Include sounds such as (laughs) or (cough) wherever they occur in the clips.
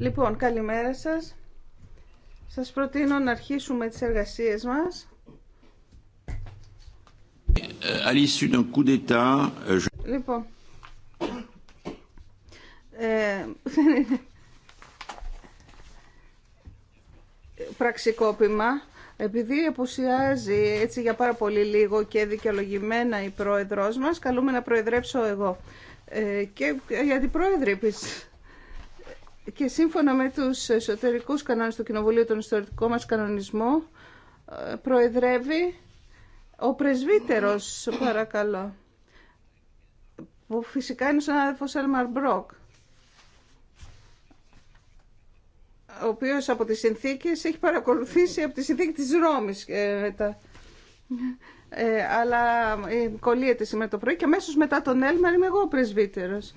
Λοιπόν, καλημέρα σας. Σας προτείνω να αρχίσουμε τις εργασίες μας. Ε, ε, λοιπόν, ε, πραξικόπημα επειδή αποουσιάζει έτσι για πάρα πολύ λίγο και δικαιολογημένα η πρόεδρός μας, καλούμε να προεδρέψω εγώ. Ε, και την αντιπρόεδρη επίσης. Και σύμφωνα με τους εσωτερικούς κανόνες του Κοινοβουλίου, τον ιστορικό μας κανονισμό, ε, προεδρεύει ο πρεσβύτερος, παρακαλώ, που φυσικά είναι ο συνάδελφος Έλμαρ Μπρόκ. ο οποίος από τις συνθήκες έχει παρακολουθήσει από τη συνθήκη της Ρώμης ε, ε, αλλά ε, κολλείεται σήμερα το πρωί και αμέσως μετά τον Έλμαρ είμαι εγώ ο πρεσβύτερος.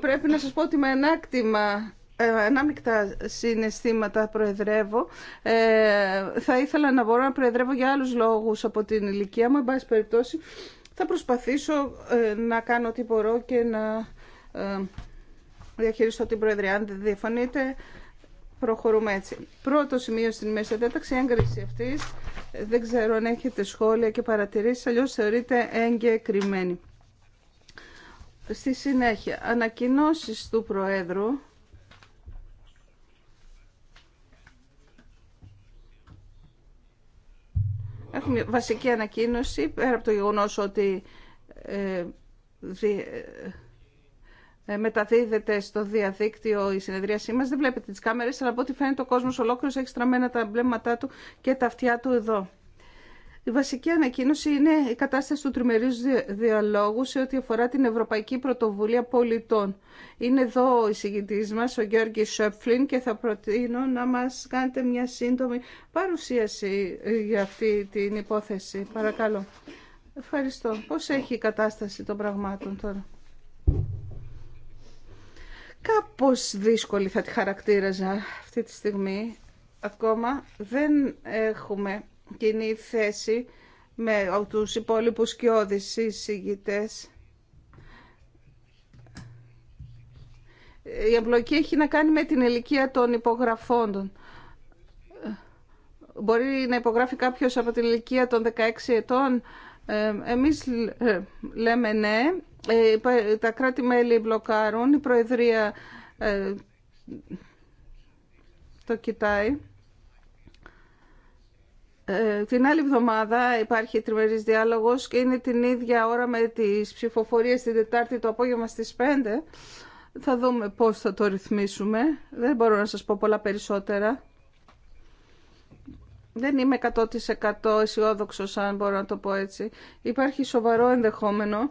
Πρέπει να σας πω ότι με ανάκτημα ε, ανάμεικτα συναισθήματα προεδρεύω. Ε, θα ήθελα να μπορώ να προεδρεύω για άλλους λόγους από την ηλικία μου. Εν πάση περιπτώσει θα προσπαθήσω να κάνω ό,τι μπορώ και να ε, διαχειριστώ την προεδρία. Αν δεν διαφωνείτε προχωρούμε έτσι. Πρώτο σημείο στην μέση διάταξη, έγκριση αυτή. Δεν ξέρω αν έχετε σχόλια και παρατηρήσει, αλλιώ θεωρείται εγκεκριμένη. Στη συνέχεια, ανακοινώσεις του Προέδρου. Έχουμε βασική ανακοίνωση, πέρα από το γεγονός ότι ε, ε, μεταδίδεται στο διαδίκτυο η συνεδρίασή μα, Δεν βλέπετε τι κάμερε, αλλά από ό,τι φαίνεται ο κόσμο ολόκληρο, έχει στραμμένα τα μπλέμματά του και τα αυτιά του εδώ. Η βασική ανακοίνωση είναι η κατάσταση του τριμερίου διαλόγου σε ό,τι αφορά την Ευρωπαϊκή Πρωτοβουλία Πολιτών. Είναι εδώ ο εισηγητή μα, ο Γιώργη Σόπφλιν και θα προτείνω να μα κάνετε μια σύντομη παρουσίαση ε, για αυτή την υπόθεση. Παρακαλώ. Ευχαριστώ. Πώς έχει η κατάσταση των πραγμάτων τώρα κάπως δύσκολη θα τη χαρακτήραζα αυτή τη στιγμή. Ακόμα δεν έχουμε κοινή θέση με τους υπόλοιπους και εισηγητές. Η εμπλοκή έχει να κάνει με την ηλικία των υπογραφών. Μπορεί να υπογράφει κάποιος από την ηλικία των 16 ετών. Ε, εμείς ε, λέμε ναι, ε, τα κράτη-μέλη μπλοκάρουν, η Προεδρία ε, το κοιτάει. Ε, την άλλη εβδομάδα υπάρχει τριμερής διάλογος και είναι την ίδια ώρα με τις ψηφοφορίες την Τετάρτη το απόγευμα στις 5. Θα δούμε πώς θα το ρυθμίσουμε. Δεν μπορώ να σας πω πολλά περισσότερα. Δεν είμαι 100% αισιόδοξο αν μπορώ να το πω έτσι. Υπάρχει σοβαρό ενδεχόμενο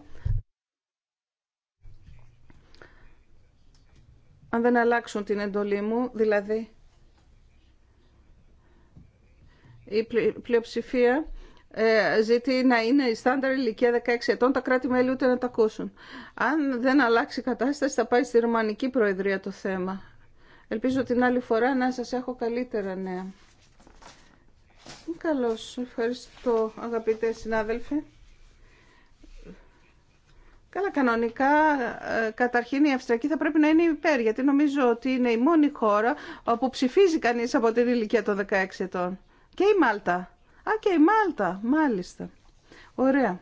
αν δεν αλλάξουν την εντολή μου, δηλαδή η πλειοψηφία ε, ζητεί να είναι η στάνταρ ηλικία 16 ετών, τα κράτη-μέλη ούτε να τα ακούσουν. Αν δεν αλλάξει η κατάσταση θα πάει στη Ρουμανική Προεδρία το θέμα. Ελπίζω την άλλη φορά να σας έχω καλύτερα νέα. Καλώς, ευχαριστώ αγαπητές συνάδελφοι. Καλά, κανονικά, ε, καταρχήν η Αυστριακή θα πρέπει να είναι υπέρ, γιατί νομίζω ότι είναι η μόνη χώρα όπου ψηφίζει κανείς από την ηλικία των 16 ετών. Και η Μάλτα. Α, και η Μάλτα, μάλιστα. Ωραία.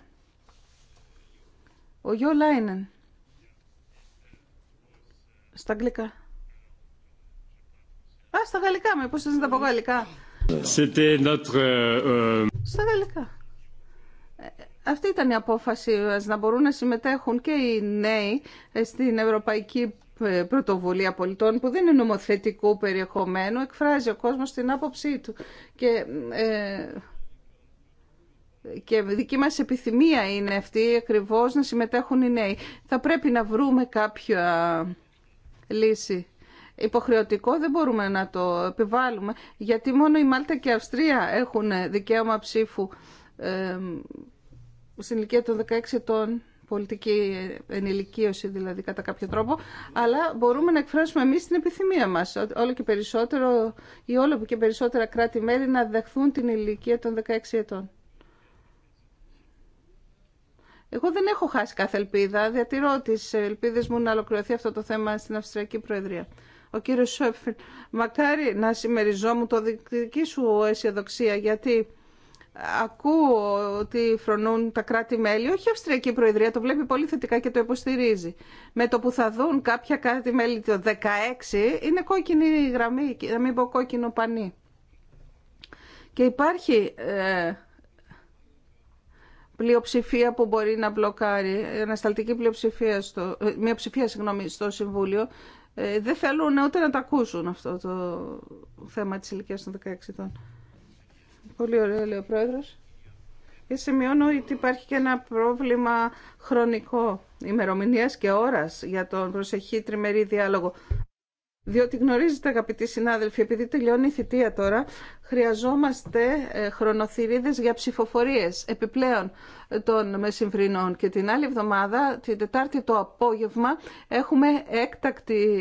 Ο Γιώ Λάινεν. Στα αγγλικά. Α, στα γαλλικά, με πώς θες να τα πω γαλλικά. Ε, ε, στα γαλλικά. Αυτή ήταν η απόφαση μας, να μπορούν να συμμετέχουν και οι νέοι στην Ευρωπαϊκή Πρωτοβουλία Πολιτών που δεν είναι νομοθετικού περιεχομένου, εκφράζει ο κόσμος την άποψή του. Και, ε, και δική μας επιθυμία είναι αυτή ακριβώς να συμμετέχουν οι νέοι. Θα πρέπει να βρούμε κάποια λύση. Υποχρεωτικό δεν μπορούμε να το επιβάλλουμε, γιατί μόνο η Μάλτα και η Αυστρία έχουν δικαίωμα ψήφου ε, στην ηλικία των 16 ετών, πολιτική ενηλικίωση δηλαδή κατά κάποιο τρόπο, αλλά μπορούμε να εκφράσουμε εμείς την επιθυμία μας, όλο και περισσότερο ή όλο και περισσότερα μέρη να δεχθούν την ηλικία των 16 ετών. Εγώ δεν έχω χάσει κάθε ελπίδα, διατηρώ τις ελπίδες μου να ολοκληρωθεί αυτό το θέμα στην Αυστριακή Προεδρία. Ο κύριος Σόφιν, μακάρι να συμμεριζόμουν το δική σου αισιοδοξία, γιατί Ακούω ότι φρονούν τα κράτη-μέλη, όχι η Αυστριακή Προεδρία, το βλέπει πολύ θετικά και το υποστηρίζει. Με το που θα δουν κάποια κράτη-μέλη το 16 είναι κόκκινη γραμμή, να μην πω κόκκινο πανί. Και υπάρχει ε, πλειοψηφία που μπορεί να μπλοκάρει, ανασταλτική πλειοψηφία, στο, ε, μια ψηφία συγγνώμη, στο Συμβούλιο. Ε, δεν θέλουν ούτε να τα ακούσουν αυτό το θέμα της ηλικίας των 16 ετών. Πολύ ωραία, λέει ο Πρόεδρος. Και σημειώνω ότι υπάρχει και ένα πρόβλημα χρονικό ημερομηνίας και ώρας για τον προσεχή τριμερή διάλογο. Διότι γνωρίζετε αγαπητοί συνάδελφοι, επειδή τελειώνει η θητεία τώρα, χρειαζόμαστε ε, χρονοθυρίδες για ψηφοφορίες επιπλέον των μεσημβρινών. Και την άλλη εβδομάδα, την Τετάρτη το απόγευμα, έχουμε έκτακτη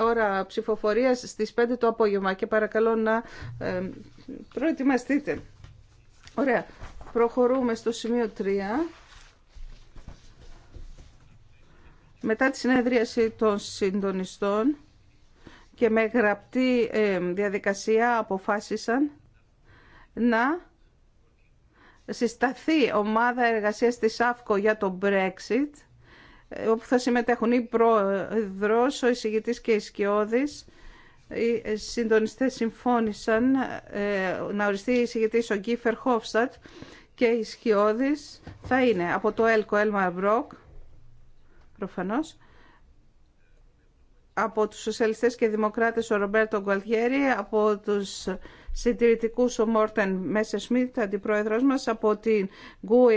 ώρα ψηφοφορίας στις 5 το απόγευμα και παρακαλώ να ε, προετοιμαστείτε. Ωραία. Προχωρούμε στο σημείο 3. Μετά τη συνέδριαση των συντονιστών, και με γραπτή ε, διαδικασία αποφάσισαν να συσταθεί ομάδα εργασίας της ΑΦΚΟ για το Brexit, ε, όπου θα συμμετέχουν η Πρόεδρος, ο εισηγητής και οι Σκιώδης. Οι συντονιστές συμφώνησαν ε, να οριστεί η εισηγητής ο Γκίφερ Χόφστατ και οι Σκιώδης θα είναι από το ΕΛΚΟ Ελμαρ Μπρόκ, προφανώς, από τους σοσιαλιστές και δημοκράτες ο Ρομπέρτο Γκουαλτιέρη, από τους συντηρητικούς ο Μόρτεν Μέσερ Σμίτ, αντιπρόεδρος μας, από την Γκου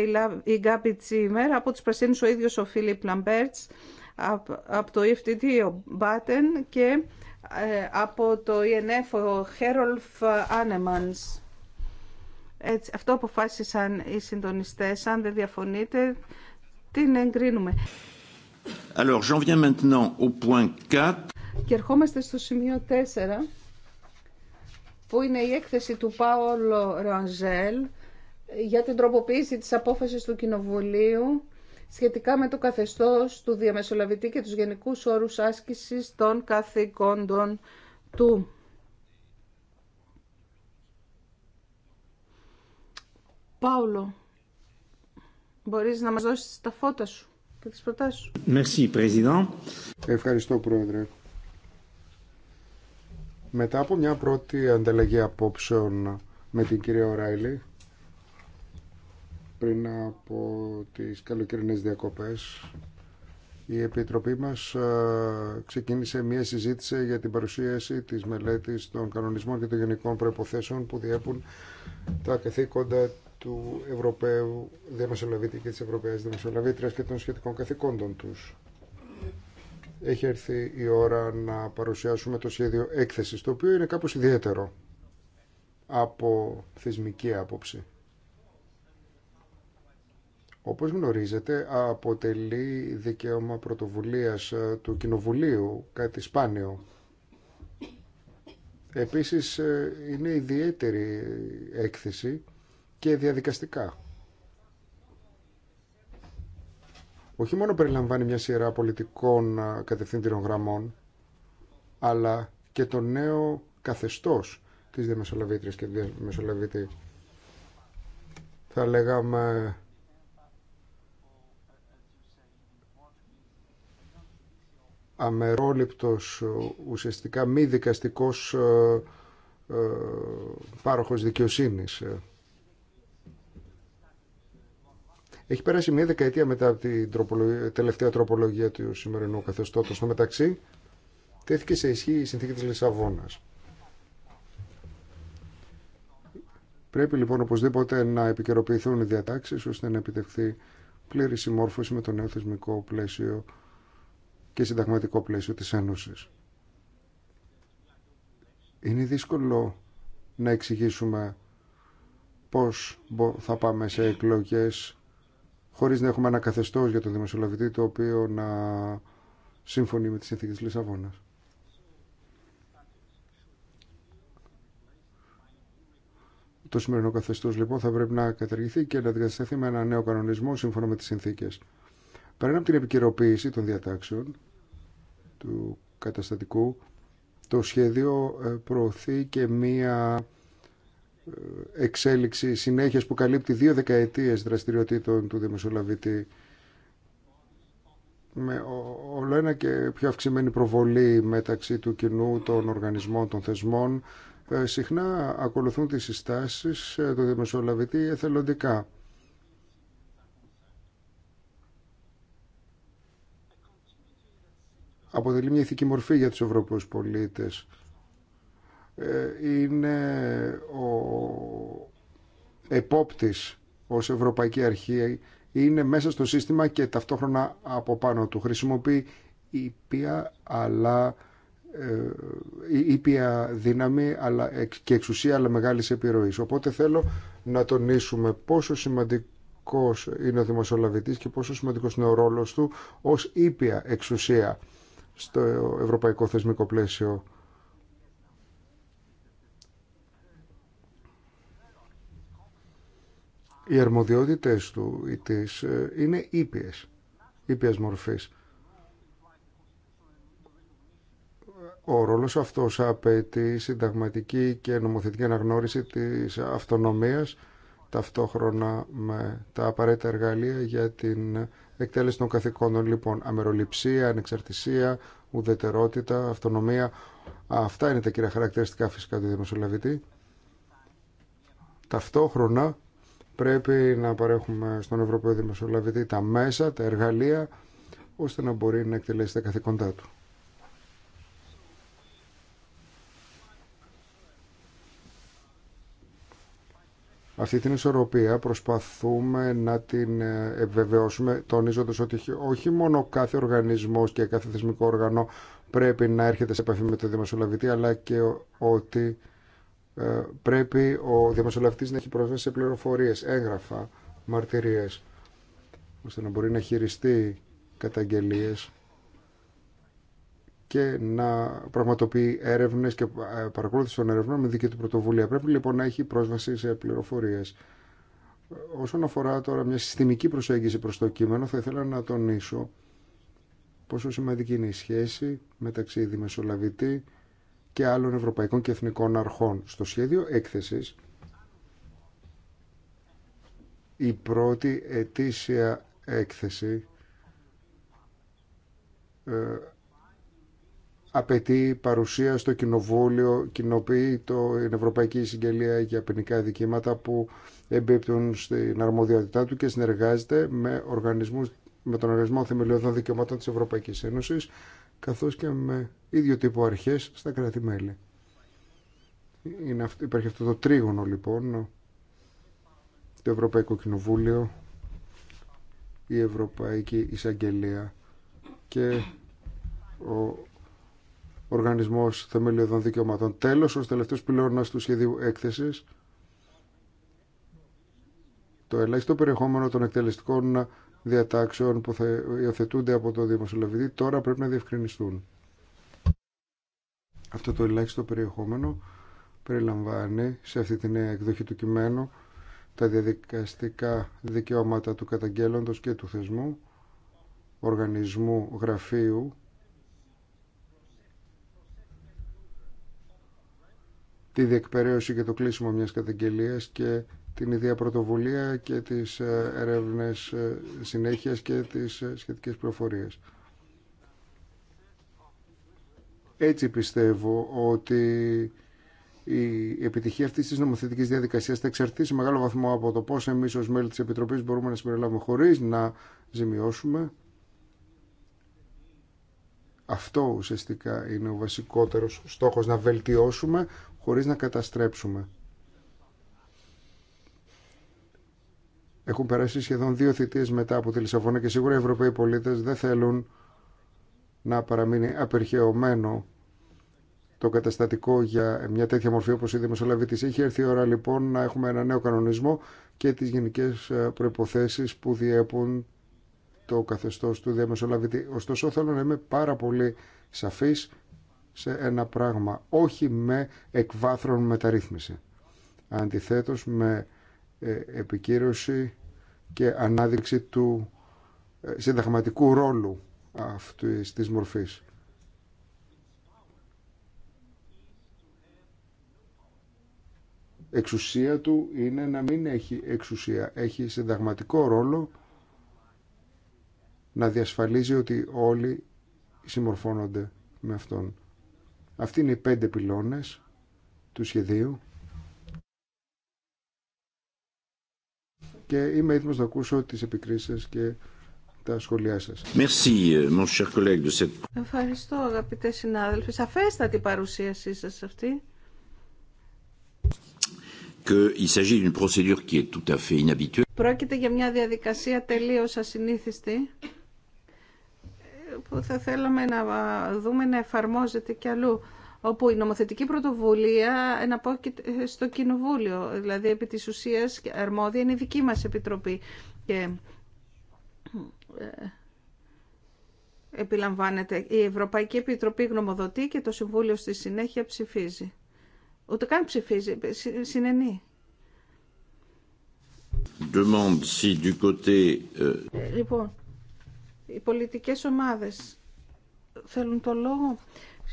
η Γκάπη Τσίμερ, από τους πρασίνους ο ίδιος ο Φίλιπ Λαμπέρτς, από το EFTD ο Μπάτεν και ε, από το ENF ο Χέρολφ Άνεμανς. Έτσι, αυτό αποφάσισαν οι συντονιστές. Αν δεν διαφωνείτε, την εγκρίνουμε. Alors, Και ερχόμαστε στο σημείο 4, που είναι η έκθεση του Πάολο Ρανζέλ για την τροποποίηση της απόφασης του Κοινοβουλίου σχετικά με το καθεστώς του διαμεσολαβητή και τους γενικούς όρους άσκησης των καθηκόντων του. Πάολο, μπορείς να μας δώσεις τα φώτα σου. Ευχαριστώ, Πρόεδρε. Μετά από μια πρώτη ανταλλαγή απόψεων με την κυρία Οράιλη, πριν από τις καλοκαιρινές διακοπές, η Επιτροπή μας ε, ξεκίνησε μια συζήτηση για την παρουσίαση της μελέτης των κανονισμών και των γενικών προϋποθέσεων που διέπουν τα καθήκοντα του Ευρωπαίου Διαμεσολαβήτη και της Ευρωπαίας Διαμεσολαβήτριας και των σχετικών καθηκόντων τους. Έχει έρθει η ώρα να παρουσιάσουμε το σχέδιο έκθεσης, το οποίο είναι κάπως ιδιαίτερο από θεσμική άποψη. Όπως γνωρίζετε, αποτελεί δικαίωμα πρωτοβουλίας ε, του Κοινοβουλίου, κάτι σπάνιο. Επίσης, ε, είναι ιδιαίτερη έκθεση και διαδικαστικά. Όχι μόνο περιλαμβάνει μια σειρά πολιτικών κατευθύντηρων γραμμών, αλλά και το νέο καθεστώς της διαμεσολαβήτριας και διαμεσολαβήτη. Θα λέγαμε αμερόληπτος, ουσιαστικά μη δικαστικός πάροχος δικαιοσύνης. Έχει πέρασει μία δεκαετία μετά από την τελευταία τροπολογία του σημερινού καθεστώτος. Στο μεταξύ, τέθηκε σε ισχύ η συνθήκη της Λισαβόνας. Πρέπει λοιπόν οπωσδήποτε να επικαιροποιηθούν οι διατάξεις ώστε να επιτευχθεί πλήρη συμμόρφωση με το νέο θεσμικό πλαίσιο και συνταγματικό πλαίσιο της Ένωσης. Είναι δύσκολο να εξηγήσουμε πώς θα πάμε σε εκλογές χωρίς να έχουμε ένα καθεστώ για τον δημοσιολαβητή το οποίο να σύμφωνει με τις συνθήκε τη Λισαβόνα. Το σημερινό καθεστώ λοιπόν θα πρέπει να καταργηθεί και να αντικατασταθεί με ένα νέο κανονισμό σύμφωνα με τι συνθήκε. Πέραν από την επικαιροποίηση των διατάξεων του καταστατικού, το σχέδιο ε, προωθεί και μία ε, εξέλιξη συνέχεια που καλύπτει δύο δεκαετίες δραστηριοτήτων του Δημοσιολαβητή με όλο ένα και πιο αυξημένη προβολή μεταξύ του κοινού, των οργανισμών, των θεσμών ε, συχνά ακολουθούν τις συστάσεις ε, του Δημοσιολαβητή εθελοντικά. Αποτελεί μια ηθική μορφή για τους Ευρωπαίους πολίτες ε, είναι ο επόπτης ως Ευρωπαϊκή Αρχή είναι μέσα στο σύστημα και ταυτόχρονα από πάνω του χρησιμοποιεί ήπια αλλά ε, δύναμη αλλά, και εξουσία αλλά μεγάλης επιρροής. Οπότε θέλω να τονίσουμε πόσο σημαντικός είναι ο δημοσιολαβητής και πόσο σημαντικός είναι ο ρόλος του ως ήπια εξουσία στο ευρωπαϊκό θεσμικό πλαίσιο. οι αρμοδιότητες του ή της ε, είναι ήπιες, ήπιας μορφής. Ο ρόλος αυτός απαιτεί συνταγματική και νομοθετική αναγνώριση της αυτονομίας ταυτόχρονα με τα απαραίτητα εργαλεία για την εκτέλεση των καθηκόντων. Λοιπόν, αμεροληψία, ανεξαρτησία, ουδετερότητα, αυτονομία. Αυτά είναι τα κύρια χαρακτηριστικά φυσικά του Δημοσιολαβητή. Ταυτόχρονα πρέπει να παρέχουμε στον Ευρωπαίο Δημοσιολαβητή τα μέσα, τα εργαλεία, ώστε να μπορεί να εκτελέσει τα καθήκοντά του. Αυτή την ισορροπία προσπαθούμε να την ε, επιβεβαιώσουμε τονίζοντας ότι όχι μόνο κάθε οργανισμός και κάθε θεσμικό όργανο πρέπει να έρχεται σε επαφή με το δημοσιολαβητή αλλά και ότι ε, πρέπει ο διαμεσολαβητής να έχει πρόσβαση σε πληροφορίες, έγγραφα, μαρτυρίες, ώστε να μπορεί να χειριστεί καταγγελίες και να πραγματοποιεί έρευνες και ε, παρακολούθηση των ερευνών με δική του πρωτοβουλία. Πρέπει λοιπόν να έχει πρόσβαση σε πληροφορίες. Ε, όσον αφορά τώρα μια συστημική προσέγγιση προς το κείμενο, θα ήθελα να τονίσω πόσο σημαντική είναι η σχέση μεταξύ δημεσολαβητή και άλλων ευρωπαϊκών και εθνικών αρχών. Στο σχέδιο έκθεσης, η πρώτη ετήσια έκθεση ε, απαιτεί παρουσία στο κοινοβούλιο, κοινοποιεί το, την Ευρωπαϊκή Συγγελία για ποινικά δικήματα που εμπίπτουν στην αρμοδιότητά του και συνεργάζεται με, οργανισμούς, με τον Οργανισμό Θεμελιωδών Δικαιωμάτων της Ευρωπαϊκής Ένωσης καθώς και με ίδιο τύπο αρχές στα κράτη-μέλη. Υπάρχει αυτό το τρίγωνο λοιπόν, το Ευρωπαϊκό Κοινοβούλιο, η Ευρωπαϊκή Εισαγγελία και ο Οργανισμός Θεμελιωδών Δικαιωμάτων. Τέλος, ως τελευταίος πυλώνας του σχεδίου έκθεσης, το ελάχιστο περιεχόμενο των εκτελεστικών διατάξεων που θα υιοθετούνται από το δημοσιολογητή τώρα πρέπει να διευκρινιστούν. Αυτό το ελάχιστο περιεχόμενο περιλαμβάνει σε αυτή την εκδοχή του κειμένου τα διαδικαστικά δικαιώματα του καταγγέλλοντος και του θεσμού, οργανισμού, γραφείου, τη διεκπαιρέωση και το κλείσιμο μιας καταγγελίας και την ίδια πρωτοβουλία και τις ε, έρευνες ε, συνέχειας και τις ε, σχετικές προφορίες. Έτσι πιστεύω ότι η επιτυχία αυτής της νομοθετικής διαδικασίας θα εξαρτήσει σε μεγάλο βαθμό από το πώς εμείς ως μέλη της Επιτροπής μπορούμε να συμπεριλάβουμε χωρίς να ζημιώσουμε. Αυτό ουσιαστικά είναι ο βασικότερος στόχος, να βελτιώσουμε χωρίς να καταστρέψουμε. Έχουν περάσει σχεδόν δύο θητειε μετά από τη Λισαβόνα και σίγουρα οι Ευρωπαίοι πολίτες δεν θέλουν να παραμείνει απερχαιωμένο το καταστατικό για μια τέτοια μορφή όπως η τη. Έχει έρθει η ώρα λοιπόν να έχουμε ένα νέο κανονισμό και τις γενικές ε, προποθέσει που διέπουν το καθεστώς του διαμεσολαβητή. Ωστόσο θέλω να είμαι πάρα πολύ σαφή σε ένα πράγμα, όχι με εκβάθρον μεταρρύθμιση. Αντιθέτω με ε, επικύρωση και ανάδειξη του ε, συνταγματικού ρόλου αυτής της μορφής. Εξουσία του είναι να μην έχει εξουσία. Έχει συνταγματικό ρόλο να διασφαλίζει ότι όλοι συμμορφώνονται με αυτόν. Αυτοί είναι οι πέντε πυλώνες του σχεδίου και είμαι έτοιμος να ακούσω τις επικρίσεις και τα σχόλιά σας. Euh, Ευχαριστώ αγαπητέ συνάδελφοι. Σαφέστατη παρουσίασή σα αυτή. Πρόκειται για μια διαδικασία τελείω ασυνήθιστη που θα θέλαμε να δούμε να εφαρμόζεται κι αλλού όπου η νομοθετική πρωτοβουλία εναπόκειται στο Κοινοβούλιο. Δηλαδή, επί της ουσίας, αρμόδια είναι η δική μας Επιτροπή. Και ε, επιλαμβάνεται. Η Ευρωπαϊκή Επιτροπή γνωμοδοτεί και το Συμβούλιο στη συνέχεια ψηφίζει. Ούτε καν ψηφίζει, συνενεί. Demande si du côté... Euh, λοιπόν, οι πολιτικές ομάδες θέλουν το λόγο.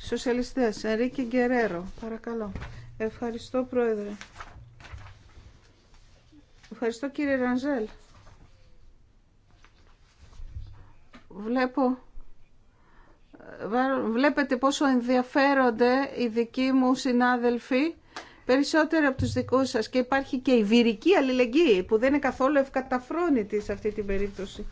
Σοσιαλιστές, Ενρίκη Γκερέρο, παρακαλώ. Ευχαριστώ, Πρόεδρε. Ευχαριστώ, κύριε Ρανζέλ. Βλέπω βλέπετε πόσο ενδιαφέρονται οι δικοί μου συνάδελφοι περισσότερο από τους δικούς σας και υπάρχει και η βυρική αλληλεγγύη που δεν είναι καθόλου ευκαταφρόνητη σε αυτή την περίπτωση.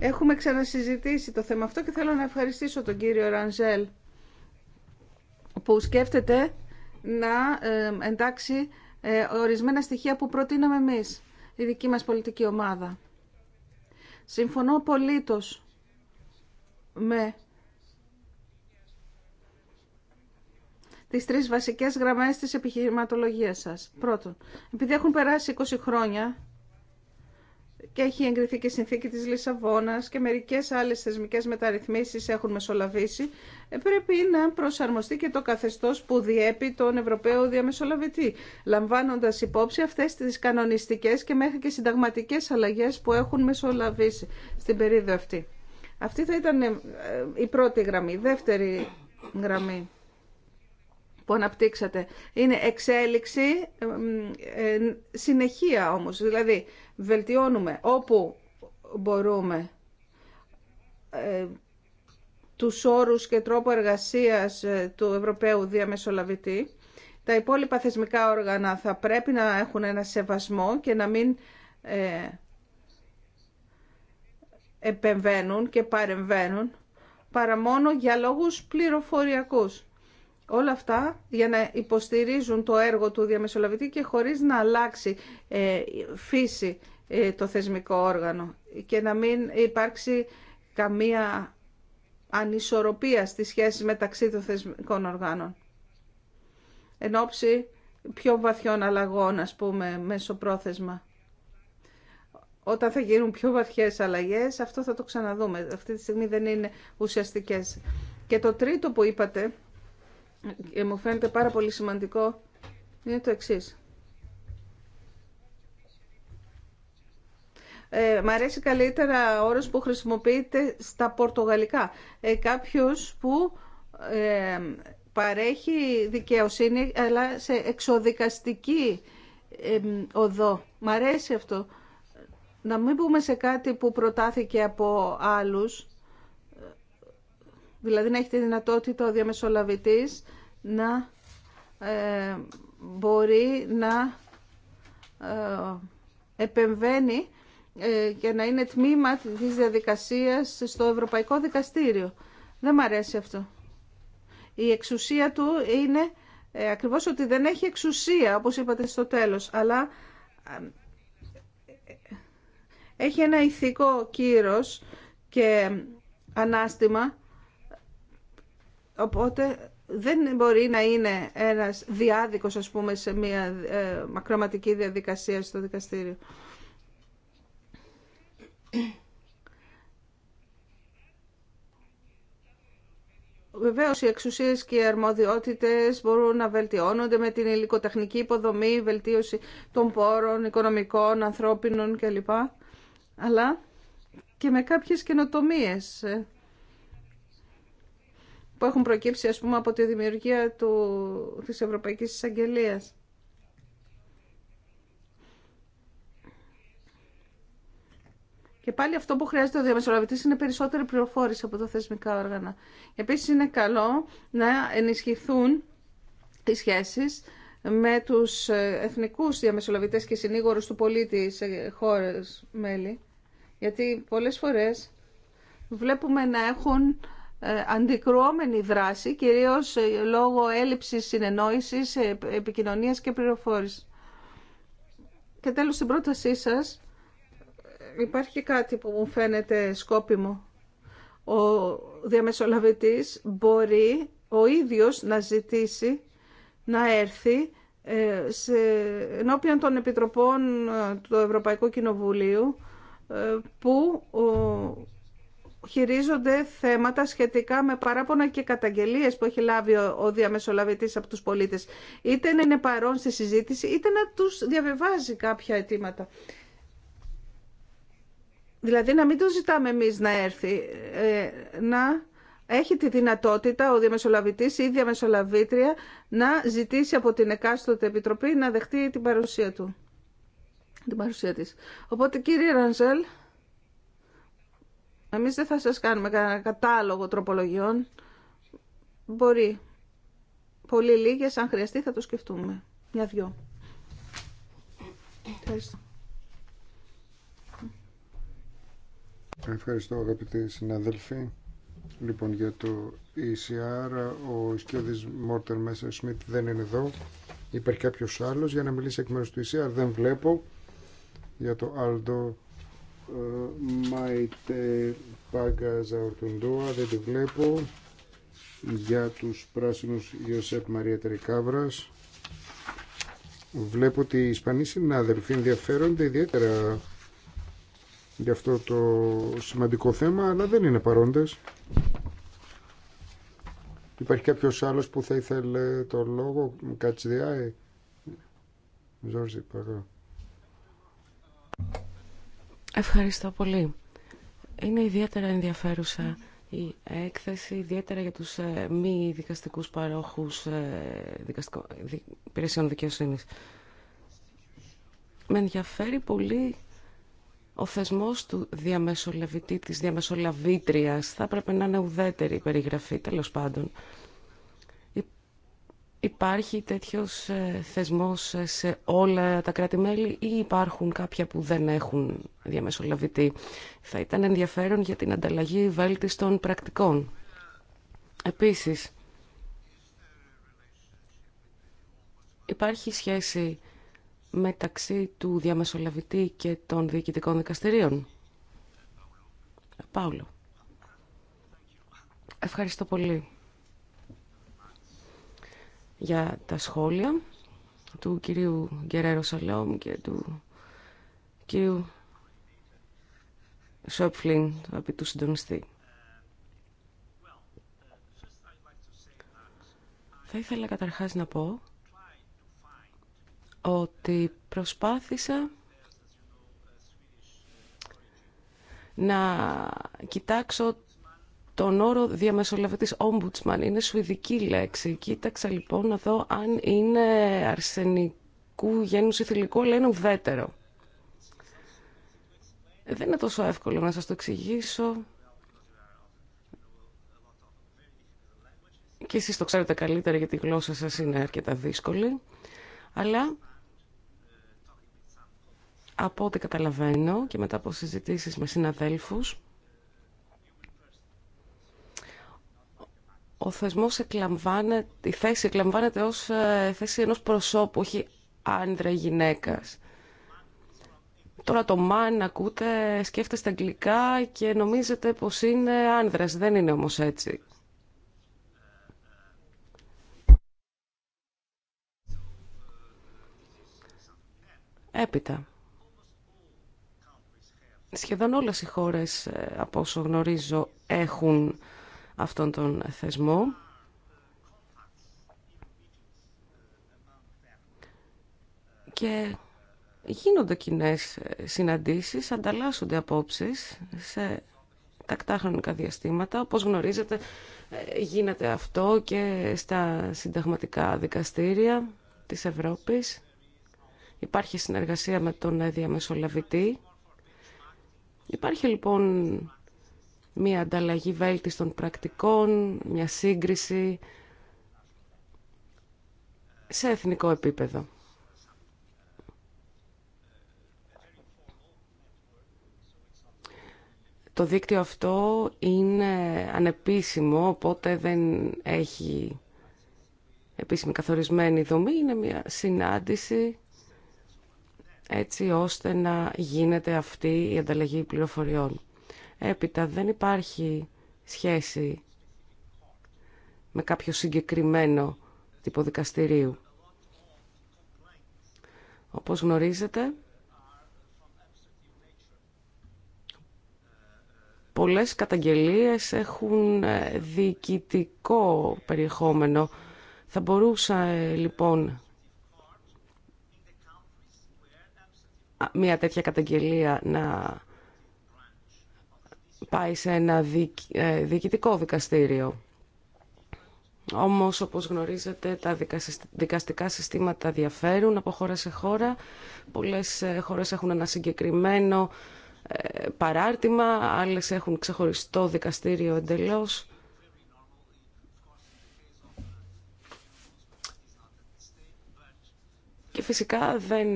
Έχουμε ξανασυζητήσει το θέμα αυτό και θέλω να ευχαριστήσω τον κύριο Ρανζέλ που σκέφτεται να ε, εντάξει ε, ορισμένα στοιχεία που προτείναμε εμείς, η δική μας πολιτική ομάδα. Συμφωνώ απολύτως με τις τρεις βασικές γραμμές της επιχειρηματολογίας σας. Πρώτον, επειδή έχουν περάσει 20 χρόνια και έχει εγκριθεί και η συνθήκη της Λισαβόνας και μερικές άλλες θεσμικές μεταρρυθμίσεις έχουν μεσολαβήσει, ε, πρέπει να προσαρμοστεί και το καθεστώς που διέπει τον Ευρωπαίο Διαμεσολαβητή, λαμβάνοντας υπόψη αυτές τις κανονιστικές και μέχρι και συνταγματικές αλλαγές που έχουν μεσολαβήσει στην περίοδο αυτή. Αυτή θα ήταν ε, η πρώτη γραμμή. Η δεύτερη γραμμή που αναπτύξατε είναι εξέλιξη, ε, συνεχεία όμως, δηλαδή βελτιώνουμε όπου μπορούμε ε, τους όρους και τρόπο εργασίας ε, του Ευρωπαίου Διαμεσολαβητή. Τα υπόλοιπα θεσμικά όργανα θα πρέπει να έχουν ένα σεβασμό και να μην ε, επεμβαίνουν και παρεμβαίνουν παρά μόνο για λόγους πληροφοριακούς. Όλα αυτά για να υποστηρίζουν το έργο του διαμεσολαβητή και χωρίς να αλλάξει ε, φύση ε, το θεσμικό όργανο και να μην υπάρξει καμία ανισορροπία στις σχέσεις μεταξύ των θεσμικών οργάνων. Εν όψη πιο βαθιών αλλαγών, ας πούμε, μέσω πρόθεσμα. Όταν θα γίνουν πιο βαθιές αλλαγές, αυτό θα το ξαναδούμε. Αυτή τη στιγμή δεν είναι ουσιαστικές. Και το τρίτο που είπατε, και ε, μου φαίνεται πάρα πολύ σημαντικό είναι το εξής. Ε, μ' αρέσει καλύτερα όρος που χρησιμοποιείται στα πορτογαλικά. Ε, κάποιος που ε, παρέχει δικαιοσύνη αλλά σε εξοδικαστική οδό. Μ' αρέσει αυτό. Να μην πούμε σε κάτι που προτάθηκε από άλλους, ε, δηλαδή να έχει τη δυνατότητα ο διαμεσολαβητής να ε, μπορεί να ε, επεμβαίνει και ε, να είναι τμήμα της διαδικασίας στο Ευρωπαϊκό Δικαστήριο. Δεν μ' αρέσει αυτό. Η εξουσία του είναι ε, ακριβώς ότι δεν έχει εξουσία, όπως είπατε στο τέλος, αλλά ε, έχει ένα ηθικό κύρος και ανάστημα, οπότε δεν μπορεί να είναι ένας διάδικος, ας πούμε, σε μια ε, μακροματική διαδικασία στο δικαστήριο. Βεβαίω, οι εξουσίε και οι αρμοδιότητε μπορούν να βελτιώνονται με την υλικοτεχνική υποδομή, βελτίωση των πόρων, οικονομικών, ανθρώπινων κλπ. Αλλά και με κάποιες καινοτομίες ε, που έχουν προκύψει ας πούμε από τη δημιουργία του, της Ευρωπαϊκής Εισαγγελίας. Και πάλι αυτό που χρειάζεται ο διαμεσολαβητής είναι περισσότερη πληροφόρηση από τα θεσμικά όργανα. Επίσης είναι καλό να ενισχυθούν οι σχέσεις με τους εθνικούς διαμεσολαβητές και συνήγορους του πολίτη σε χώρες μέλη. Γιατί πολλές φορές βλέπουμε να έχουν ε, αντικρουόμενη δράση, κυρίως ε, λόγω έλλειψης συνεννόησης, ε, επικοινωνίας και πληροφόρησης. Και τέλος στην πρότασή σας υπάρχει κάτι που μου φαίνεται σκόπιμο. Ο διαμεσολαβητής μπορεί ο ίδιος να ζητήσει να έρθει σε, ενώπιον των Επιτροπών του Ευρωπαϊκού Κοινοβουλίου που χειρίζονται θέματα σχετικά με παράπονα και καταγγελίες που έχει λάβει ο διαμεσολαβητής από τους πολίτες. Είτε να είναι παρόν στη συζήτηση, είτε να τους διαβεβάζει κάποια αιτήματα. Δηλαδή να μην το ζητάμε εμείς να έρθει, ε, να έχει τη δυνατότητα ο διαμεσολαβητής ή η διαμεσολαβήτρια να ζητήσει από την εκάστοτε επιτροπή να δεχτεί την παρουσία του. Την παρουσία της. Οπότε κύριε Ρανζέλ, εμείς δεν θα σας κάνουμε κανένα κατάλογο τροπολογιών. Μπορεί. Πολύ λίγες, αν χρειαστεί, θα το σκεφτούμε. Μια-δυο. Ευχαριστώ. Ευχαριστώ αγαπητοί συναδελφοί. Λοιπόν για το ECR ο Ισκιώδης Μόρτερ Μέσερ Σμιτ δεν είναι εδώ. Υπάρχει κάποιος άλλος για να μιλήσει εκ μέρους του ECR. Δεν βλέπω. Για το Aldo Μάιτε Πάγκα Ζαορτουντόα, δεν τη βλέπω. Για τους πράσινους Ιωσέπ Μαρία Τρικάβρας. Βλέπω ότι οι Ισπανοί συνάδελφοι ενδιαφέρονται ιδιαίτερα για αυτό το σημαντικό θέμα, αλλά δεν είναι παρόντες. Υπάρχει κάποιος άλλος που θα ήθελε το λόγο, Κατσδιάη. Ζόρζι, παρακαλώ. Ευχαριστώ πολύ. Είναι ιδιαίτερα ενδιαφέρουσα η έκθεση, ιδιαίτερα για τους ε, μη δικαστικούς παρόχους ε, δικαστικό, υπηρεσιών δικαιοσύνης. Με ενδιαφέρει πολύ ο θεσμός του διαμεσολαβητή, της διαμεσολαβήτριας. Θα έπρεπε να είναι ουδέτερη η περιγραφή, τέλος πάντων. Υπάρχει τέτοιος ε, θεσμός ε, σε όλα τα κράτη-μέλη ή υπάρχουν κάποια που δεν έχουν διαμεσολαβητή. Θα ήταν ενδιαφέρον για την ανταλλαγή βέλτιστων πρακτικών. Επίσης, υπάρχει σχέση μεταξύ του διαμεσολαβητή και των διοικητικών δικαστηρίων. Ευχαριστώ πολύ για τα σχόλια του κυρίου Γκερέρο Σαλόμ και του κυρίου Σόπφλιν, επί του συντονιστή. Θα ήθελα καταρχάς να πω ότι προσπάθησα να κοιτάξω τον όρο διαμεσολαβητής ombudsman. Είναι σουηδική λέξη. Κοίταξα λοιπόν να δω αν είναι αρσενικού γένους ή θηλυκού, αλλά είναι ουδέτερο. Δεν είναι τόσο εύκολο να σας το εξηγήσω. Και εσείς το ξέρετε καλύτερα γιατί η γλώσσα σας είναι αρκετά δύσκολη. Αλλά από ό,τι καταλαβαίνω και μετά από συζητήσεις με συναδέλφους, ο θεσμός εκλαμβάνεται, η θέση εκλαμβάνεται ως ε, θέση ενός προσώπου, όχι άντρα-γυναίκας. Τώρα το man ακούτε, σκέφτεστε αγγλικά και νομίζετε πως είναι άνδρας. Δεν είναι όμως έτσι. Έπειτα. Σχεδόν όλες οι χώρες, ε, από όσο γνωρίζω, έχουν αυτόν τον θεσμό. Και γίνονται κοινέ συναντήσεις, ανταλλάσσονται απόψεις σε τακτά χρονικά διαστήματα. Όπως γνωρίζετε γίνεται αυτό και στα συνταγματικά δικαστήρια της Ευρώπης. Υπάρχει συνεργασία με τον διαμεσολαβητή. Υπάρχει λοιπόν μια ανταλλαγή βέλτιστων πρακτικών, μια σύγκριση σε εθνικό επίπεδο. Το δίκτυο αυτό είναι ανεπίσημο, οπότε δεν έχει επίσημη καθορισμένη δομή. Είναι μια συνάντηση έτσι ώστε να γίνεται αυτή η ανταλλαγή πληροφοριών. Έπειτα δεν υπάρχει σχέση με κάποιο συγκεκριμένο τύπο δικαστηρίου. Όπως γνωρίζετε, πολλές καταγγελίες έχουν ε, διοικητικό περιεχόμενο. Θα μπορούσα ε, λοιπόν μια τέτοια καταγγελία να πάει σε ένα ε, διοικητικό δικαστήριο. Όμως, όπως γνωρίζετε, τα δικαστικά συστήματα διαφέρουν από χώρα σε χώρα. Πολλές ε, χώρες έχουν ένα συγκεκριμένο ε, παράρτημα, άλλες έχουν ξεχωριστό δικαστήριο εντελώς. Και φυσικά δεν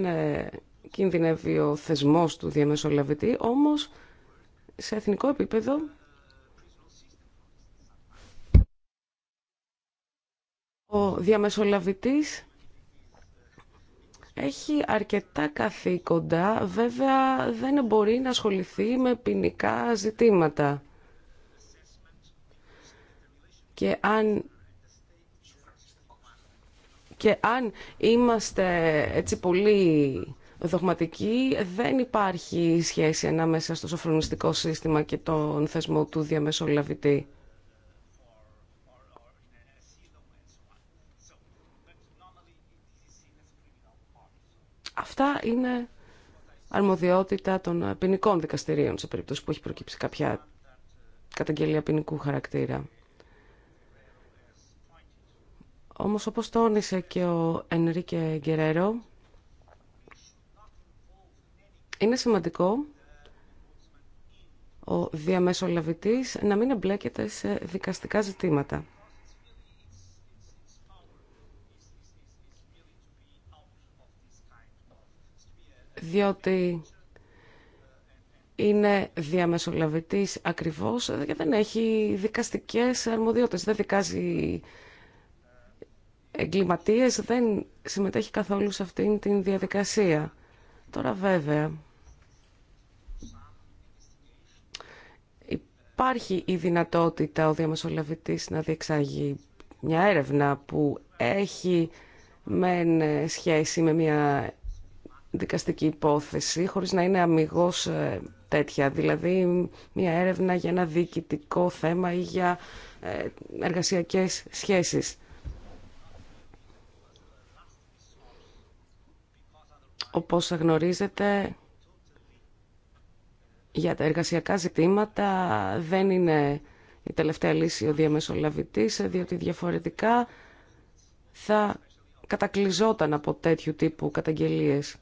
κινδυνεύει ο θεσμός του διαμεσολαβητή, όμως σε εθνικό επίπεδο ο διαμεσολαβητής έχει αρκετά καθήκοντα, βέβαια δεν μπορεί να ασχοληθεί με ποινικά ζητήματα. Και αν και αν είμαστε έτσι πολύ δογματική. Δεν υπάρχει σχέση ανάμεσα στο σοφρονιστικό σύστημα και τον θεσμό του διαμεσολαβητή. Αυτά είναι αρμοδιότητα των ποινικών δικαστηρίων σε περίπτωση που έχει προκύψει κάποια καταγγελία ποινικού χαρακτήρα. Όμως όπως τόνισε και ο Ενρίκε Γκερέρο, είναι σημαντικό ο διαμεσολαβητής να μην εμπλέκεται σε δικαστικά ζητήματα. Διότι είναι διαμεσολαβητής ακριβώς και δεν έχει δικαστικές αρμοδιότητες. Δεν δικάζει εγκληματίες, δεν συμμετέχει καθόλου σε αυτήν την διαδικασία. Τώρα βέβαια, υπάρχει η δυνατότητα ο διαμεσολαβητής να διεξάγει μια έρευνα που έχει μεν ε, σχέση με μια δικαστική υπόθεση χωρίς να είναι αμυγός ε, τέτοια, δηλαδή μια έρευνα για ένα διοικητικό θέμα ή για ε, εργασιακές σχέσεις. Όπως γνωρίζετε, για τα εργασιακά ζητήματα δεν είναι η τελευταία λύση ο διαμεσολαβητής, διότι διαφορετικά θα κατακλυζόταν από τέτοιου τύπου καταγγελίες.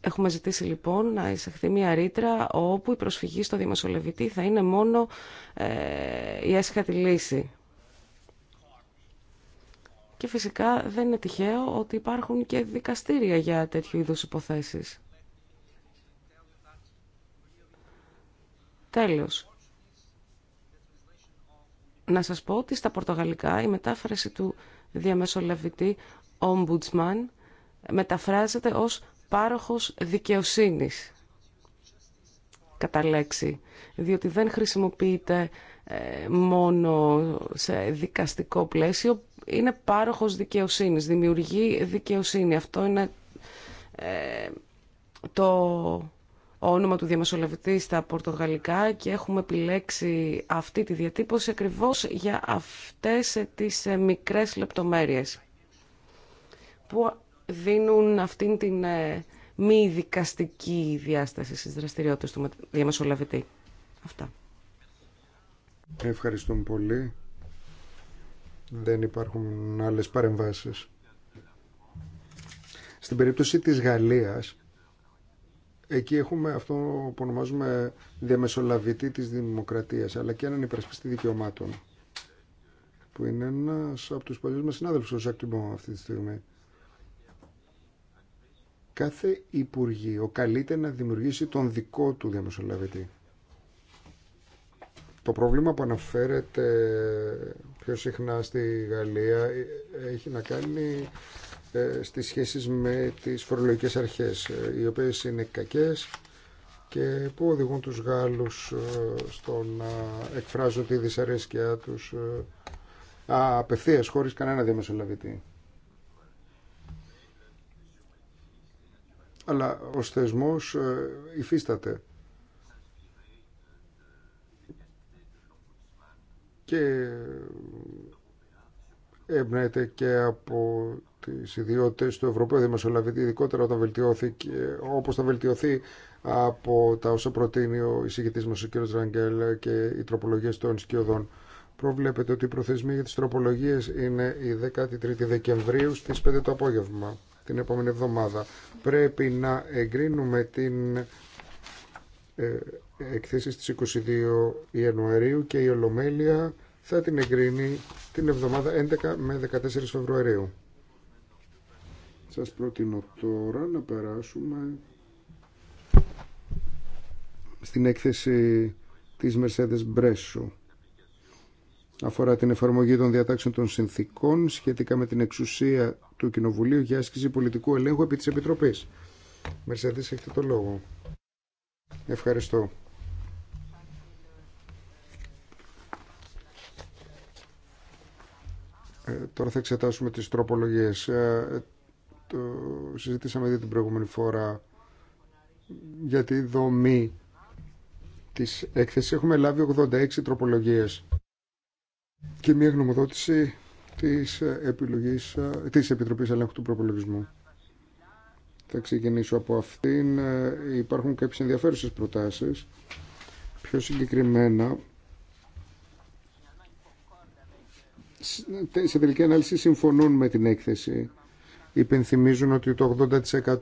Έχουμε ζητήσει λοιπόν να εισαχθεί μια ρήτρα όπου η προσφυγή στο διαμεσολαβητή θα είναι μόνο ε, η έσχατη λύση. Και φυσικά δεν είναι τυχαίο ότι υπάρχουν και δικαστήρια για τέτοιου είδους υποθέσεις. Τέλος, να σας πω ότι στα πορτογαλικά η μετάφραση του διαμεσολαβητή Ombudsman μεταφράζεται ως πάροχος δικαιοσύνης κατά λέξη, διότι δεν χρησιμοποιείται ε, μόνο σε δικαστικό πλαίσιο, είναι πάροχος δικαιοσύνης, δημιουργεί δικαιοσύνη. Αυτό είναι ε, το όνομα του διαμεσολαβητή στα πορτογαλικά και έχουμε επιλέξει αυτή τη διατύπωση ακριβώς για αυτές τις ε, μικρές λεπτομέρειες που δίνουν αυτήν την ε, μη δικαστική διάσταση στις δραστηριότητες του διαμεσολαβητή. Αυτά. Ευχαριστούμε πολύ. Δεν υπάρχουν άλλες παρεμβάσεις. Στην περίπτωση της Γαλλίας, Εκεί έχουμε αυτό που ονομάζουμε διαμεσολαβητή της δημοκρατίας, αλλά και έναν υπερασπιστή δικαιωμάτων, που είναι ένας από τους παλιούς μας συνάδελφους ο Ζακτυμπό, αυτή τη στιγμή. Κάθε υπουργείο καλείται να δημιουργήσει τον δικό του διαμεσολαβητή. Το πρόβλημα που αναφέρεται πιο συχνά στη Γαλλία έχει να κάνει ε, στις σχέσεις με τις φορολογικές αρχές ε, οι οποίες είναι κακές και που οδηγούν τους Γάλλους ε, στο να εκφράζουν τη δυσαρέσκεια τους απευθείας χωρίς κανένα διαμεσολαβητή. Αλλά ο θεσμός υφίσταται. Και εμπνέεται και από τι ιδιότητε του Ευρωπαίου Δημοσιολαβητή, ειδικότερα όταν βελτιώθηκε όπω θα βελτιωθεί από τα όσα προτείνει ο εισηγητή μα ο κ. Ραγκέλ και οι τροπολογίε των σκιωδών. Προβλέπετε ότι οι προθεσμοί για τι τροπολογίε είναι η 13η Δεκεμβρίου στι 5 το απόγευμα, την επόμενη εβδομάδα. Πρέπει να εγκρίνουμε την ε, εκθέση στις 22 Ιανουαρίου και η Ολομέλεια θα την εγκρίνει την εβδομάδα 11 με 14 Φεβρουαρίου. Σας προτείνω τώρα να περάσουμε στην έκθεση της Mercedes Μπρέσου. Αφορά την εφαρμογή των διατάξεων των συνθήκων σχετικά με την εξουσία του Κοινοβουλίου για άσκηση πολιτικού ελέγχου επί της Επιτροπής. Mercedes, έχετε το λόγο. Ευχαριστώ. Ε, τώρα θα εξετάσουμε τις τροπολογίες. Ε, το συζητήσαμε ήδη την προηγούμενη φορά για τη δομή της έκθεσης. Έχουμε λάβει 86 τροπολογίες και μια γνωμοδότηση της, επιλογής, της Επιτροπής Ελέγχου του Προπολογισμού. Θα ξεκινήσω από αυτήν. Υπάρχουν κάποιες ενδιαφέρουσες προτάσεις. Πιο συγκεκριμένα, σε τελική ανάλυση συμφωνούν με την έκθεση υπενθυμίζουν ότι το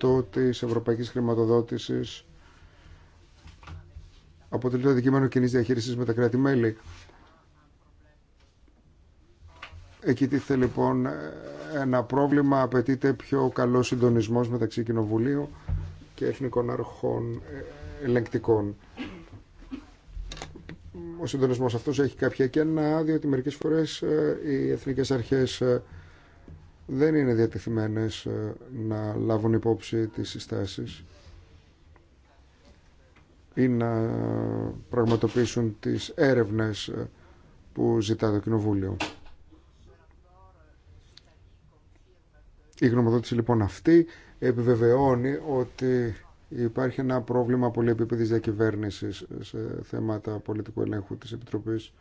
80% της ευρωπαϊκής χρηματοδότησης αποτελεί το αντικείμενο κοινή διαχείρισης με τα κράτη-μέλη. Εκεί τίθεται λοιπόν ένα πρόβλημα, απαιτείται πιο καλό συντονισμός μεταξύ Κοινοβουλίου και Εθνικών Αρχών Ελεγκτικών. Ο συντονισμός αυτός έχει κάποια κενά, διότι μερικές φορές ε, οι εθνικές αρχές ε, δεν είναι διατεθειμένες ε, να λάβουν υπόψη τις συστάσεις ή να πραγματοποιήσουν τις έρευνες ε, που ζητά το Κοινοβούλιο. Η γνωμοδότηση λοιπόν αυτή επιβεβαιώνει ότι υπάρχει ένα πρόβλημα πολυεπίπεδης διακυβέρνησης ε, σε θέματα πολιτικού ελέγχου της Επιτροπής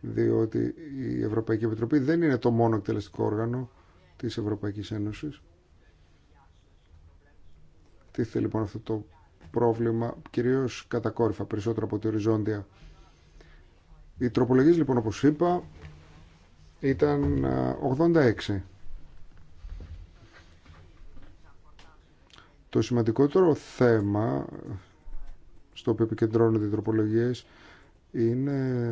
διότι η Ευρωπαϊκή Επιτροπή δεν είναι το μόνο επιπεδης διακυβερνησης σε θεματα πολιτικου ελεγχου της επιτροπης διοτι όργανο της Ευρωπαϊκής Ένωσης. θέλει λοιπόν αυτό το πρόβλημα κυρίως κατακόρυφα, περισσότερο από τη οριζόντια. Οι τροπολογίες λοιπόν όπως είπα ήταν 86. Το σημαντικότερο θέμα στο οποίο επικεντρώνονται οι τροπολογίες είναι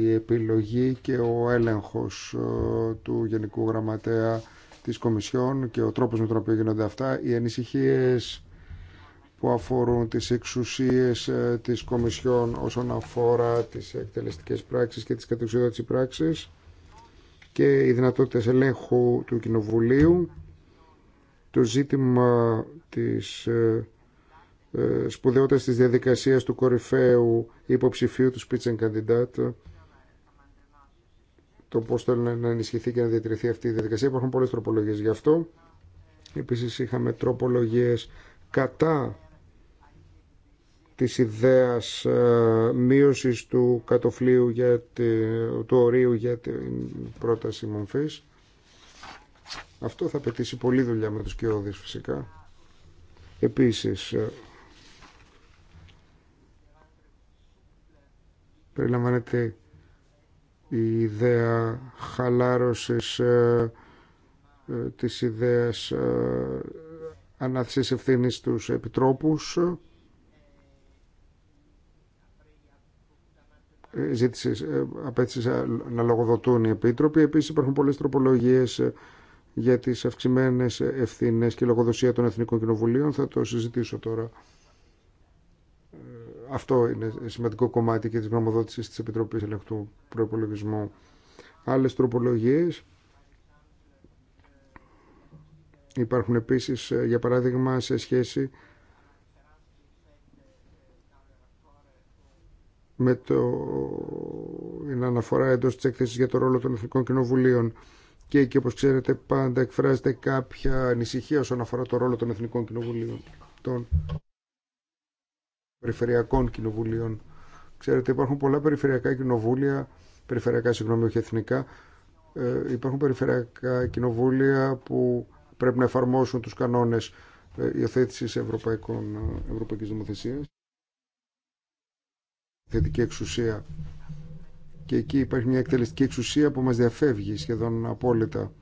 η επιλογή και ο έλεγχος ε, του Γενικού Γραμματέα της Κομισιόν και ο τρόπος με τον οποίο γίνονται αυτά, οι ανησυχίες που αφορούν τις εξουσίες ε, της Κομισιόν όσον αφορά τις εκτελεστικές πράξεις και τις κατεξιδότητες πράξεις και οι δυνατότητες ελέγχου του Κοινοβουλίου, το ζήτημα της ε, σπουδαιότητας της διαδικασίας του κορυφαίου υποψηφίου του Spitzenkandidat το πώ θέλουν να ενισχυθεί και να διατηρηθεί αυτή η διαδικασία. Υπάρχουν πολλέ τροπολογίε γι' αυτό. Επίση, είχαμε τροπολογίε κατά τη ιδέα ε, μείωση του κατοφλίου για του ορίου για την πρόταση μομφή. Αυτό θα απαιτήσει πολλή δουλειά με τους κοιόδης φυσικά. Επίσης, ε, περιλαμβάνεται η ιδέα χαλάρωσης ε, ε, της ιδέας ε, ανάθεσης ευθύνης στους επιτρόπους ζήτησε, απέτησε να λογοδοτούν οι επίτροποι. Επίσης υπάρχουν πολλές τροπολογίες για τις αυξημένες ευθύνες και λογοδοσία των Εθνικών Κοινοβουλίων. Θα το συζητήσω τώρα. Αυτό είναι σημαντικό κομμάτι και της γνωμοδότησης της Επιτροπής Ελεκτού Προϋπολογισμού. Άλλες τροπολογίες υπάρχουν επίσης, ε, για παράδειγμα, σε σχέση με το είναι αναφορά εντό τη έκθεση για το ρόλο των Εθνικών Κοινοβουλίων. Και εκεί, όπω ξέρετε, πάντα εκφράζεται κάποια ανησυχία όσον αφορά το ρόλο των Εθνικών Κοινοβουλίων περιφερειακών κοινοβουλίων. Ξέρετε, υπάρχουν πολλά περιφερειακά κοινοβούλια, περιφερειακά συγγνώμη, όχι εθνικά, ε, υπάρχουν περιφερειακά κοινοβούλια που πρέπει να εφαρμόσουν τους κανόνες ε, υιοθέτησης ευρωπαϊκών, ε, ευρωπαϊκής θετική εξουσία. Και εκεί υπάρχει μια εκτελεστική εξουσία που μας διαφεύγει σχεδόν απόλυτα.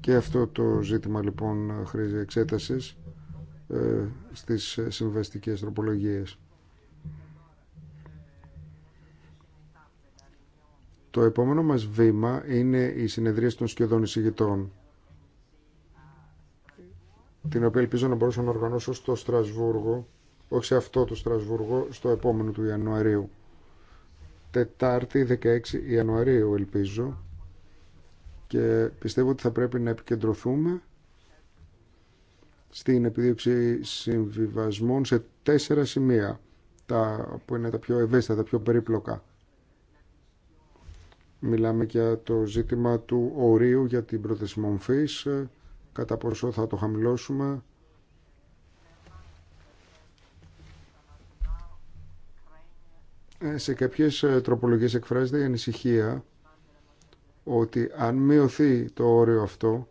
Και αυτό το ζήτημα λοιπόν χρήζει εξέτασης. Ε, στις συμβαστικές τροπολογίες. Το επόμενο μας βήμα είναι η συνεδρία των σχεδόν εισηγητών την οποία ελπίζω να μπορούσα να οργανώσω στο Στρασβούργο όχι σε αυτό το Στρασβούργο, στο επόμενο του Ιανουαρίου. Τετάρτη 16 Ιανουαρίου ελπίζω και πιστεύω ότι θα πρέπει να επικεντρωθούμε στην επιδίωξη συμβιβασμών σε τέσσερα σημεία τα, που είναι τα πιο ευαίσθητα, τα πιο περίπλοκα. Μιλάμε και για το ζήτημα του ορίου για την πρόθεση μομφής, κατά πόσο θα το χαμηλώσουμε. Ε, σε κάποιες ε, τροπολογίες εκφράζεται η ανησυχία ότι αν μειωθεί το όριο αυτό,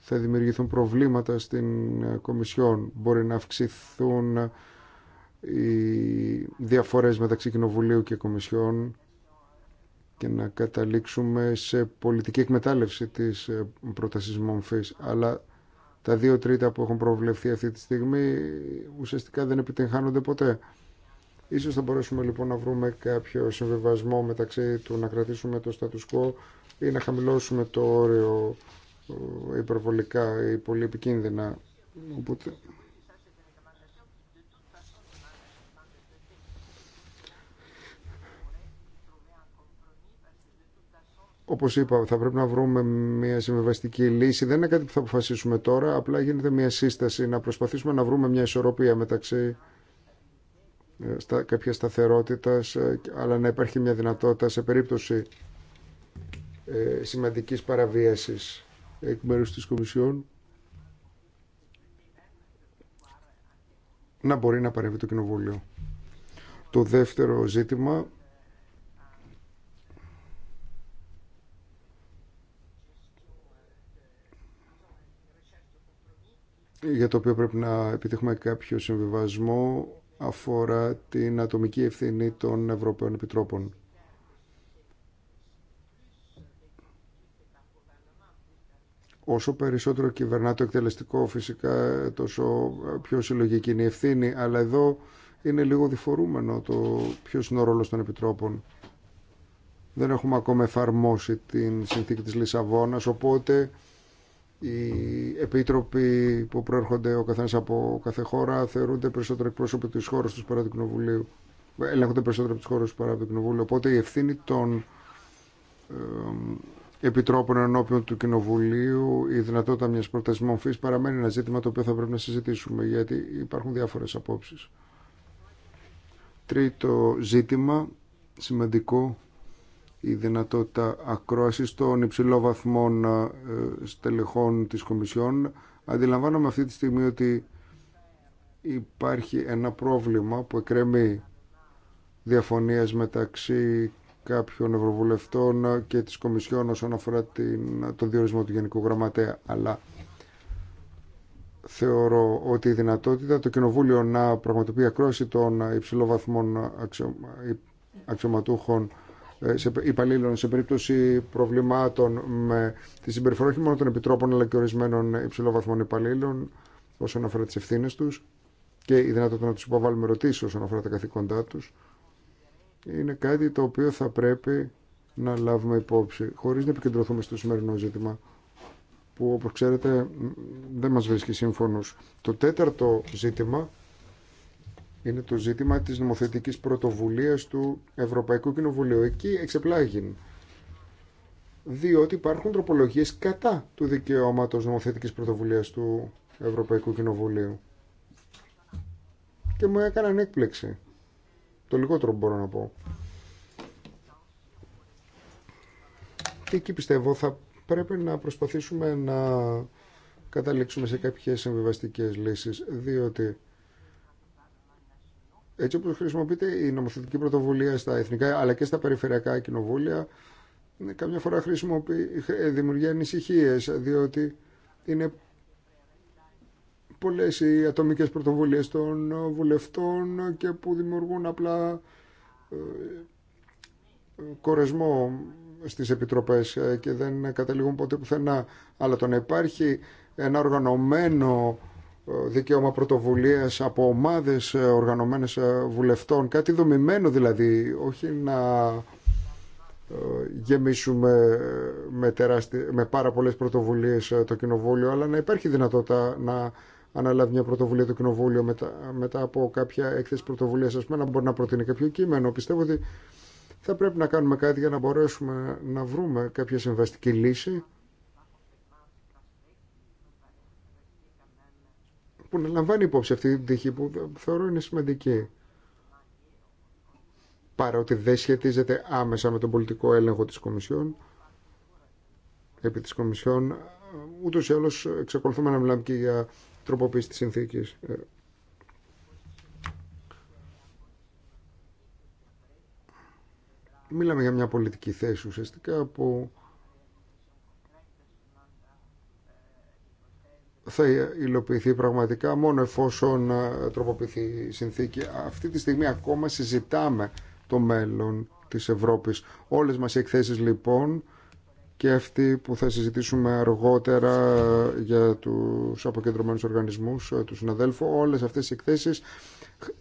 θα δημιουργηθούν προβλήματα στην ε, Κομισιόν. Μπορεί να αυξηθούν ε, οι διαφορές μεταξύ Κοινοβουλίου και Κομισιόν και να καταλήξουμε σε πολιτική εκμετάλλευση της ε, πρότασης μομφής. Αλλά τα δύο τρίτα που έχουν προβλεφθεί αυτή τη στιγμή ουσιαστικά δεν επιτυγχάνονται ποτέ. Ίσως θα μπορέσουμε λοιπόν να βρούμε κάποιο συμβιβασμό μεταξύ του να κρατήσουμε το status quo ή να χαμηλώσουμε το όριο υπερβολικά ή πολύ επικίνδυνα. Οπότε... Όπω είπα, θα πρέπει να βρούμε μια συμβιβαστική λύση. Δεν είναι κάτι που θα αποφασίσουμε τώρα, απλά γίνεται μια σύσταση να προσπαθήσουμε να βρούμε μια ισορροπία μεταξύ ε, στα, κάποια σταθερότητα, ε, αλλά να υπάρχει μια δυνατότητα σε περίπτωση ε, σημαντικής παραβίασης εκ μέρους της Κομισιόν να μπορεί να παρεύει το Κοινοβούλιο. Το δεύτερο ζήτημα για το οποίο πρέπει να επιτύχουμε κάποιο συμβιβασμό αφορά την ατομική ευθύνη των Ευρωπαίων Επιτρόπων. Όσο περισσότερο κυβερνά το εκτελεστικό φυσικά τόσο πιο συλλογική είναι η ευθύνη αλλά εδώ είναι λίγο διφορούμενο το ποιος είναι ο ρόλος των επιτρόπων. Δεν έχουμε ακόμα εφαρμόσει την συνθήκη της Λισαβόνας οπότε οι επίτροποι που προέρχονται ο καθένας από κάθε χώρα θεωρούνται περισσότερο εκπρόσωποι της χώρας τους παρά του κοινοβουλίου. Ελέγχονται περισσότερο από τις χώρες παρά από Οπότε η ευθύνη των ε, επιτρόπων ενώπιον του Κοινοβουλίου η δυνατότητα μιας πρότασης μορφής παραμένει ένα ζήτημα το οποίο θα πρέπει να συζητήσουμε γιατί υπάρχουν διάφορες απόψεις. Τρίτο ζήτημα σημαντικό η δυνατότητα ακρόασης των υψηλών ε, στελεχών τη Κομισιόν. Αντιλαμβάνομαι αυτή τη στιγμή ότι υπάρχει ένα πρόβλημα που εκκρεμεί διαφωνίες μεταξύ κάποιων ευρωβουλευτών και της Κομισιόν όσον αφορά την, τον διορισμό του Γενικού Γραμματέα, αλλά θεωρώ ότι η δυνατότητα το Κοινοβούλιο να πραγματοποιεί ακρόση των υψηλόβαθμων αξιωματούχων ε, σε, υπαλλήλων σε περίπτωση προβλημάτων με τη συμπεριφορά όχι μόνο των επιτρόπων αλλά και ορισμένων υψηλόβαθμων υπαλλήλων όσον αφορά τις ευθύνες τους και η δυνατότητα να τους υποβάλουμε ερωτήσει όσον αφορά τα καθήκοντά τους είναι κάτι το οποίο θα πρέπει να λάβουμε υπόψη, χωρίς να επικεντρωθούμε στο σημερινό ζήτημα, που όπως ξέρετε δεν μας βρίσκει σύμφωνος. Το τέταρτο ζήτημα είναι το ζήτημα της νομοθετικής πρωτοβουλίας του Ευρωπαϊκού Κοινοβουλίου. Εκεί εξεπλάγει διότι υπάρχουν τροπολογίες κατά του δικαιώματος νομοθετικής πρωτοβουλίας του Ευρωπαϊκού Κοινοβουλίου. Και μου έκαναν έκπληξη. Το λιγότερο μπορώ να πω. Και εκεί πιστεύω θα πρέπει να προσπαθήσουμε να καταλήξουμε σε κάποιες συμβιβαστικές λύσεις, διότι έτσι όπως χρησιμοποιείται η νομοθετική πρωτοβουλία στα εθνικά αλλά και στα περιφερειακά κοινοβούλια, καμιά φορά δημιουργεί ανησυχίε, διότι είναι πολλές οι ατομικές πρωτοβουλίες των βουλευτών και που δημιουργούν απλά ε, κορεσμό στις επιτροπές ε, και δεν καταλήγουν ποτέ πουθενά. Αλλά το να υπάρχει ένα οργανωμένο ε, δικαίωμα πρωτοβουλίας από ομάδες οργανωμένες βουλευτών, κάτι δομημένο δηλαδή, όχι να γεμίσουμε με, με πάρα πολλές πρωτοβουλίες το κοινοβούλιο, αλλά να υπάρχει δυνατότητα να αναλάβει μια πρωτοβουλία του κοινοβούλιο μετά, μετά από κάποια έκθεση πρωτοβουλία, α πούμε, να μπορεί να προτείνει κάποιο κείμενο. Πιστεύω ότι θα πρέπει να κάνουμε κάτι για να μπορέσουμε να βρούμε κάποια συμβαστική λύση που να λαμβάνει υπόψη αυτή την τύχη που θεωρώ είναι σημαντική Παρά ότι δεν σχετίζεται άμεσα με τον πολιτικό έλεγχο της Κομισιόν επί της Κομισιόν ε, ούτως ή άλλως εξακολουθούμε να μιλάμε και για τροποποίηση της συνθήκης. Ε, Μιλάμε για μια πολιτική θέση ουσιαστικά που θα υλοποιηθεί πραγματικά μόνο εφόσον ε, τροποποιηθεί η συνθήκη. Αυτή τη στιγμή ακόμα συζητάμε το μέλλον της Ευρώπης. Όλες μας οι εκθέσεις λοιπόν και αυτή που θα συζητήσουμε αργότερα για τους αποκεντρωμένους οργανισμούς ε, του συναδέλφου. Όλες αυτές οι εκθέσεις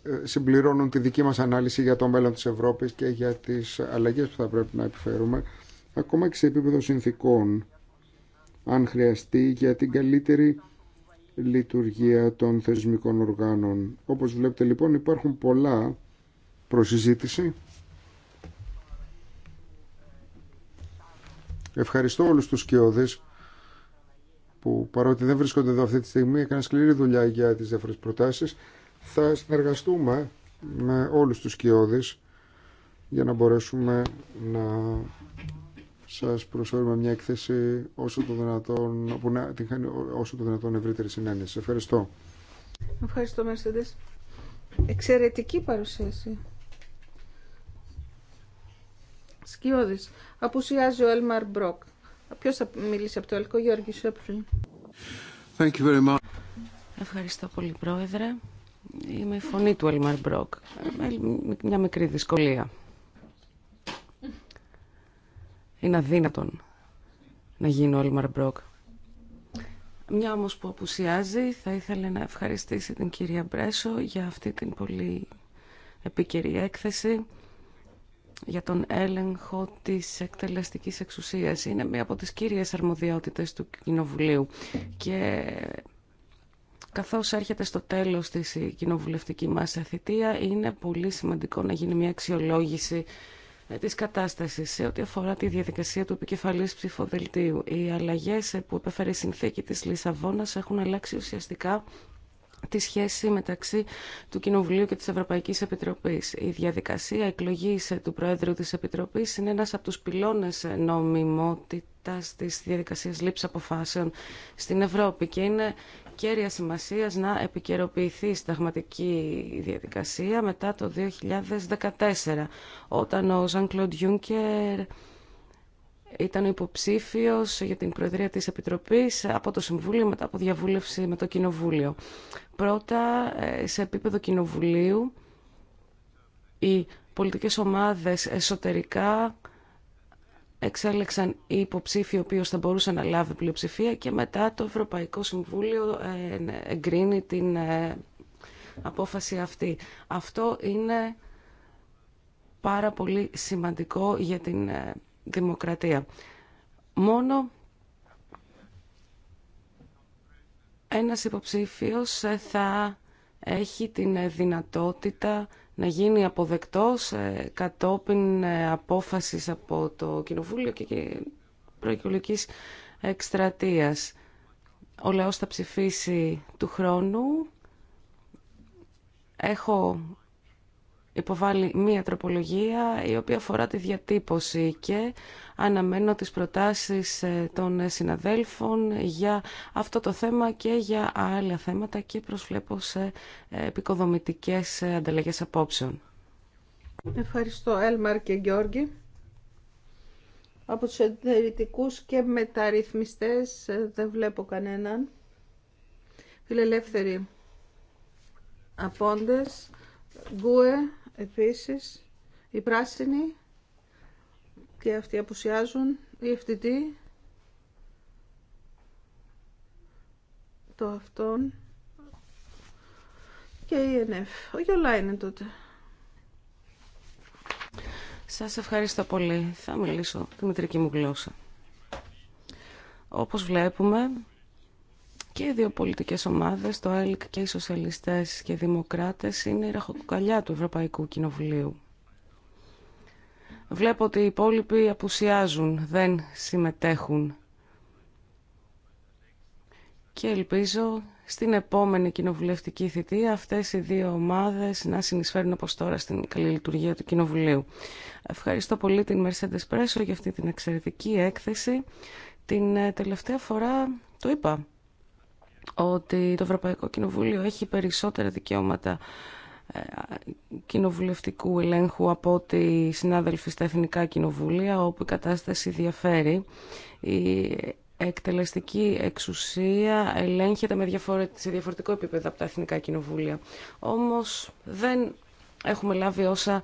ε, συμπληρώνουν τη δική μας ανάλυση για το μέλλον της Ευρώπης και για τις αλλαγές που θα πρέπει να επιφέρουμε ακόμα και σε επίπεδο συνθήκων αν χρειαστεί για την καλύτερη λειτουργία των θεσμικών οργάνων. Όπως βλέπετε λοιπόν υπάρχουν πολλά προσυζήτηση Ευχαριστώ όλους τους σκιώδες που παρότι δεν βρίσκονται εδώ αυτή τη στιγμή έκαναν σκληρή δουλειά για τις διάφορες προτάσεις. Θα συνεργαστούμε με όλους τους σκιώδες για να μπορέσουμε να σας προσφέρουμε μια έκθεση όσο το δυνατόν, που την χάνει όσο το δυνατόν ευρύτερη συνένεση. Ευχαριστώ. Ευχαριστώ Μερσέντες. Εξαιρετική παρουσίαση. Σκιώδης. αποουσιάζει ο Έλμαρ Μπρόκ. Ποιος θα μιλήσει από το Ελκό, Γιώργη Σέπφλη. Ευχαριστώ πολύ, Πρόεδρε. Είμαι η φωνή του Έλμαρ Μπρόκ. Ε, μια μικρή δυσκολία. Είναι αδύνατον να γίνω Έλμαρ Μπρόκ. Μια όμως που απουσιάζει, θα ήθελα να ευχαριστήσει την κυρία Μπρέσο για αυτή την πολύ επίκαιρη έκθεση για τον έλεγχο της εκτελεστικής εξουσίας. Είναι μία από τις κύριες αρμοδιότητες του Κοινοβουλίου και καθώς έρχεται στο τέλος της η κοινοβουλευτική μας αθητεία είναι πολύ σημαντικό να γίνει μια αξιολόγηση της κατάστασης σε ό,τι αφορά τη διαδικασία του επικεφαλής ψηφοδελτίου. Οι αλλαγές που επέφερε η συνθήκη της Λισαβόνας έχουν αλλάξει ουσιαστικά τη σχέση μεταξύ του Κοινοβουλίου και της Ευρωπαϊκής Επιτροπής. Η διαδικασία εκλογής ε, του Προέδρου της Επιτροπής είναι ένας από τους πυλώνες ε, νομιμότητας της διαδικασίας λήψης αποφάσεων στην Ευρώπη και είναι κέρια σημασίας να επικαιροποιηθεί η σταγματική διαδικασία μετά το 2014, όταν ο Ζαν ήταν ο υποψήφιο για την Προεδρία της Επιτροπή από το Συμβούλιο μετά από διαβούλευση με το Κοινοβούλιο. Πρώτα, ε, σε επίπεδο Κοινοβουλίου, οι πολιτικές ομάδες εσωτερικά εξέλεξαν ή υποψήφοι ο οποίο θα μπορούσε να λάβει πλειοψηφία και μετά το Ευρωπαϊκό Συμβούλιο ε, εγκρίνει την ε, απόφαση αυτή. Αυτό είναι πάρα πολύ σημαντικό για την δημοκρατία. Μόνο ένας υποψήφιος θα έχει την δυνατότητα να γίνει αποδεκτός ε, κατόπιν ε, απόφασης από το Κοινοβούλιο και προεκλογικής εκστρατείας. Ο λαός θα ψηφίσει του χρόνου. Έχω υποβάλει μία τροπολογία η οποία αφορά τη διατύπωση και αναμένω τις προτάσεις ε, των συναδέλφων για αυτό το θέμα και για άλλα θέματα και προσβλέπω σε ε, επικοδομητικές ε, ανταλλαγές απόψεων. Ευχαριστώ Έλμαρ και Γιώργη. Από τους εταιρητικούς και μεταρρυθμιστές δεν βλέπω κανέναν. Φιλελεύθεροι απόντες, Γκουε, Επίσης, οι πράσινοι και αυτοί απουσιάζουν, οι ευθυντοί, το αυτόν και η ΕΝΕΦ. Ο Γιολά είναι τότε. Σας ευχαριστώ πολύ. Θα μιλήσω τη μητρική μου γλώσσα. Όπως βλέπουμε, και οι δύο πολιτικές ομάδες, το ΕΛΚ και οι σοσιαλιστέ και οι Δημοκράτες, είναι η ραχοκοκαλιά του Ευρωπαϊκού Κοινοβουλίου. Βλέπω ότι οι υπόλοιποι απουσιάζουν, δεν συμμετέχουν. Και ελπίζω στην επόμενη κοινοβουλευτική θητεία αυτές οι δύο ομάδες να συνεισφέρουν όπως τώρα στην καλή λειτουργία του Κοινοβουλίου. Ευχαριστώ πολύ την Mercedes Presso για αυτή την εξαιρετική έκθεση. Την ε, τελευταία φορά το είπα ότι το Ευρωπαϊκό Κοινοβούλιο έχει περισσότερα δικαιώματα ε, κοινοβουλευτικού ελέγχου από ότι συνάδελφοι στα εθνικά κοινοβούλια όπου η κατάσταση διαφέρει. Η εκτελεστική εξουσία ελέγχεται με σε διαφορετικό επίπεδο από τα εθνικά κοινοβούλια. Όμως δεν έχουμε λάβει όσα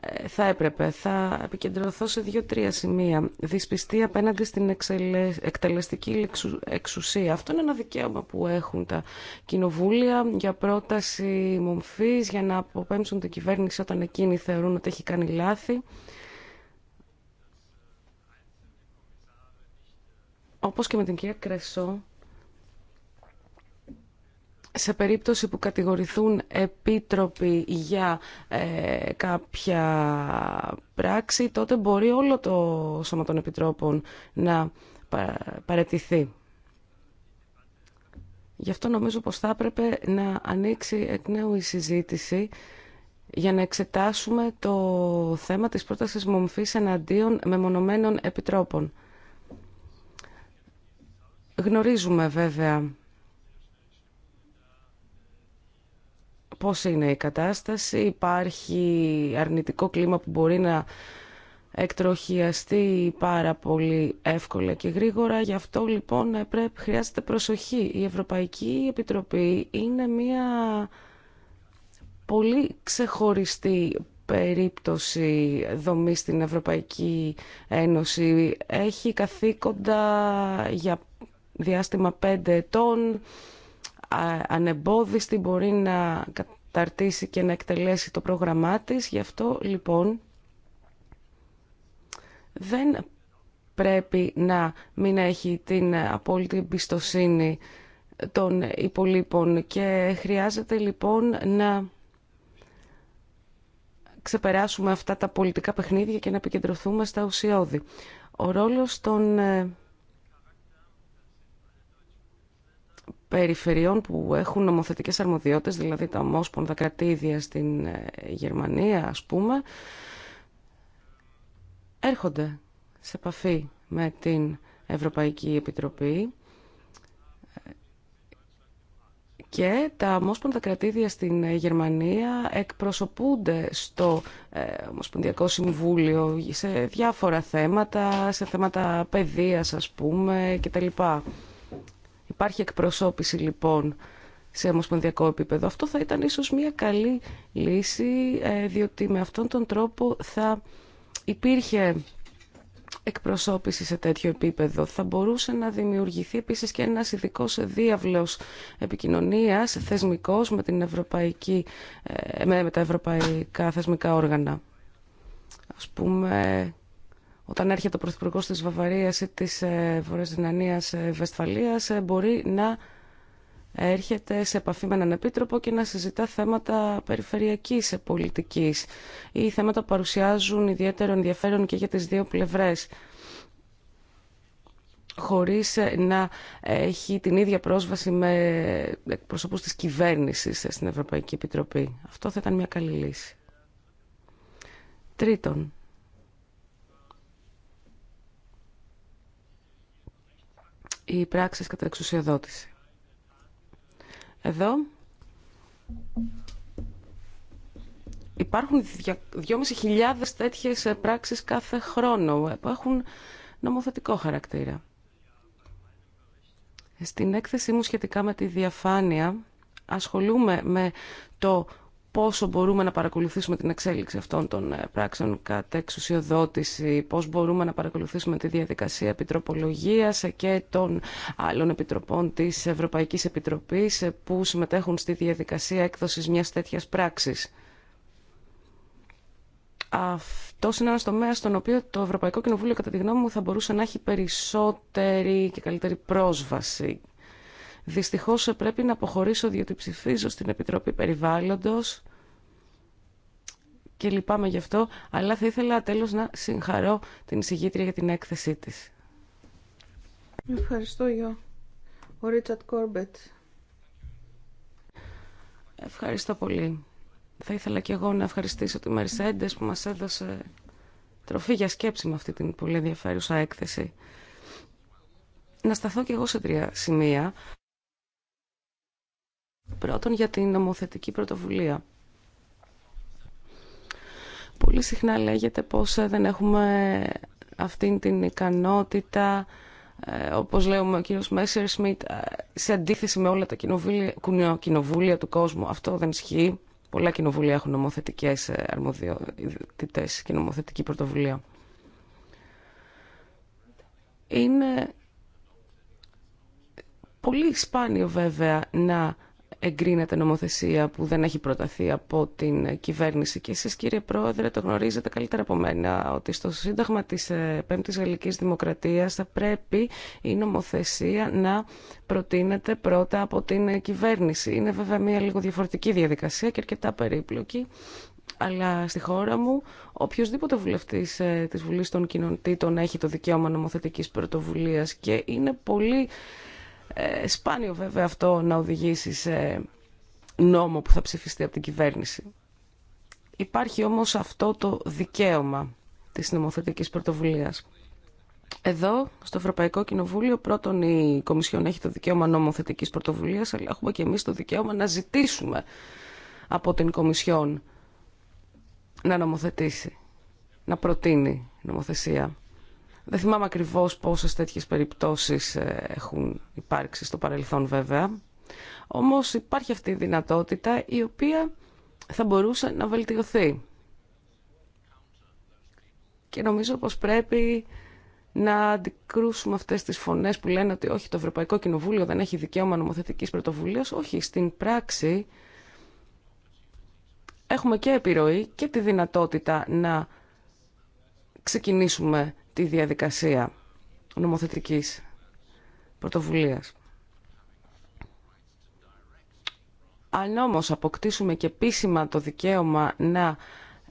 ε, θα έπρεπε. Θα επικεντρωθώ σε δύο-τρία σημεία. Δυσπιστή απέναντι στην εκτελεστική εξουσία. Αυτό είναι ένα δικαίωμα που έχουν τα κοινοβούλια για πρόταση μομφής, για να αποπέμψουν την κυβέρνηση όταν εκείνοι θεωρούν ότι έχει κάνει λάθη. Όπως και με την κυρία Κρεσό, σε περίπτωση που κατηγορηθούν επίτροποι για ε, κάποια πράξη, τότε μπορεί όλο το Σώμα των Επιτρόπων να παρετηθεί. Γι' αυτό νομίζω πως θα έπρεπε να ανοίξει εκ νέου η συζήτηση για να εξετάσουμε το θέμα της πρότασης μομφής εναντίον μεμονωμένων επιτρόπων. Γνωρίζουμε βέβαια πώς είναι η κατάσταση. Υπάρχει αρνητικό κλίμα που μπορεί να εκτροχιαστεί πάρα πολύ εύκολα και γρήγορα. Γι' αυτό λοιπόν πρέπει, χρειάζεται προσοχή. Η Ευρωπαϊκή Επιτροπή είναι μια πολύ ξεχωριστή περίπτωση δομή στην Ευρωπαϊκή Ένωση. Έχει καθήκοντα για διάστημα πέντε ετών ανεμπόδιστη μπορεί να καταρτήσει και να εκτελέσει το πρόγραμμά της. Γι' αυτό λοιπόν δεν πρέπει να μην έχει την απόλυτη εμπιστοσύνη των υπολείπων και χρειάζεται λοιπόν να ξεπεράσουμε αυτά τα πολιτικά παιχνίδια και να επικεντρωθούμε στα ουσιώδη. Ο ρόλος των ε, περιφερειών που έχουν νομοθετικές αρμοδιότητες, δηλαδή τα ομόσπονδα κρατήδια στην ε, Γερμανία, ας πούμε, έρχονται σε επαφή με την Ευρωπαϊκή Επιτροπή ε, και τα ομόσπονδα κρατήδια στην ε, Γερμανία εκπροσωπούνται στο Ομοσπονδιακό Συμβούλιο σε διάφορα θέματα, σε θέματα παιδείας ας πούμε κτλ. Υπάρχει εκπροσώπηση λοιπόν σε ομοσπονδιακό επίπεδο. Αυτό θα ήταν ίσως μια καλή λύση, ε, διότι με αυτόν τον τρόπο θα υπήρχε εκπροσώπηση σε τέτοιο επίπεδο. Θα μπορούσε να δημιουργηθεί επίσης και ένας ειδικό διάβλος επικοινωνίας θεσμικός με, την ευρωπαϊκή, ε, με τα ευρωπαϊκά θεσμικά όργανα. Ας πούμε όταν έρχεται ο Πρωθυπουργό της Βαυαρία ή της ε, Βορειας Βεσφαλία ε, Βεσφαλίας ε, μπορεί να έρχεται σε επαφή με έναν επίτροπο και να συζητά θέματα περιφερειακής πολιτικής ή θέματα που παρουσιάζουν ιδιαίτερο ενδιαφέρον και για τις δύο πλευρές χωρίς να έχει την ίδια πρόσβαση με εκπροσωπούς της κυβέρνησης στην Ευρωπαϊκή Επιτροπή. Αυτό θα ήταν μια καλή λύση. Τρίτον, οι πράξεις κατά εξουσιοδότηση. Εδώ υπάρχουν 2.500 τέτοιες πράξεις κάθε χρόνο που έχουν νομοθετικό χαρακτήρα. Στην έκθεσή μου σχετικά με τη διαφάνεια ασχολούμαι με το πόσο μπορούμε να παρακολουθήσουμε την εξέλιξη αυτών των ε, πράξεων κατ' εξουσιοδότηση, πώς μπορούμε να παρακολουθήσουμε τη διαδικασία επιτροπολογίας και των άλλων επιτροπών της Ευρωπαϊκής Επιτροπής ε, που συμμετέχουν στη διαδικασία έκδοσης μιας τέτοιας πράξης. Αυτό είναι ένα τομέα στον οποίο το Ευρωπαϊκό Κοινοβούλιο, κατά τη γνώμη μου, θα μπορούσε να έχει περισσότερη και καλύτερη πρόσβαση Δυστυχώς πρέπει να αποχωρήσω διότι ψηφίζω στην Επιτροπή Περιβάλλοντος και λυπάμαι γι' αυτό, αλλά θα ήθελα τέλος να συγχαρώ την εισηγήτρια για την έκθεσή της. Ευχαριστώ, Γιώ. Ο Ρίτσαρτ Κόρμπετ. Ευχαριστώ πολύ. Θα ήθελα και εγώ να ευχαριστήσω τη Μερσέντες που μας έδωσε τροφή για σκέψη με αυτή την πολύ ενδιαφέρουσα έκθεση. Να σταθώ και εγώ σε τρία σημεία Πρώτον για την νομοθετική πρωτοβουλία. Πολύ συχνά λέγεται πως ε, δεν έχουμε αυτήν την ικανότητα, ε, όπως λέμε ο κύριος Μέσσερ Σμιτ, ε, σε αντίθεση με όλα τα κοινοβούλια του κόσμου. Αυτό δεν ισχύει. Πολλά κοινοβούλια έχουν νομοθετικές αρμοδιότητες και νομοθετική πρωτοβουλία. Είναι πολύ σπάνιο βέβαια να εγκρίνεται νομοθεσία που δεν έχει προταθεί από την κυβέρνηση. Και εσείς κύριε Πρόεδρε το γνωρίζετε καλύτερα από μένα ότι στο Σύνταγμα της ε, Πέμπτης Γαλλικής Δημοκρατίας θα πρέπει η νομοθεσία να προτείνεται πρώτα από την κυβέρνηση. Είναι βέβαια μια λίγο διαφορετική διαδικασία και αρκετά περίπλοκη. Αλλά στη χώρα μου οποιοδήποτε βουλευτή ε, τη Βουλή των Κοινοτήτων έχει το δικαίωμα νομοθετική πρωτοβουλία και είναι πολύ ε, σπάνιο βέβαια αυτό να οδηγήσει σε νόμο που θα ψηφιστεί από την κυβέρνηση. Υπάρχει όμως αυτό το δικαίωμα της νομοθετικής πρωτοβουλίας. Εδώ, στο Ευρωπαϊκό Κοινοβούλιο, πρώτον η Κομισιόν έχει το δικαίωμα νομοθετικής πρωτοβουλίας, αλλά έχουμε και εμείς το δικαίωμα να ζητήσουμε από την Κομισιόν να νομοθετήσει, να προτείνει νομοθεσία. Δεν θυμάμαι ακριβώ πόσε τέτοιες περιπτώσεις ε, έχουν υπάρξει στο παρελθόν βέβαια. Όμως υπάρχει αυτή η δυνατότητα η οποία θα μπορούσε να βελτιωθεί. Και νομίζω πως πρέπει να αντικρούσουμε αυτές τις φωνές που λένε ότι όχι το Ευρωπαϊκό Κοινοβούλιο δεν έχει δικαίωμα νομοθετικής πρωτοβουλίας. Όχι, στην πράξη έχουμε και επιρροή και τη δυνατότητα να ξεκινήσουμε τη διαδικασία νομοθετικής πρωτοβουλίας. Αν όμως αποκτήσουμε και επίσημα το δικαίωμα να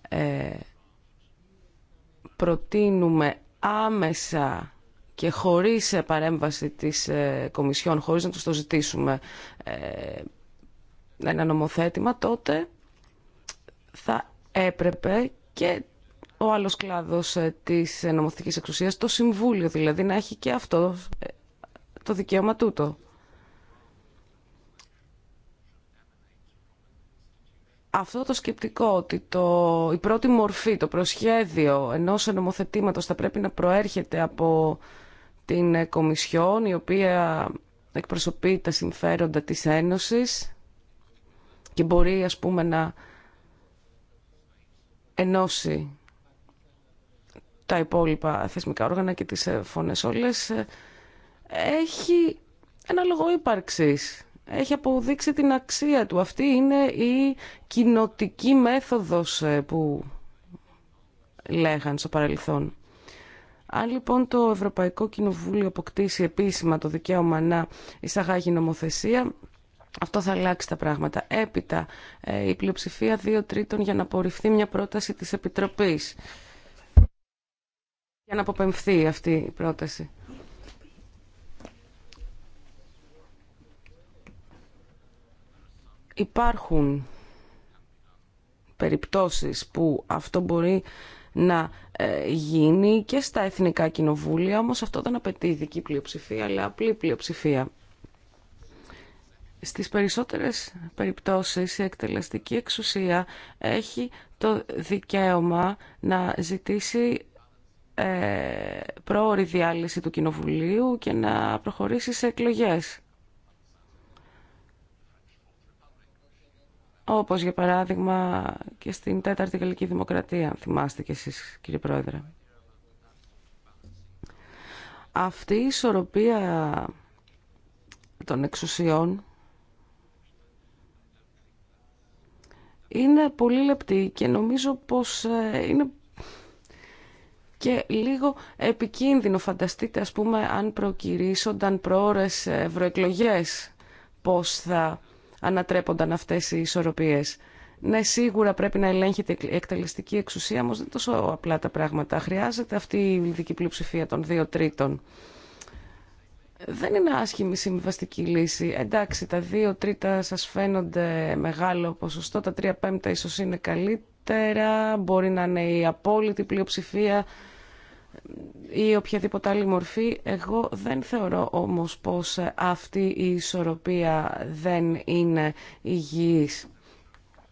ε, προτείνουμε άμεσα και χωρίς παρέμβαση της ε, Κομισιόν, χωρίς να τους το ζητήσουμε ε, ένα νομοθέτημα, τότε θα έπρεπε και ο άλλος κλάδος ε, της νομοθετικής εξουσίας, το Συμβούλιο δηλαδή, να έχει και αυτό ε, το δικαίωμα τούτο. Αυτό το σκεπτικό ότι το, η πρώτη μορφή, το προσχέδιο ενός νομοθετήματος θα πρέπει να προέρχεται από την ε, Κομισιόν, η οποία εκπροσωπεί τα συμφέροντα της Ένωσης και μπορεί ας πούμε να ενώσει τα υπόλοιπα θεσμικά όργανα και τις ε, φωνές όλες, ε, έχει ένα λόγο ύπαρξης. Έχει αποδείξει την αξία του. Αυτή είναι η κοινοτική μέθοδος ε, που λέγαν στο παρελθόν. Αν λοιπόν το Ευρωπαϊκό Κοινοβούλιο αποκτήσει επίσημα το δικαίωμα να εισαγάγει νομοθεσία, αυτό θα αλλάξει τα πράγματα. Έπειτα, η πλειοψηφία δύο τρίτων για να απορριφθεί μια πρόταση της Επιτροπής για να αποπεμφθεί αυτή η πρόταση. Υπάρχουν περιπτώσεις που αυτό μπορεί να ε, γίνει και στα εθνικά κοινοβούλια, όμως αυτό δεν απαιτεί ειδική πλειοψηφία, αλλά απλή πλειοψηφία. Στις περισσότερες περιπτώσεις η εκτελεστική εξουσία έχει το δικαίωμα να ζητήσει ε, πρόορη διάλυση του Κοινοβουλίου και να προχωρήσει σε εκλογές. Όπως για παράδειγμα και στην Τέταρτη Γαλλική Δημοκρατία, θυμάστε και εσείς κύριε Πρόεδρε. Αυτή η ισορροπία των εξουσιών είναι πολύ λεπτή και νομίζω πως ε, είναι και λίγο επικίνδυνο. Φανταστείτε, ας πούμε, αν προκυρήσονταν προώρες ευρωεκλογέ πώς θα ανατρέπονταν αυτές οι ισορροπίες. Ναι, σίγουρα πρέπει να ελέγχεται η εκτελεστική εξουσία, όμως δεν τόσο απλά τα πράγματα. Χρειάζεται αυτή η δική πλειοψηφία των δύο τρίτων. Δεν είναι άσχημη συμβαστική λύση. Εντάξει, τα δύο τρίτα σας φαίνονται μεγάλο ποσοστό, τα τρία πέμπτα ίσως είναι καλύτερα, μπορεί να είναι η απόλυτη πλειοψηφία ή οποιαδήποτε άλλη μορφή. Εγώ δεν θεωρώ όμως πως αυτή η ισορροπία δεν είναι υγιής.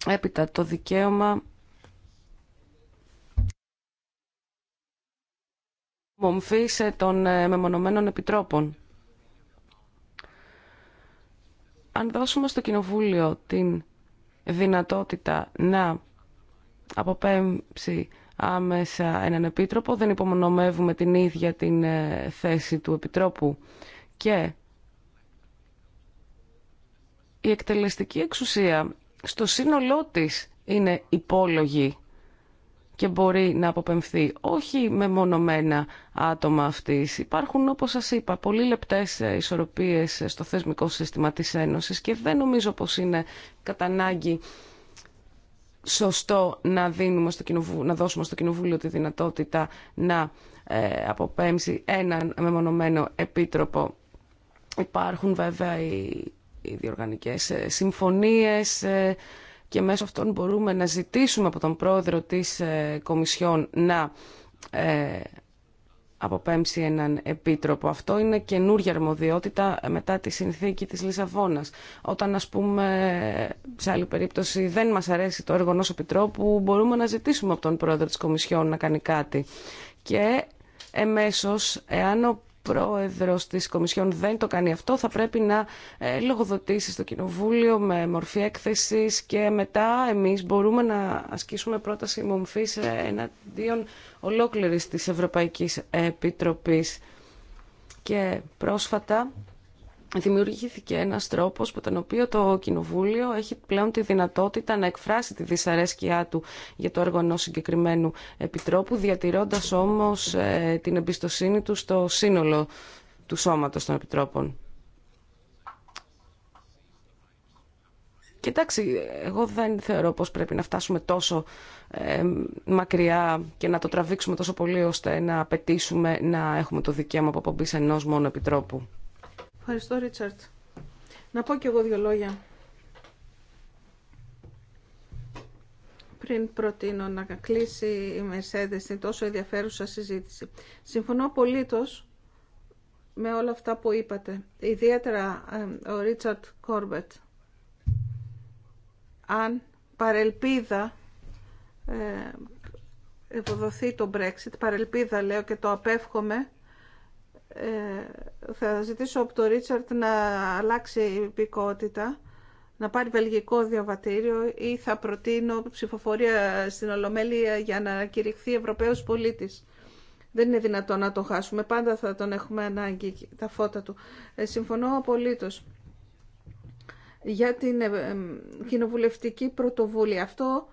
Έπειτα το δικαίωμα μομφής των ε, μεμονωμένων επιτρόπων. Αν δώσουμε στο Κοινοβούλιο την δυνατότητα να αποπέμψει άμεσα έναν επίτροπο, δεν υπομονωμεύουμε την ίδια την ε, θέση του επιτρόπου και η εκτελεστική εξουσία στο σύνολό της είναι υπόλογη και μπορεί να αποπεμφθεί όχι με μονομένα άτομα αυτής. Υπάρχουν, όπως σας είπα, πολύ λεπτές ε, ισορροπίες στο θεσμικό σύστημα της Ένωσης και δεν νομίζω πως είναι κατανάγκη σωστό να, δίνουμε στο να δώσουμε στο Κοινοβούλιο τη δυνατότητα να ε, αποπέμψει έναν μεμονωμένο επίτροπο. Υπάρχουν βέβαια οι, οι διοργανικές ε, συμφωνίες ε, και μέσω αυτών μπορούμε να ζητήσουμε από τον πρόεδρο της ε, Κομισιόν να ε, αποπέμψει έναν επίτροπο. Αυτό είναι καινούργια αρμοδιότητα μετά τη συνθήκη της Λισαβόνας. Όταν, ας πούμε, σε άλλη περίπτωση δεν μας αρέσει το έργο ενός επιτρόπου, μπορούμε να ζητήσουμε από τον πρόεδρο της Κομισιόν να κάνει κάτι. Και εμέσως, εάν ο πρόεδρος της Κομισιόν δεν το κάνει αυτό, θα πρέπει να ε, λογοδοτήσει στο Κοινοβούλιο με μορφή έκθεσης και μετά εμείς μπορούμε να ασκήσουμε πρόταση μομφής εναντίον ολόκληρης της Ευρωπαϊκής Επιτροπής. Και πρόσφατα δημιουργήθηκε ένας τρόπος που τον οποίο το Κοινοβούλιο έχει πλέον τη δυνατότητα να εκφράσει τη δυσαρέσκειά του για το έργο ενός συγκεκριμένου επιτρόπου, διατηρώντας όμως ε, την εμπιστοσύνη του στο σύνολο του σώματος των επιτρόπων. Κοιτάξτε, εγώ δεν θεωρώ πως πρέπει να φτάσουμε τόσο μακριά και να το τραβήξουμε τόσο πολύ ώστε να απαιτήσουμε να έχουμε το δικαίωμα αποπομπής ενός μόνο επιτρόπου. Ευχαριστώ, Ρίτσαρτ. Να πω κι εγώ δύο λόγια. Πριν προτείνω να κλείσει η Μερσέντε στην τόσο ενδιαφέρουσα συζήτηση. Συμφωνώ πολύ με όλα αυτά που είπατε. Ιδιαίτερα ο Ρίτσαρτ Κόρμπετ. Αν παρελπίδα ε, ευοδοθεί το Brexit, παρελπίδα λέω και το απέφχομαι, ε, θα ζητήσω από τον Ρίτσαρτ να αλλάξει η υπηκότητα, να πάρει βελγικό διαβατήριο ή θα προτείνω ψηφοφορία στην Ολομέλεια για να κηρυχθεί Ευρωπαίος πολίτης. Δεν είναι δυνατόν να το χάσουμε. Πάντα θα τον έχουμε ανάγκη τα φώτα του. Ε, συμφωνώ απολύτως για την ε, κοινοβουλευτική πρωτοβούλια. Αυτό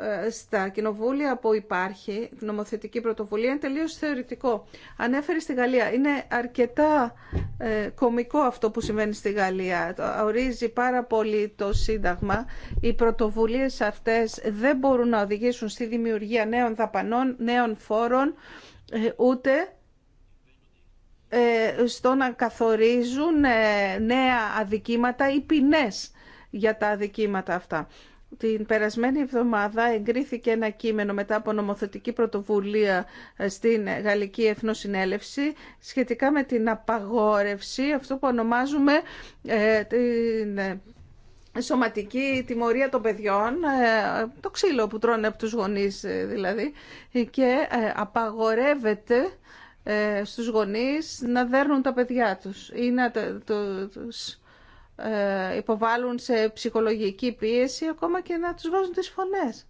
ε, στα κοινοβούλια που υπάρχει νομοθετική πρωτοβουλία είναι τελείως θεωρητικό. Ανέφερε στη Γαλλία. Είναι αρκετά ε, κομικό αυτό που συμβαίνει στη Γαλλία. Ορίζει πάρα πολύ το Σύνταγμα. Οι πρωτοβουλίες αυτές δεν μπορούν να οδηγήσουν στη δημιουργία νέων δαπανών, νέων φόρων, ε, ούτε ε, στο να καθορίζουν νέα αδικήματα ή ποινές για τα αδικήματα αυτά. Την περασμένη εβδομάδα εγκρίθηκε ένα κείμενο μετά από νομοθετική πρωτοβουλία ε, στην Γαλλική Εθνοσυνέλευση σχετικά με την απαγόρευση, αυτό που ονομάζουμε ε, ε σωματική τιμωρία των παιδιών, ε, το ξύλο που τρώνε από τους γονείς δηλαδή, και απαγορεύεται στους γονείς να δέρνουν τα παιδιά τους ή να τους ε, υποβάλλουν σε ψυχολογική πίεση ακόμα και να τους βάζουν τις φωνές.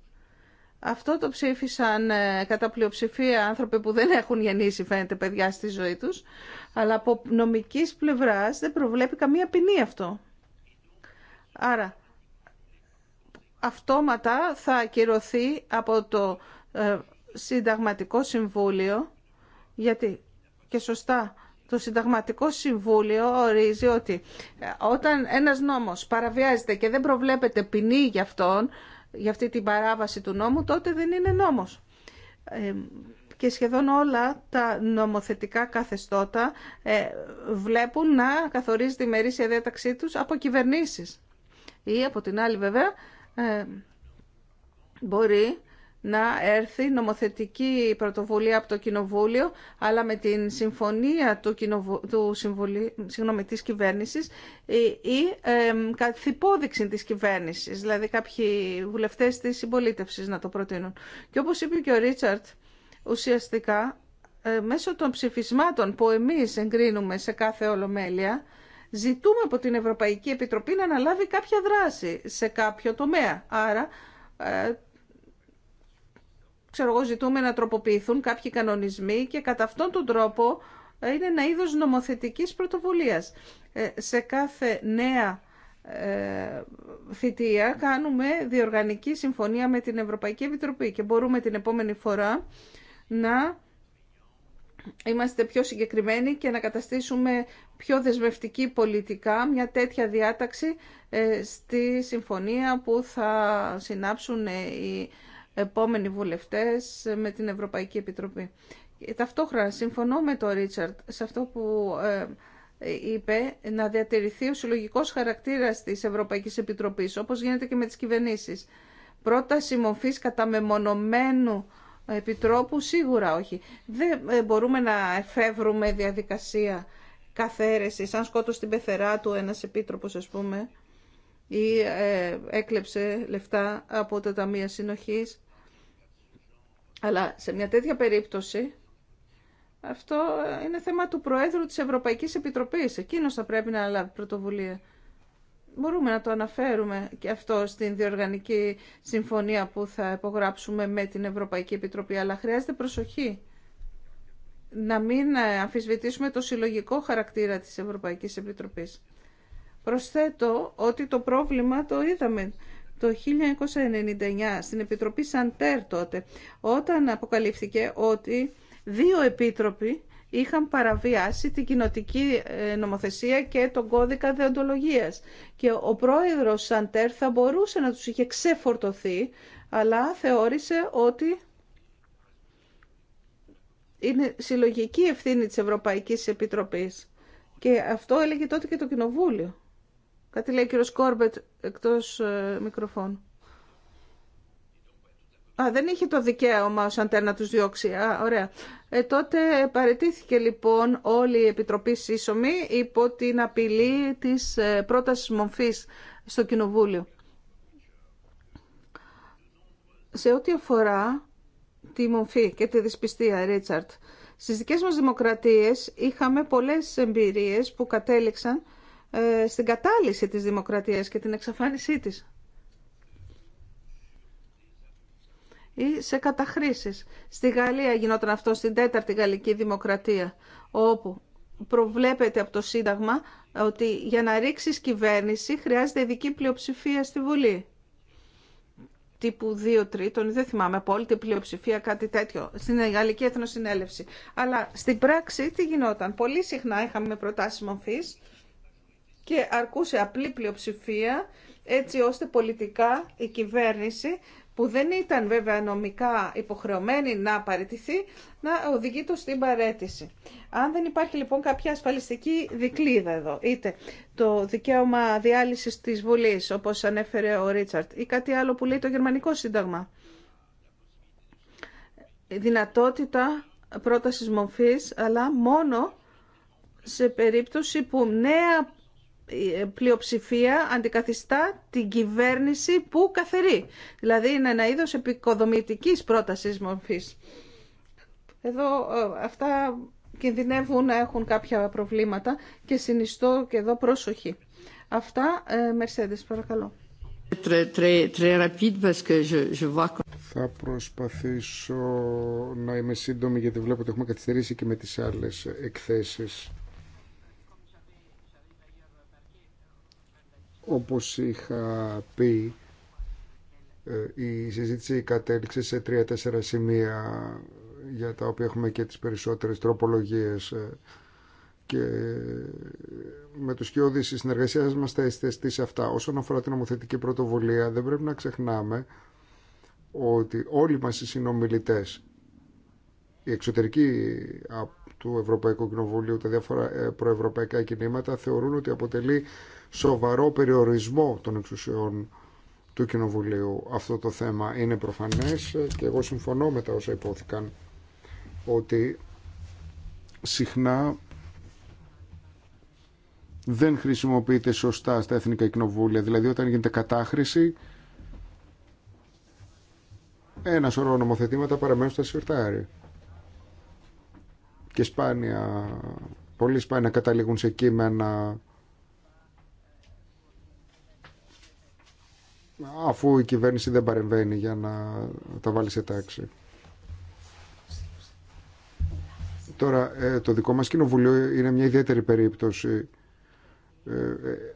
Αυτό το ψήφισαν ε, κατά πλειοψηφία άνθρωποι που δεν έχουν γεννήσει φαίνεται παιδιά στη ζωή τους, αλλά από νομικής πλευράς δεν προβλέπει καμία ποινή αυτό. Άρα αυτόματα θα ακυρωθεί από το ε, Συνταγματικό Συμβούλιο, γιατί και σωστά το Συνταγματικό Συμβούλιο ορίζει ότι ε, όταν ένας νόμος παραβιάζεται και δεν προβλέπεται ποινή για αυτόν, για αυτή την παράβαση του νόμου, τότε δεν είναι νόμος. Ε, και σχεδόν όλα τα νομοθετικά καθεστώτα ε, βλέπουν να καθορίζει τη μερίσια διάταξή τους από κυβερνήσεις. Ή από την άλλη βέβαια μπορεί να έρθει νομοθετική πρωτοβουλία από το Κοινοβούλιο, αλλά με την συμφωνία του, κοινοβου... του της ή ε, της κυβέρνησης, δηλαδή κάποιοι βουλευτές της συμπολίτευση να το προτείνουν. Και όπως είπε και ο Ρίτσαρτ, ουσιαστικά ε, μέσω των ψηφισμάτων που εμείς εγκρίνουμε σε κάθε ολομέλεια, ζητούμε από την Ευρωπαϊκή Επιτροπή να αναλάβει κάποια δράση σε κάποιο τομέα. Άρα, ε, ξέρω εγώ, ζητούμε να τροποποιηθούν κάποιοι κανονισμοί και κατά αυτόν τον τρόπο είναι ένα είδος νομοθετικής πρωτοβουλίας. Ε, σε κάθε νέα ε, θητεία κάνουμε διοργανική συμφωνία με την Ευρωπαϊκή Επιτροπή και μπορούμε την επόμενη φορά να είμαστε πιο συγκεκριμένοι και να καταστήσουμε πιο δεσμευτική πολιτικά μια τέτοια διάταξη ε, στη συμφωνία που θα συνάψουν ε, οι επόμενοι βουλευτές με την Ευρωπαϊκή Επιτροπή. Ταυτόχρονα συμφωνώ με τον Ρίτσαρτ σε αυτό που ε, είπε να διατηρηθεί ο συλλογικό χαρακτήρα τη Ευρωπαϊκή Επιτροπή, όπως γίνεται και με τις κυβερνήσει. Πρόταση μορφή κατά μεμονωμένου επιτρόπου σίγουρα όχι. Δεν ε, μπορούμε να εφεύρουμε διαδικασία καθαίρεση, σαν σκότω στην πεθερά του ένα επίτροπο, α πούμε ή ε, έκλεψε λεφτά από τα Ταμεία Συνοχής αλλά σε μια τέτοια περίπτωση αυτό είναι θέμα του Προέδρου της Ευρωπαϊκής Επιτροπής. Εκείνος θα πρέπει να λάβει πρωτοβουλία. Μπορούμε να το αναφέρουμε και αυτό στην διοργανική συμφωνία που θα υπογράψουμε με την Ευρωπαϊκή Επιτροπή, αλλά χρειάζεται προσοχή να μην αμφισβητήσουμε το συλλογικό χαρακτήρα της Ευρωπαϊκής Επιτροπής. Προσθέτω ότι το πρόβλημα το είδαμε το 1999 στην Επιτροπή Σαντέρ τότε, όταν αποκαλύφθηκε ότι δύο επίτροποι είχαν παραβιάσει την κοινοτική ε, νομοθεσία και τον κώδικα δεοντολογίας. Και ο πρόεδρος Σαντέρ θα μπορούσε να τους είχε ξεφορτωθεί, αλλά θεώρησε ότι είναι συλλογική ευθύνη της Ευρωπαϊκής Επιτροπής. Και αυτό έλεγε τότε και το Κοινοβούλιο. Κάτι λέει ο κύριο Κόρμπετ εκτός ε, μικροφώνου. Α, δεν είχε το δικαίωμα ο Σαντέρ να τους διώξει. ωραία. Ε, τότε παρετήθηκε λοιπόν όλη η Επιτροπή Σύσσωμη υπό την απειλή της ε, πρότασης στο Κοινοβούλιο. Σε ό,τι αφορά τη μομφή και τη δυσπιστία, Ρίτσαρτ, στις δικές μας δημοκρατίες είχαμε πολλές εμπειρίες που κατέληξαν ε, στην κατάλυση της δημοκρατίας και την εξαφάνισή της. Ή σε καταχρήσεις. Στη Γαλλία γινόταν αυτό στην τέταρτη γαλλική δημοκρατία, όπου προβλέπεται από το Σύνταγμα ότι για να ρίξεις κυβέρνηση χρειάζεται ειδική πλειοψηφία στη Βουλή. Τύπου 2 τρίτων, δεν θυμάμαι απόλυτη πλειοψηφία, κάτι τέτοιο, στην Γαλλική Εθνοσυνέλευση. Αλλά στην πράξη τι γινόταν. Πολύ συχνά είχαμε προτάσεις μορφής και αρκούσε απλή πλειοψηφία έτσι ώστε πολιτικά η κυβέρνηση που δεν ήταν βέβαια νομικά υποχρεωμένη να παραιτηθεί, να οδηγεί το στην παρέτηση. Αν δεν υπάρχει λοιπόν κάποια ασφαλιστική δικλίδα εδώ, είτε το δικαίωμα διάλυσης της Βουλής, όπως ανέφερε ο Ρίτσαρτ, ή κάτι άλλο που λέει το Γερμανικό Σύνταγμα, δυνατότητα πρότασης μορφής, αλλά μόνο σε περίπτωση που νέα ε, πλειοψηφία αντικαθιστά την κυβέρνηση που καθερεί. Δηλαδή είναι ένα είδος επικοδομητικής πρότασης μορφής. Εδώ ε, αυτά κινδυνεύουν να έχουν κάποια προβλήματα και συνιστώ και εδώ πρόσοχη. Αυτά, Μερσέντες, παρακαλώ. Θα προσπαθήσω να είμαι σύντομη γιατί βλέπω ότι έχουμε καθυστερήσει και με τις άλλες εκθέσεις. Όπως είχα πει, ε, η συζήτηση κατέληξε σε τρία-τέσσερα σημεία για τα οποία έχουμε και τις περισσότερες τροπολογίες ε, και με τους κοιόδης η συνεργασία μας θα εστιαστεί σε αυτά. Όσον αφορά την ομοθετική πρωτοβουλία δεν πρέπει να ξεχνάμε ότι όλοι μας οι συνομιλητές, οι εξωτερικοί του Ευρωπαϊκού Κοινοβουλίου, τα διάφορα ε, προευρωπαϊκά κινήματα θεωρούν ότι αποτελεί σοβαρό περιορισμό των εξουσιών του Κοινοβουλίου αυτό το θέμα είναι προφανές και εγώ συμφωνώ με τα όσα υπόθηκαν ότι συχνά δεν χρησιμοποιείται σωστά στα Εθνικά Κοινοβούλια. Δηλαδή όταν γίνεται κατάχρηση ένα σωρό νομοθετήματα παραμένουν στα σιρτάρι. Και σπάνια, πολύ σπάνια καταλήγουν σε κείμενα αφού η κυβέρνηση δεν παρεμβαίνει για να τα βάλει σε τάξη. Τώρα, ε, το δικό μας κοινοβουλίο είναι μια ιδιαίτερη περίπτωση. Ε, ε,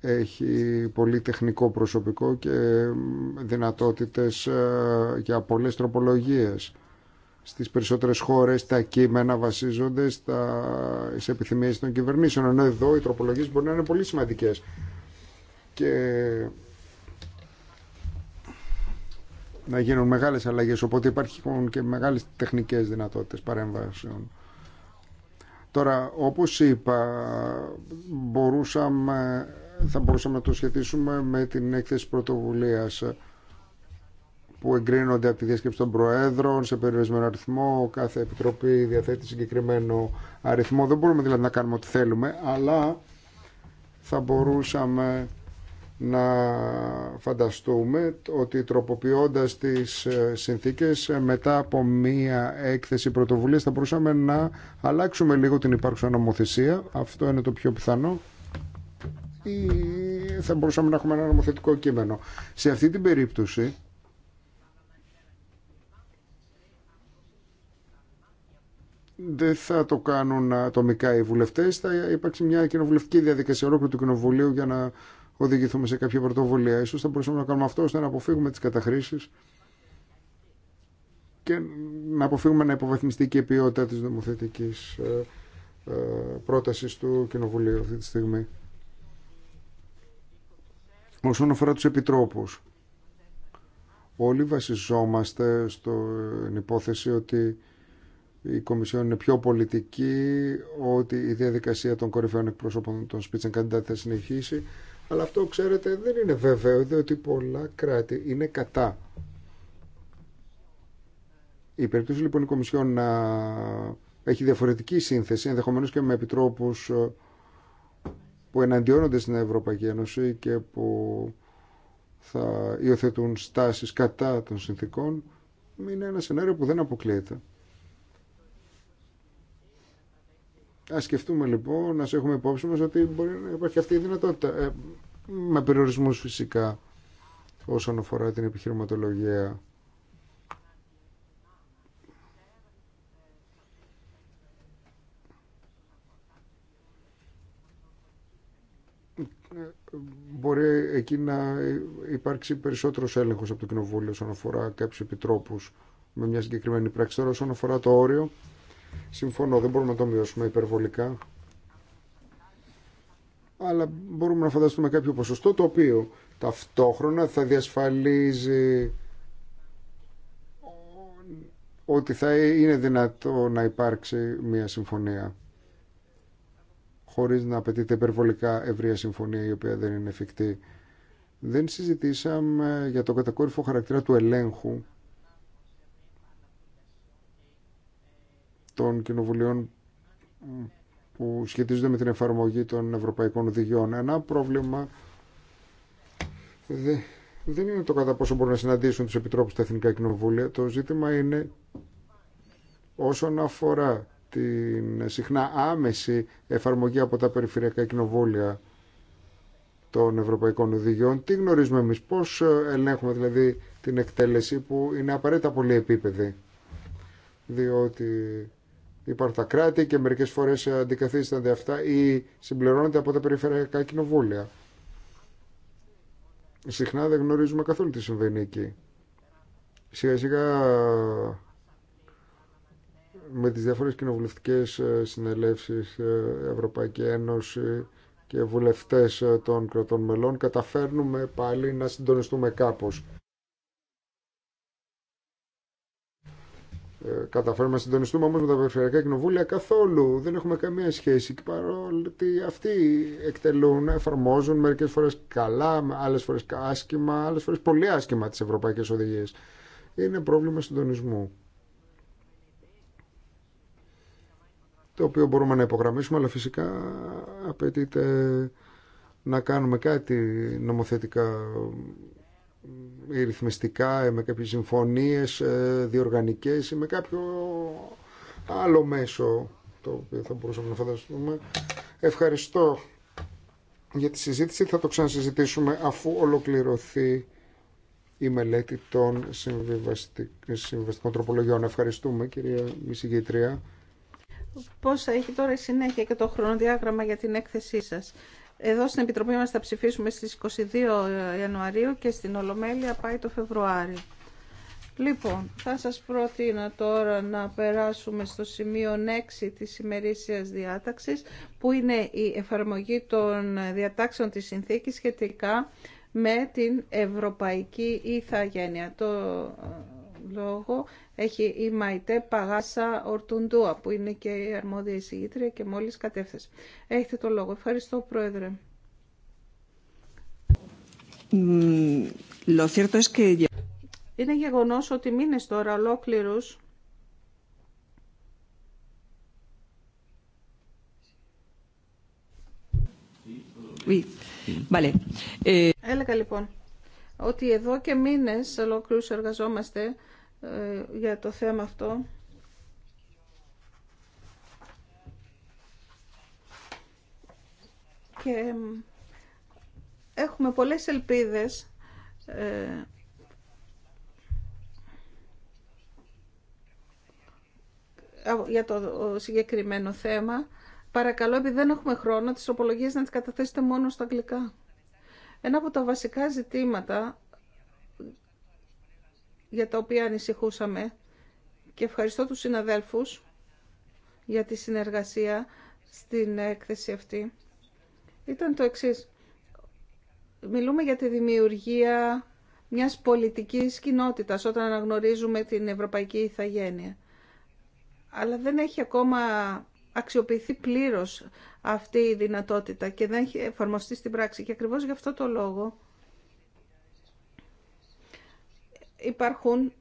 έχει πολύ τεχνικό προσωπικό και δυνατότητες για πολλές τροπολογίες στις περισσότερες χώρες τα κείμενα βασίζονται στα, στις επιθυμίες των κυβερνήσεων ενώ εδώ οι τροπολογίες μπορεί να είναι πολύ σημαντικές και να γίνουν μεγάλες αλλαγές οπότε υπάρχουν και μεγάλες τεχνικές δυνατότητες παρέμβασεων τώρα όπως είπα μπορούσαμε, θα μπορούσαμε να το σχετίσουμε με την έκθεση πρωτοβουλίας που εγκρίνονται από τη διασκέψη των Προέδρων σε περιορισμένο αριθμό. Κάθε επιτροπή διαθέτει συγκεκριμένο αριθμό. Δεν μπορούμε δηλαδή να κάνουμε ό,τι θέλουμε, αλλά θα μπορούσαμε να φανταστούμε ότι τροποποιώντας τις ε, συνθήκες ε, μετά από μία έκθεση πρωτοβουλίας θα μπορούσαμε να αλλάξουμε λίγο την υπάρξουσα νομοθεσία. Αυτό είναι το πιο πιθανό ή θα μπορούσαμε να έχουμε ένα νομοθετικό κείμενο. Σε αυτή την περίπτωση δεν θα το κάνουν ατομικά οι βουλευτέ. Θα υπάρξει μια κοινοβουλευτική διαδικασία ολόκληρου του Κοινοβουλίου για να οδηγηθούμε σε κάποια πρωτοβουλία. σω θα μπορούσαμε να κάνουμε αυτό ώστε να αποφύγουμε τι καταχρήσει και να αποφύγουμε να υποβαθμιστεί και η ποιότητα τη νομοθετική ε, ε, πρόταση του Κοινοβουλίου αυτή τη στιγμή. Όσον αφορά τους επιτρόπους, όλοι βασιζόμαστε ε, στην υπόθεση ότι η Κομισιόν είναι πιο πολιτική, ότι η διαδικασία των κορυφαίων εκπρόσωπων των Spitzenkandidat θα συνεχίσει. Αλλά αυτό, ξέρετε, δεν είναι βέβαιο, διότι πολλά κράτη είναι κατά. Η περίπτωση λοιπόν η Κομισιόν να έχει διαφορετική σύνθεση, ενδεχομένως και με επιτρόπους ε, που εναντιώνονται στην Ευρωπαϊκή Ένωση και που θα υιοθετούν στάσεις κατά των συνθήκων, είναι ένα σενάριο που δεν αποκλείεται. Α σκεφτούμε λοιπόν, να έχουμε υπόψη μα ότι μπορεί να υπάρχει αυτή η δυνατότητα. Ε, με περιορισμού φυσικά όσον αφορά την επιχειρηματολογία. μπορεί εκεί να υπάρξει περισσότερος έλεγχος από το Κοινοβούλιο όσον αφορά κάποιου επιτρόπους με μια συγκεκριμένη πράξη. Τώρα όσον αφορά το όριο, Συμφωνώ, δεν μπορούμε να το μειώσουμε υπερβολικά. Αλλά μπορούμε να φανταστούμε κάποιο ποσοστό το οποίο ταυτόχρονα θα διασφαλίζει ότι θα είναι δυνατό να υπάρξει μια συμφωνία χωρίς να απαιτείται υπερβολικά ευρεία συμφωνία η οποία δεν είναι εφικτή. Δεν συζητήσαμε για το κατακόρυφο χαρακτήρα του ελέγχου των κοινοβουλίων που σχετίζονται με την εφαρμογή των ευρωπαϊκών οδηγιών. Ένα πρόβλημα δεν είναι το κατά πόσο μπορούν να συναντήσουν τους επιτρόπους στα Εθνικά Κοινοβούλια. Το ζήτημα είναι όσον αφορά την συχνά άμεση εφαρμογή από τα περιφερειακά κοινοβούλια των ευρωπαϊκών οδηγιών. Τι γνωρίζουμε εμείς, πώς ελέγχουμε δηλαδή την εκτέλεση που είναι απαραίτητα πολύ επίπεδη. Διότι Υπάρχουν τα κράτη και μερικές φορές αντικαθίστανται αυτά ή συμπληρώνονται από τα περιφερειακά κοινοβούλια. Συχνά δεν γνωρίζουμε καθόλου τι συμβαίνει εκεί. Σιγά σιγά με τις διάφορες κοινοβουλευτικές ε, συνελεύσεις ε, Ευρωπαϊκή Ένωση και βουλευτές ε, των κρατών μελών καταφέρνουμε πάλι να συντονιστούμε κάπως. Ε, καταφέρουμε να συντονιστούμε όμως με τα περιφερειακά κοινοβούλια καθόλου. Δεν έχουμε καμία σχέση και ότι αυτοί εκτελούν, εφαρμόζουν μερικές φορές καλά, άλλες φορές άσχημα, άλλες φορές πολύ άσχημα τις ευρωπαϊκές οδηγίες. Είναι πρόβλημα συντονισμού. Το οποίο μπορούμε να υπογραμμίσουμε, αλλά φυσικά απαιτείται να κάνουμε κάτι νομοθετικά ε, ε, ρυθμιστικά ε, με κάποιες συμφωνίες διοργανικές ή με κάποιο άλλο μέσο το οποίο θα μπορούσαμε να φανταστούμε. Ευχαριστώ για τη συζήτηση. Θα το ξανασυζητήσουμε αφού ολοκληρωθεί η μελέτη των συμβιβαστικών τροπολογιών. Ευχαριστούμε κυρία Μησηγήτρια. Πώς θα έχει τώρα η συνέχεια και το χρονοδιάγραμμα για την έκθεσή σας. Εδώ στην Επιτροπή μας θα ψηφίσουμε στις 22 Ιανουαρίου και στην Ολομέλεια πάει το Φεβρουάριο. Λοιπόν, θα σας προτείνω τώρα να περάσουμε στο σημείο 6 της ημερήσιας διάταξης, που είναι η εφαρμογή των διατάξεων της συνθήκης σχετικά με την Ευρωπαϊκή Ιθαγένεια. Το λόγο έχει η Μαϊτέ Παγάσα Ορτουντούα, που είναι και η αρμόδια εισηγήτρια και μόλις κατέφθασε. Έχετε το λόγο. Ευχαριστώ, Πρόεδρε. Είναι γεγονός ότι μήνες τώρα ολόκληρους Oui. Vale. Ε, έλεγα λοιπόν ότι εδώ και μήνες ολόκληρους εργαζόμαστε ε, για το θέμα αυτό. Και ε, έχουμε πολλές ελπίδες ε, για το συγκεκριμένο θέμα. Παρακαλώ, επειδή δεν έχουμε χρόνο, τις οπολογίες να τις καταθέσετε μόνο στα αγγλικά. Ένα από τα βασικά ζητήματα για τα οποία ανησυχούσαμε και ευχαριστώ τους συναδέλφους για τη συνεργασία στην έκθεση αυτή. Ήταν το εξής. Μιλούμε για τη δημιουργία μιας πολιτικής κοινότητας όταν αναγνωρίζουμε την ευρωπαϊκή ηθαγένεια. Αλλά δεν έχει ακόμα αξιοποιηθεί πλήρως αυτή η δυνατότητα και δεν έχει εφαρμοστεί στην πράξη. Και ακριβώς γι' αυτό το λόγο υπάρχουν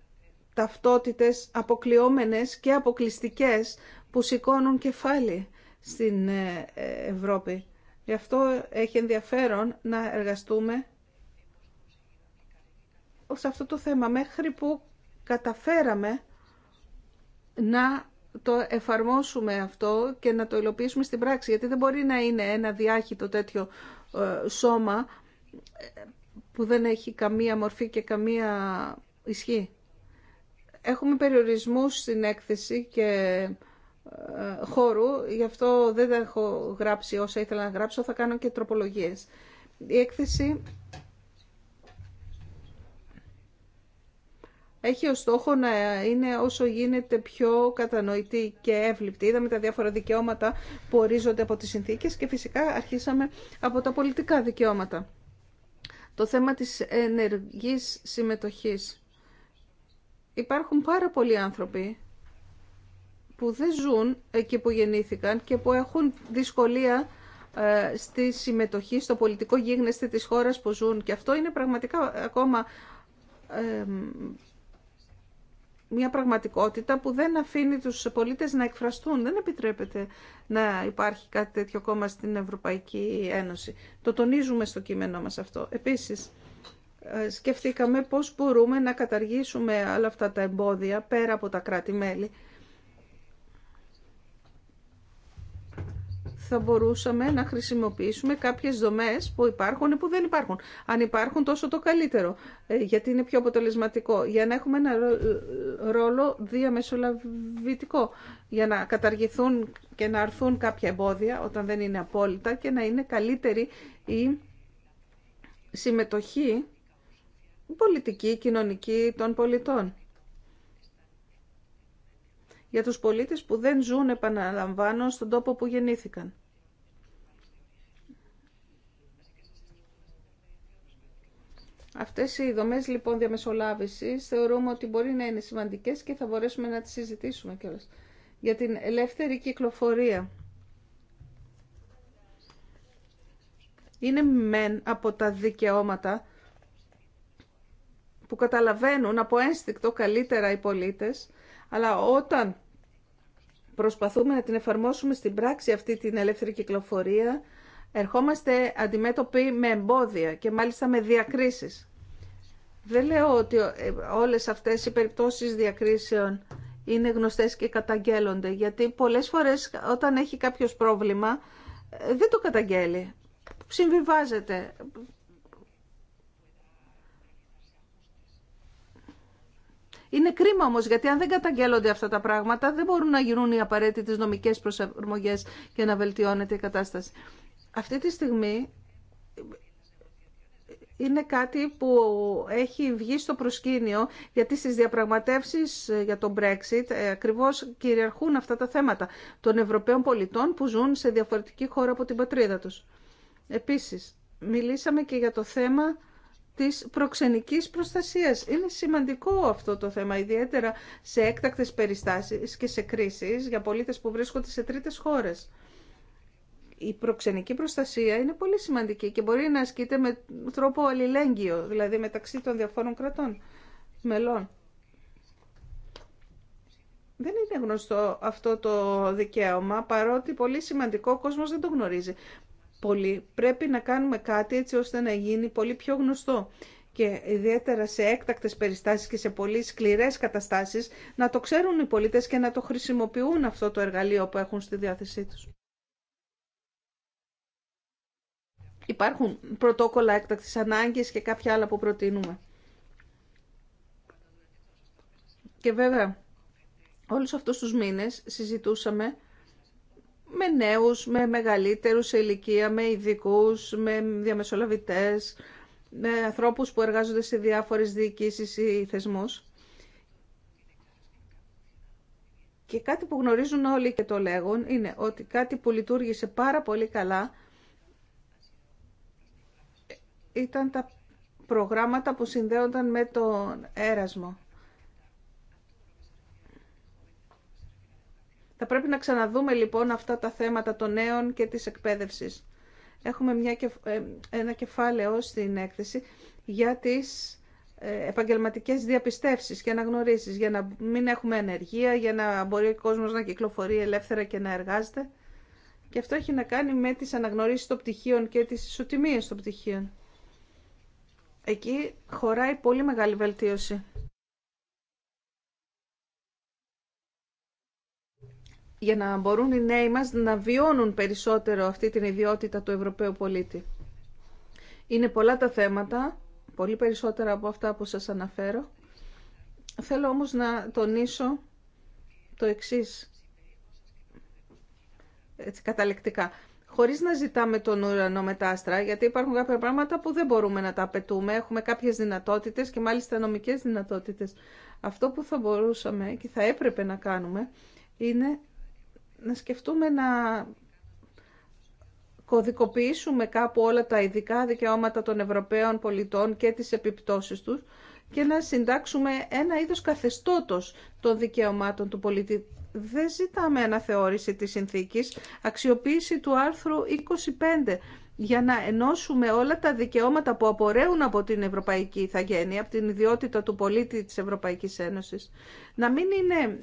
ταυτότητες αποκλειόμενες και αποκλειστικές που σηκώνουν κεφάλι στην ε, ε, Ευρώπη. Γι' αυτό έχει ενδιαφέρον να εργαστούμε σε αυτό το θέμα μέχρι που καταφέραμε να το εφαρμόσουμε αυτό και να το υλοποιήσουμε στην πράξη. Γιατί δεν μπορεί να είναι ένα διάχυτο τέτοιο ε, σώμα που δεν έχει καμία μορφή και καμία Ισχύει. Έχουμε περιορισμούς στην έκθεση και ε, χώρου, γι' αυτό δεν τα έχω γράψει όσα ήθελα να γράψω, θα κάνω και τροπολογίες. Η έκθεση έχει ως στόχο να είναι όσο γίνεται πιο κατανοητή και εύληπτη. Είδαμε τα διάφορα δικαιώματα που ορίζονται από τις συνθήκες και φυσικά αρχίσαμε από τα πολιτικά δικαιώματα. Το θέμα της ενεργής συμμετοχής υπάρχουν πάρα πολλοί άνθρωποι που δεν ζουν εκεί που γεννήθηκαν και που έχουν δυσκολία ε, στη συμμετοχή στο πολιτικό γίγνεσθε της χώρας που ζουν. Και αυτό είναι πραγματικά ακόμα μια πραγματικότητα που δεν αφήνει τους πολίτες να εκφραστούν. Δεν επιτρέπεται να υπάρχει κάτι τέτοιο ακόμα στην Ευρωπαϊκή Ένωση. Το τονίζουμε στο κείμενό μας αυτό. Επίσης, ε, σκεφτήκαμε πώς μπορούμε να καταργήσουμε όλα αυτά τα εμπόδια πέρα από τα κράτη-μέλη. θα μπορούσαμε να χρησιμοποιήσουμε κάποιες δομές που υπάρχουν ή που δεν υπάρχουν. Αν υπάρχουν τόσο το καλύτερο, ε, γιατί είναι πιο αποτελεσματικό, για να έχουμε ένα ε, ρόλο διαμεσολαβητικό, για να καταργηθούν και να αρθούν κάποια εμπόδια όταν δεν είναι απόλυτα και να είναι καλύτερη η συμμετοχή πολιτική, κοινωνική των πολιτών. Για τους πολίτες που δεν ζουν, επαναλαμβάνω, στον τόπο που γεννήθηκαν. Αυτές οι δομές λοιπόν διαμεσολάβησης θεωρούμε ότι μπορεί να είναι σημαντικές και θα μπορέσουμε να τις συζητήσουμε κιόλας. Για την ελεύθερη κυκλοφορία. Είναι μεν από τα δικαιώματα που καταλαβαίνουν από ένστικτο καλύτερα οι πολίτες, αλλά όταν προσπαθούμε να την εφαρμόσουμε στην πράξη αυτή την ελεύθερη κυκλοφορία, ερχόμαστε αντιμέτωποι με εμπόδια και μάλιστα με διακρίσεις. Δεν λέω ότι ε, όλες αυτές οι περιπτώσεις διακρίσεων είναι γνωστές και καταγγέλλονται, γιατί πολλές φορές όταν έχει κάποιος πρόβλημα ε, δεν το καταγγέλει. Συμβιβάζεται, Είναι κρίμα όμω, γιατί αν δεν καταγγέλλονται αυτά τα πράγματα, δεν μπορούν να γίνουν οι απαραίτητε νομικέ προσαρμογέ και να βελτιώνεται η κατάσταση. Αυτή τη στιγμή είναι κάτι που έχει βγει στο προσκήνιο, γιατί στις διαπραγματεύσεις ε, για τον Brexit ε, ακριβώς κυριαρχούν αυτά τα θέματα των Ευρωπαίων πολιτών που ζουν σε διαφορετική χώρα από την πατρίδα τους. Επίσης, μιλήσαμε και για το θέμα της προξενικής προστασίας. Είναι σημαντικό αυτό το θέμα, ιδιαίτερα σε έκτακτες περιστάσεις και σε κρίσεις για πολίτες που βρίσκονται σε τρίτες χώρες. Η προξενική προστασία είναι πολύ σημαντική και μπορεί να ασκείται με τρόπο αλληλέγγυο, δηλαδή μεταξύ των διαφόρων κρατών μελών. Δεν είναι γνωστό αυτό το δικαίωμα, παρότι πολύ σημαντικό ο κόσμος δεν το γνωρίζει πολύ. Πρέπει να κάνουμε κάτι έτσι ώστε να γίνει πολύ πιο γνωστό και ιδιαίτερα σε έκτακτες περιστάσεις και σε πολύ σκληρές καταστάσεις να το ξέρουν οι πολίτες και να το χρησιμοποιούν αυτό το εργαλείο που έχουν στη διάθεσή τους. Υπάρχουν πρωτόκολλα έκτακτης ανάγκης και κάποια άλλα που προτείνουμε. Και βέβαια, όλους αυτούς τους μήνες συζητούσαμε με νέους, με μεγαλύτερους σε ηλικία, με ειδικού, με διαμεσολαβητές, με ανθρώπους που εργάζονται σε διάφορες διοικήσεις ή θεσμούς. Και κάτι που γνωρίζουν όλοι και το λέγουν είναι ότι κάτι που λειτουργήσε πάρα πολύ καλά ήταν τα προγράμματα που συνδέονταν με τον έρασμο. Θα πρέπει να ξαναδούμε λοιπόν αυτά τα θέματα των νέων και της εκπαίδευσης. Έχουμε μια, ε, ένα κεφάλαιο στην έκθεση για τις ε, επαγγελματικές διαπιστεύσεις και αναγνωρίσεις, για να μην έχουμε ενεργεία, για να μπορεί ο κόσμος να κυκλοφορεί ελεύθερα και να εργάζεται. Και αυτό έχει να κάνει με τις αναγνωρίσεις των πτυχίων και τις ισοτιμίες των πτυχίων. Εκεί χωράει πολύ μεγάλη βελτίωση. για να μπορούν οι νέοι μας να βιώνουν περισσότερο αυτή την ιδιότητα του Ευρωπαίου πολίτη. Είναι πολλά τα θέματα, πολύ περισσότερα από αυτά που σας αναφέρω. Θέλω όμως να τονίσω το εξής, έτσι καταλεκτικά. Χωρίς να ζητάμε τον ουρανό μετάστρα, γιατί υπάρχουν κάποια πράγματα που δεν μπορούμε να τα απαιτούμε. Έχουμε κάποιες δυνατότητες και μάλιστα νομικές δυνατότητες. Αυτό που θα μπορούσαμε και θα έπρεπε να κάνουμε είναι να σκεφτούμε να κωδικοποιήσουμε κάπου όλα τα ειδικά δικαιώματα των Ευρωπαίων πολιτών και τις επιπτώσεις τους και να συντάξουμε ένα είδος καθεστώτος των δικαιωμάτων του πολίτη. Δεν ζητάμε αναθεώρηση της συνθήκης, αξιοποίηση του άρθρου 25 για να ενώσουμε όλα τα δικαιώματα που απορρέουν από την Ευρωπαϊκή Ιθαγένεια, από την ιδιότητα του πολίτη της Ευρωπαϊκής Ένωσης, να μην είναι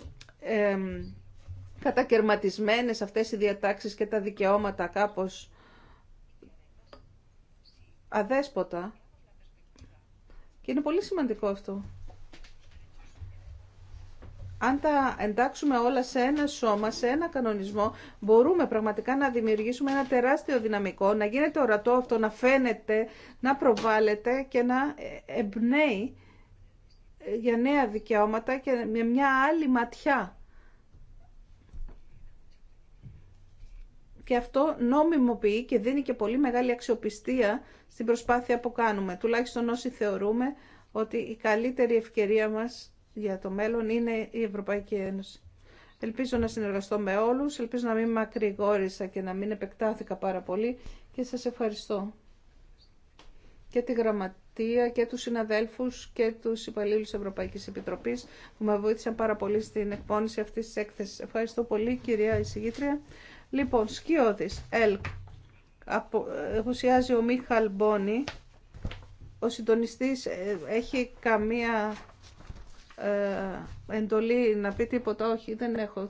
κατακαιρματισμένες αυτές οι διατάξεις και τα δικαιώματα κάπως αδέσποτα. Και είναι πολύ σημαντικό αυτό. Αν τα εντάξουμε όλα σε ένα σώμα, σε ένα κανονισμό, μπορούμε πραγματικά να δημιουργήσουμε ένα τεράστιο δυναμικό, να γίνεται ορατό αυτό, να φαίνεται, να προβάλλεται και να εμπνέει για νέα δικαιώματα και με μια άλλη ματιά και αυτό νόμιμοποιεί και δίνει και πολύ μεγάλη αξιοπιστία στην προσπάθεια που κάνουμε. Τουλάχιστον όσοι θεωρούμε ότι η καλύτερη ευκαιρία μας για το μέλλον είναι η Ευρωπαϊκή Ένωση. Ελπίζω να συνεργαστώ με όλους, ελπίζω να μην μακρηγόρησα και να μην επεκτάθηκα πάρα πολύ και σας ευχαριστώ και τη Γραμματεία και τους συναδέλφους και τους υπαλλήλους Ευρωπαϊκής Επιτροπής που με βοήθησαν πάρα πολύ στην εκπόνηση αυτής της έκθεσης. Ευχαριστώ πολύ κυρία εισηγήτρια. Λοιπόν, σκιώδης, ΕΛΚ. εγωσιάζει ο Μίχαλ Μπόνι. Ο συντονιστής ε, έχει καμία ε, εντολή να πει τίποτα. Όχι, δεν έχω.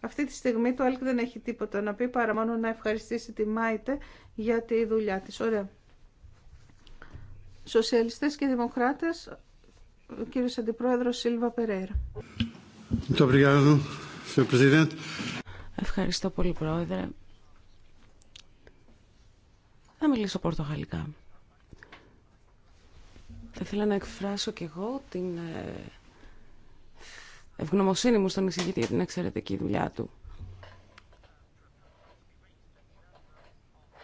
Αυτή τη στιγμή το ΕΛΚ δεν έχει τίποτα να πει παρά μόνο να ευχαριστήσει τη Μάιτε για τη δουλειά της. Ωραία. Σοσιαλιστές και Δημοκράτες, ο κύριος Αντιπρόεδρος Σίλβα Περέρα. Ευχαριστώ πολύ, Πρόεδρε. Θα μιλήσω πορτογαλικά. Θα ήθελα να εκφράσω κι εγώ την ε, ευγνωμοσύνη μου στον εισηγητή για την εξαιρετική δουλειά του.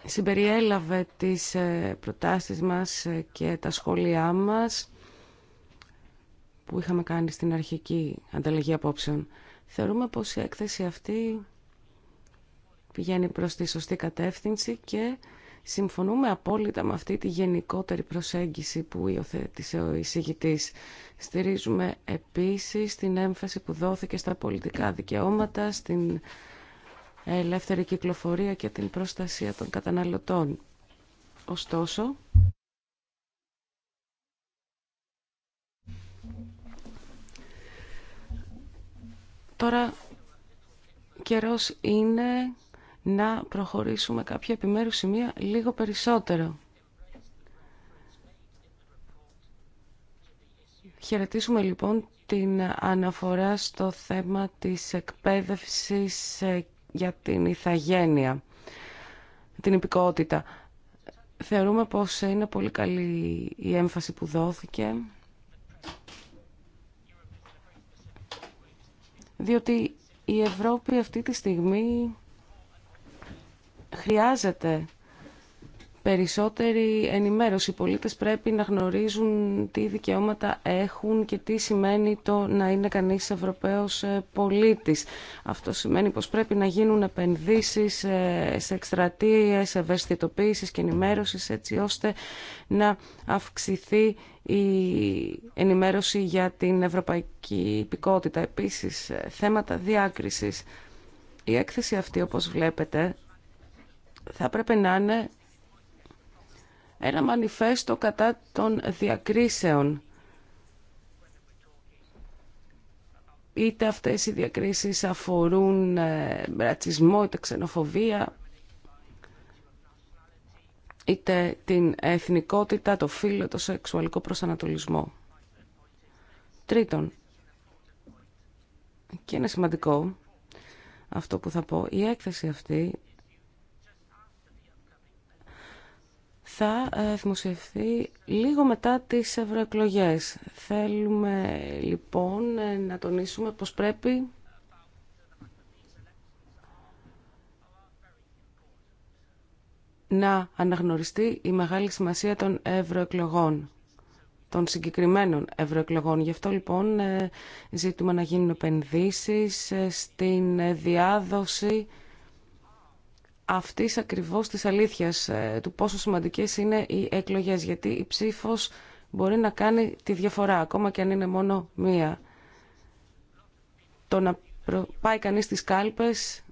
Συμπεριέλαβε τις ε, προτάσεις μας ε, και τα σχόλιά μας που είχαμε κάνει στην αρχική ανταλλαγή απόψεων. Θεωρούμε πως η έκθεση αυτή πηγαίνει προς τη σωστή κατεύθυνση και συμφωνούμε απόλυτα με αυτή τη γενικότερη προσέγγιση που υιοθέτησε ο εισηγητής. Στηρίζουμε επίσης την έμφαση που δόθηκε στα πολιτικά δικαιώματα, στην ελεύθερη κυκλοφορία και την προστασία των καταναλωτών. Ωστόσο, τώρα καιρός είναι να προχωρήσουμε κάποια επιμέρους σημεία λίγο περισσότερο. Χαιρετήσουμε λοιπόν την αναφορά στο θέμα της εκπαίδευσης ε, για την ηθαγένεια, την υπηκότητα. Θεωρούμε πως είναι πολύ καλή η έμφαση που δόθηκε, διότι η Ευρώπη αυτή τη στιγμή χρειάζεται περισσότερη ενημέρωση. Οι πολίτες πρέπει να γνωρίζουν τι δικαιώματα έχουν και τι σημαίνει το να είναι κανείς Ευρωπαίος ε, πολίτης. Αυτό σημαίνει πως πρέπει να γίνουν επενδύσεις ε, σε εκστρατείες, ευαισθητοποίησης και ενημέρωση, έτσι ώστε να αυξηθεί η ενημέρωση για την ευρωπαϊκή υπηκότητα. Επίσης, ε, θέματα διάκρισης. Η έκθεση αυτή, όπως βλέπετε, θα πρέπει να είναι ένα μανιφέστο κατά των διακρίσεων. Είτε αυτές οι διακρίσεις αφορούν ε, ρατσισμό, είτε ξενοφοβία, είτε την εθνικότητα, το φύλλο, το σεξουαλικό προσανατολισμό. Τρίτον, και είναι σημαντικό αυτό που θα πω, η έκθεση αυτή θα ε, δημοσιευθεί λίγο μετά τις ευρωεκλογέ. Θέλουμε λοιπόν ε, να τονίσουμε πως πρέπει να αναγνωριστεί η μεγάλη σημασία των ευρωεκλογών, των συγκεκριμένων ευρωεκλογών. Γι' αυτό λοιπόν ε, ζητούμε να γίνουν επενδύσεις στην διάδοση αυτή ακριβώ της αλήθειας, ε, του πόσο σημαντικές είναι οι εκλογέ, γιατί η ψήφος μπορεί να κάνει τη διαφορά, ακόμα και αν είναι μόνο μία. Το να πάει κανεί στις κάλπες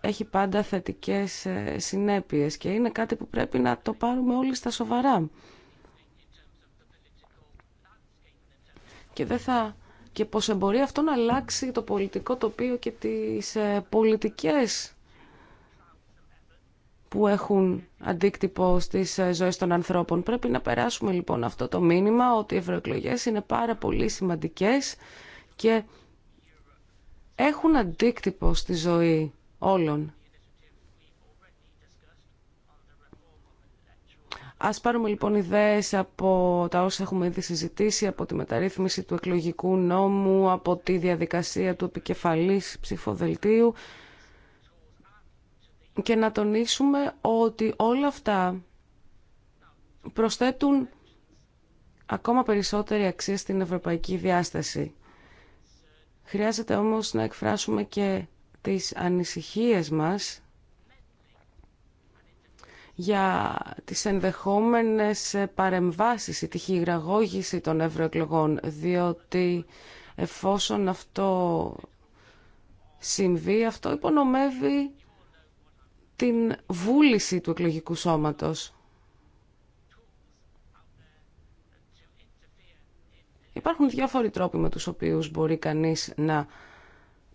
έχει πάντα θετικέ ε, συνέπειες και είναι κάτι που πρέπει να το πάρουμε όλοι στα σοβαρά. Και δεν θα και πως μπορεί αυτό να αλλάξει το πολιτικό τοπίο και τις ε, πολιτικές που έχουν αντίκτυπο στις ε, ζωές των ανθρώπων. Πρέπει να περάσουμε λοιπόν αυτό το μήνυμα ότι οι ευρωεκλογέ είναι πάρα πολύ σημαντικές και έχουν αντίκτυπο στη ζωή όλων. Ας πάρουμε λοιπόν ιδέες από τα όσα έχουμε ήδη συζητήσει, από τη μεταρρύθμιση του εκλογικού νόμου, από τη διαδικασία του επικεφαλής ψηφοδελτίου, και να τονίσουμε ότι όλα αυτά προσθέτουν ακόμα περισσότερη αξία στην ευρωπαϊκή διάσταση. Χρειάζεται όμως να εκφράσουμε και τις ανησυχίες μας για τις ενδεχόμενες παρεμβάσεις ή τη χειραγώγηση των ευρωεκλογών, διότι εφόσον αυτό συμβεί, αυτό υπονομεύει την βούληση του εκλογικού σώματος. Υπάρχουν διάφοροι τρόποι με τους οποίους μπορεί κανείς να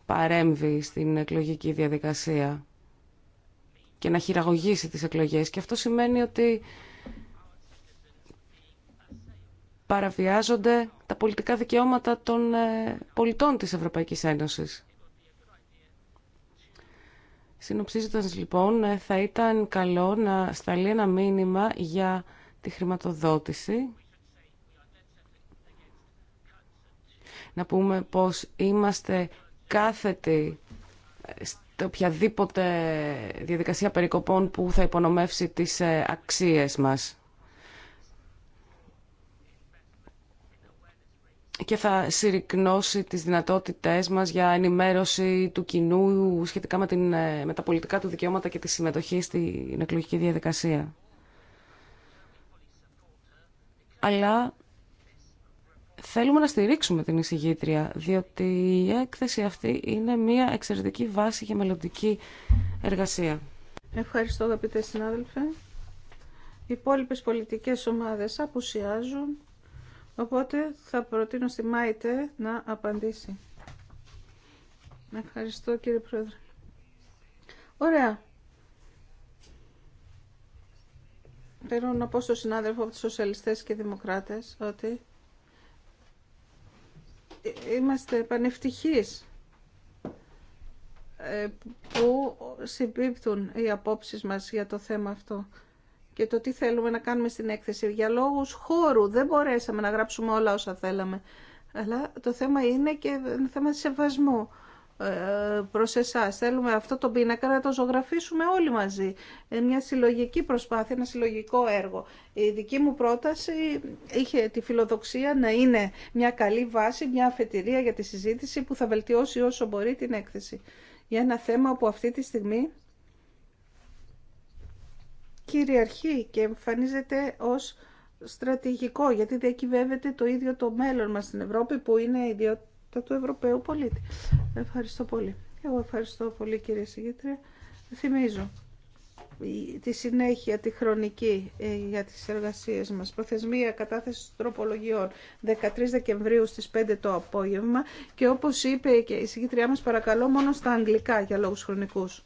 παρέμβει στην εκλογική διαδικασία και να χειραγωγήσει τις εκλογές. Και αυτό σημαίνει ότι παραβιάζονται τα πολιτικά δικαιώματα των ε, πολιτών της Ευρωπαϊκής Ένωσης. Συνοψίζοντας λοιπόν, ε, θα ήταν καλό να σταλεί ένα μήνυμα για τη χρηματοδότηση. Να πούμε πως είμαστε κάθετοι σε οποιαδήποτε διαδικασία περικοπών που θα υπονομεύσει τις ε, αξίες μας. και θα συρρυκνώσει τις δυνατότητές μας για ενημέρωση του κοινού σχετικά με, την, ε, με τα πολιτικά του δικαιώματα και τη συμμετοχή στην εκλογική διαδικασία. Αλλά θέλουμε να στηρίξουμε την εισηγήτρια, διότι η έκθεση αυτή είναι μια εξαιρετική βάση για μελλοντική εργασία. Ευχαριστώ αγαπητέ συνάδελφε. Οι υπόλοιπε πολιτικές ομάδες απουσιάζουν. Οπότε θα προτείνω στη Μάιτε να απαντήσει. Ευχαριστώ κύριε Πρόεδρε. Ωραία. Θέλω να πω στον συνάδελφο από τους σοσιαλιστές και δημοκράτες ότι είμαστε πανευτυχείς ε, που συμπίπτουν οι απόψεις μας για το θέμα αυτό και το τι θέλουμε να κάνουμε στην έκθεση. Για λόγους χώρου δεν μπορέσαμε να γράψουμε όλα όσα θέλαμε. Αλλά το θέμα είναι και ένα θέμα σεβασμού ε, προς εσάς. Θέλουμε αυτό το πίνακα να το ζωγραφίσουμε όλοι μαζί. Ε, μια συλλογική προσπάθεια, ένα συλλογικό έργο. Η δική μου πρόταση είχε τη φιλοδοξία να είναι μια καλή βάση, μια αφετηρία για τη συζήτηση που θα βελτιώσει όσο μπορεί την έκθεση. Για ένα θέμα που αυτή τη στιγμή κυριαρχεί και εμφανίζεται ως στρατηγικό γιατί διακυβεύεται το ίδιο το μέλλον μας στην Ευρώπη που είναι η ιδιότητα του Ευρωπαίου πολίτη. Ευχαριστώ πολύ. Εγώ ευχαριστώ πολύ κύριε Συγήτρια. Θυμίζω τη συνέχεια, τη χρονική ε, για τις εργασίες μας. Προθεσμία κατάθεση τροπολογιών 13 Δεκεμβρίου στις 5 το απόγευμα και όπως είπε και η συγκεκριά μας παρακαλώ μόνο στα αγγλικά για λόγους χρονικούς.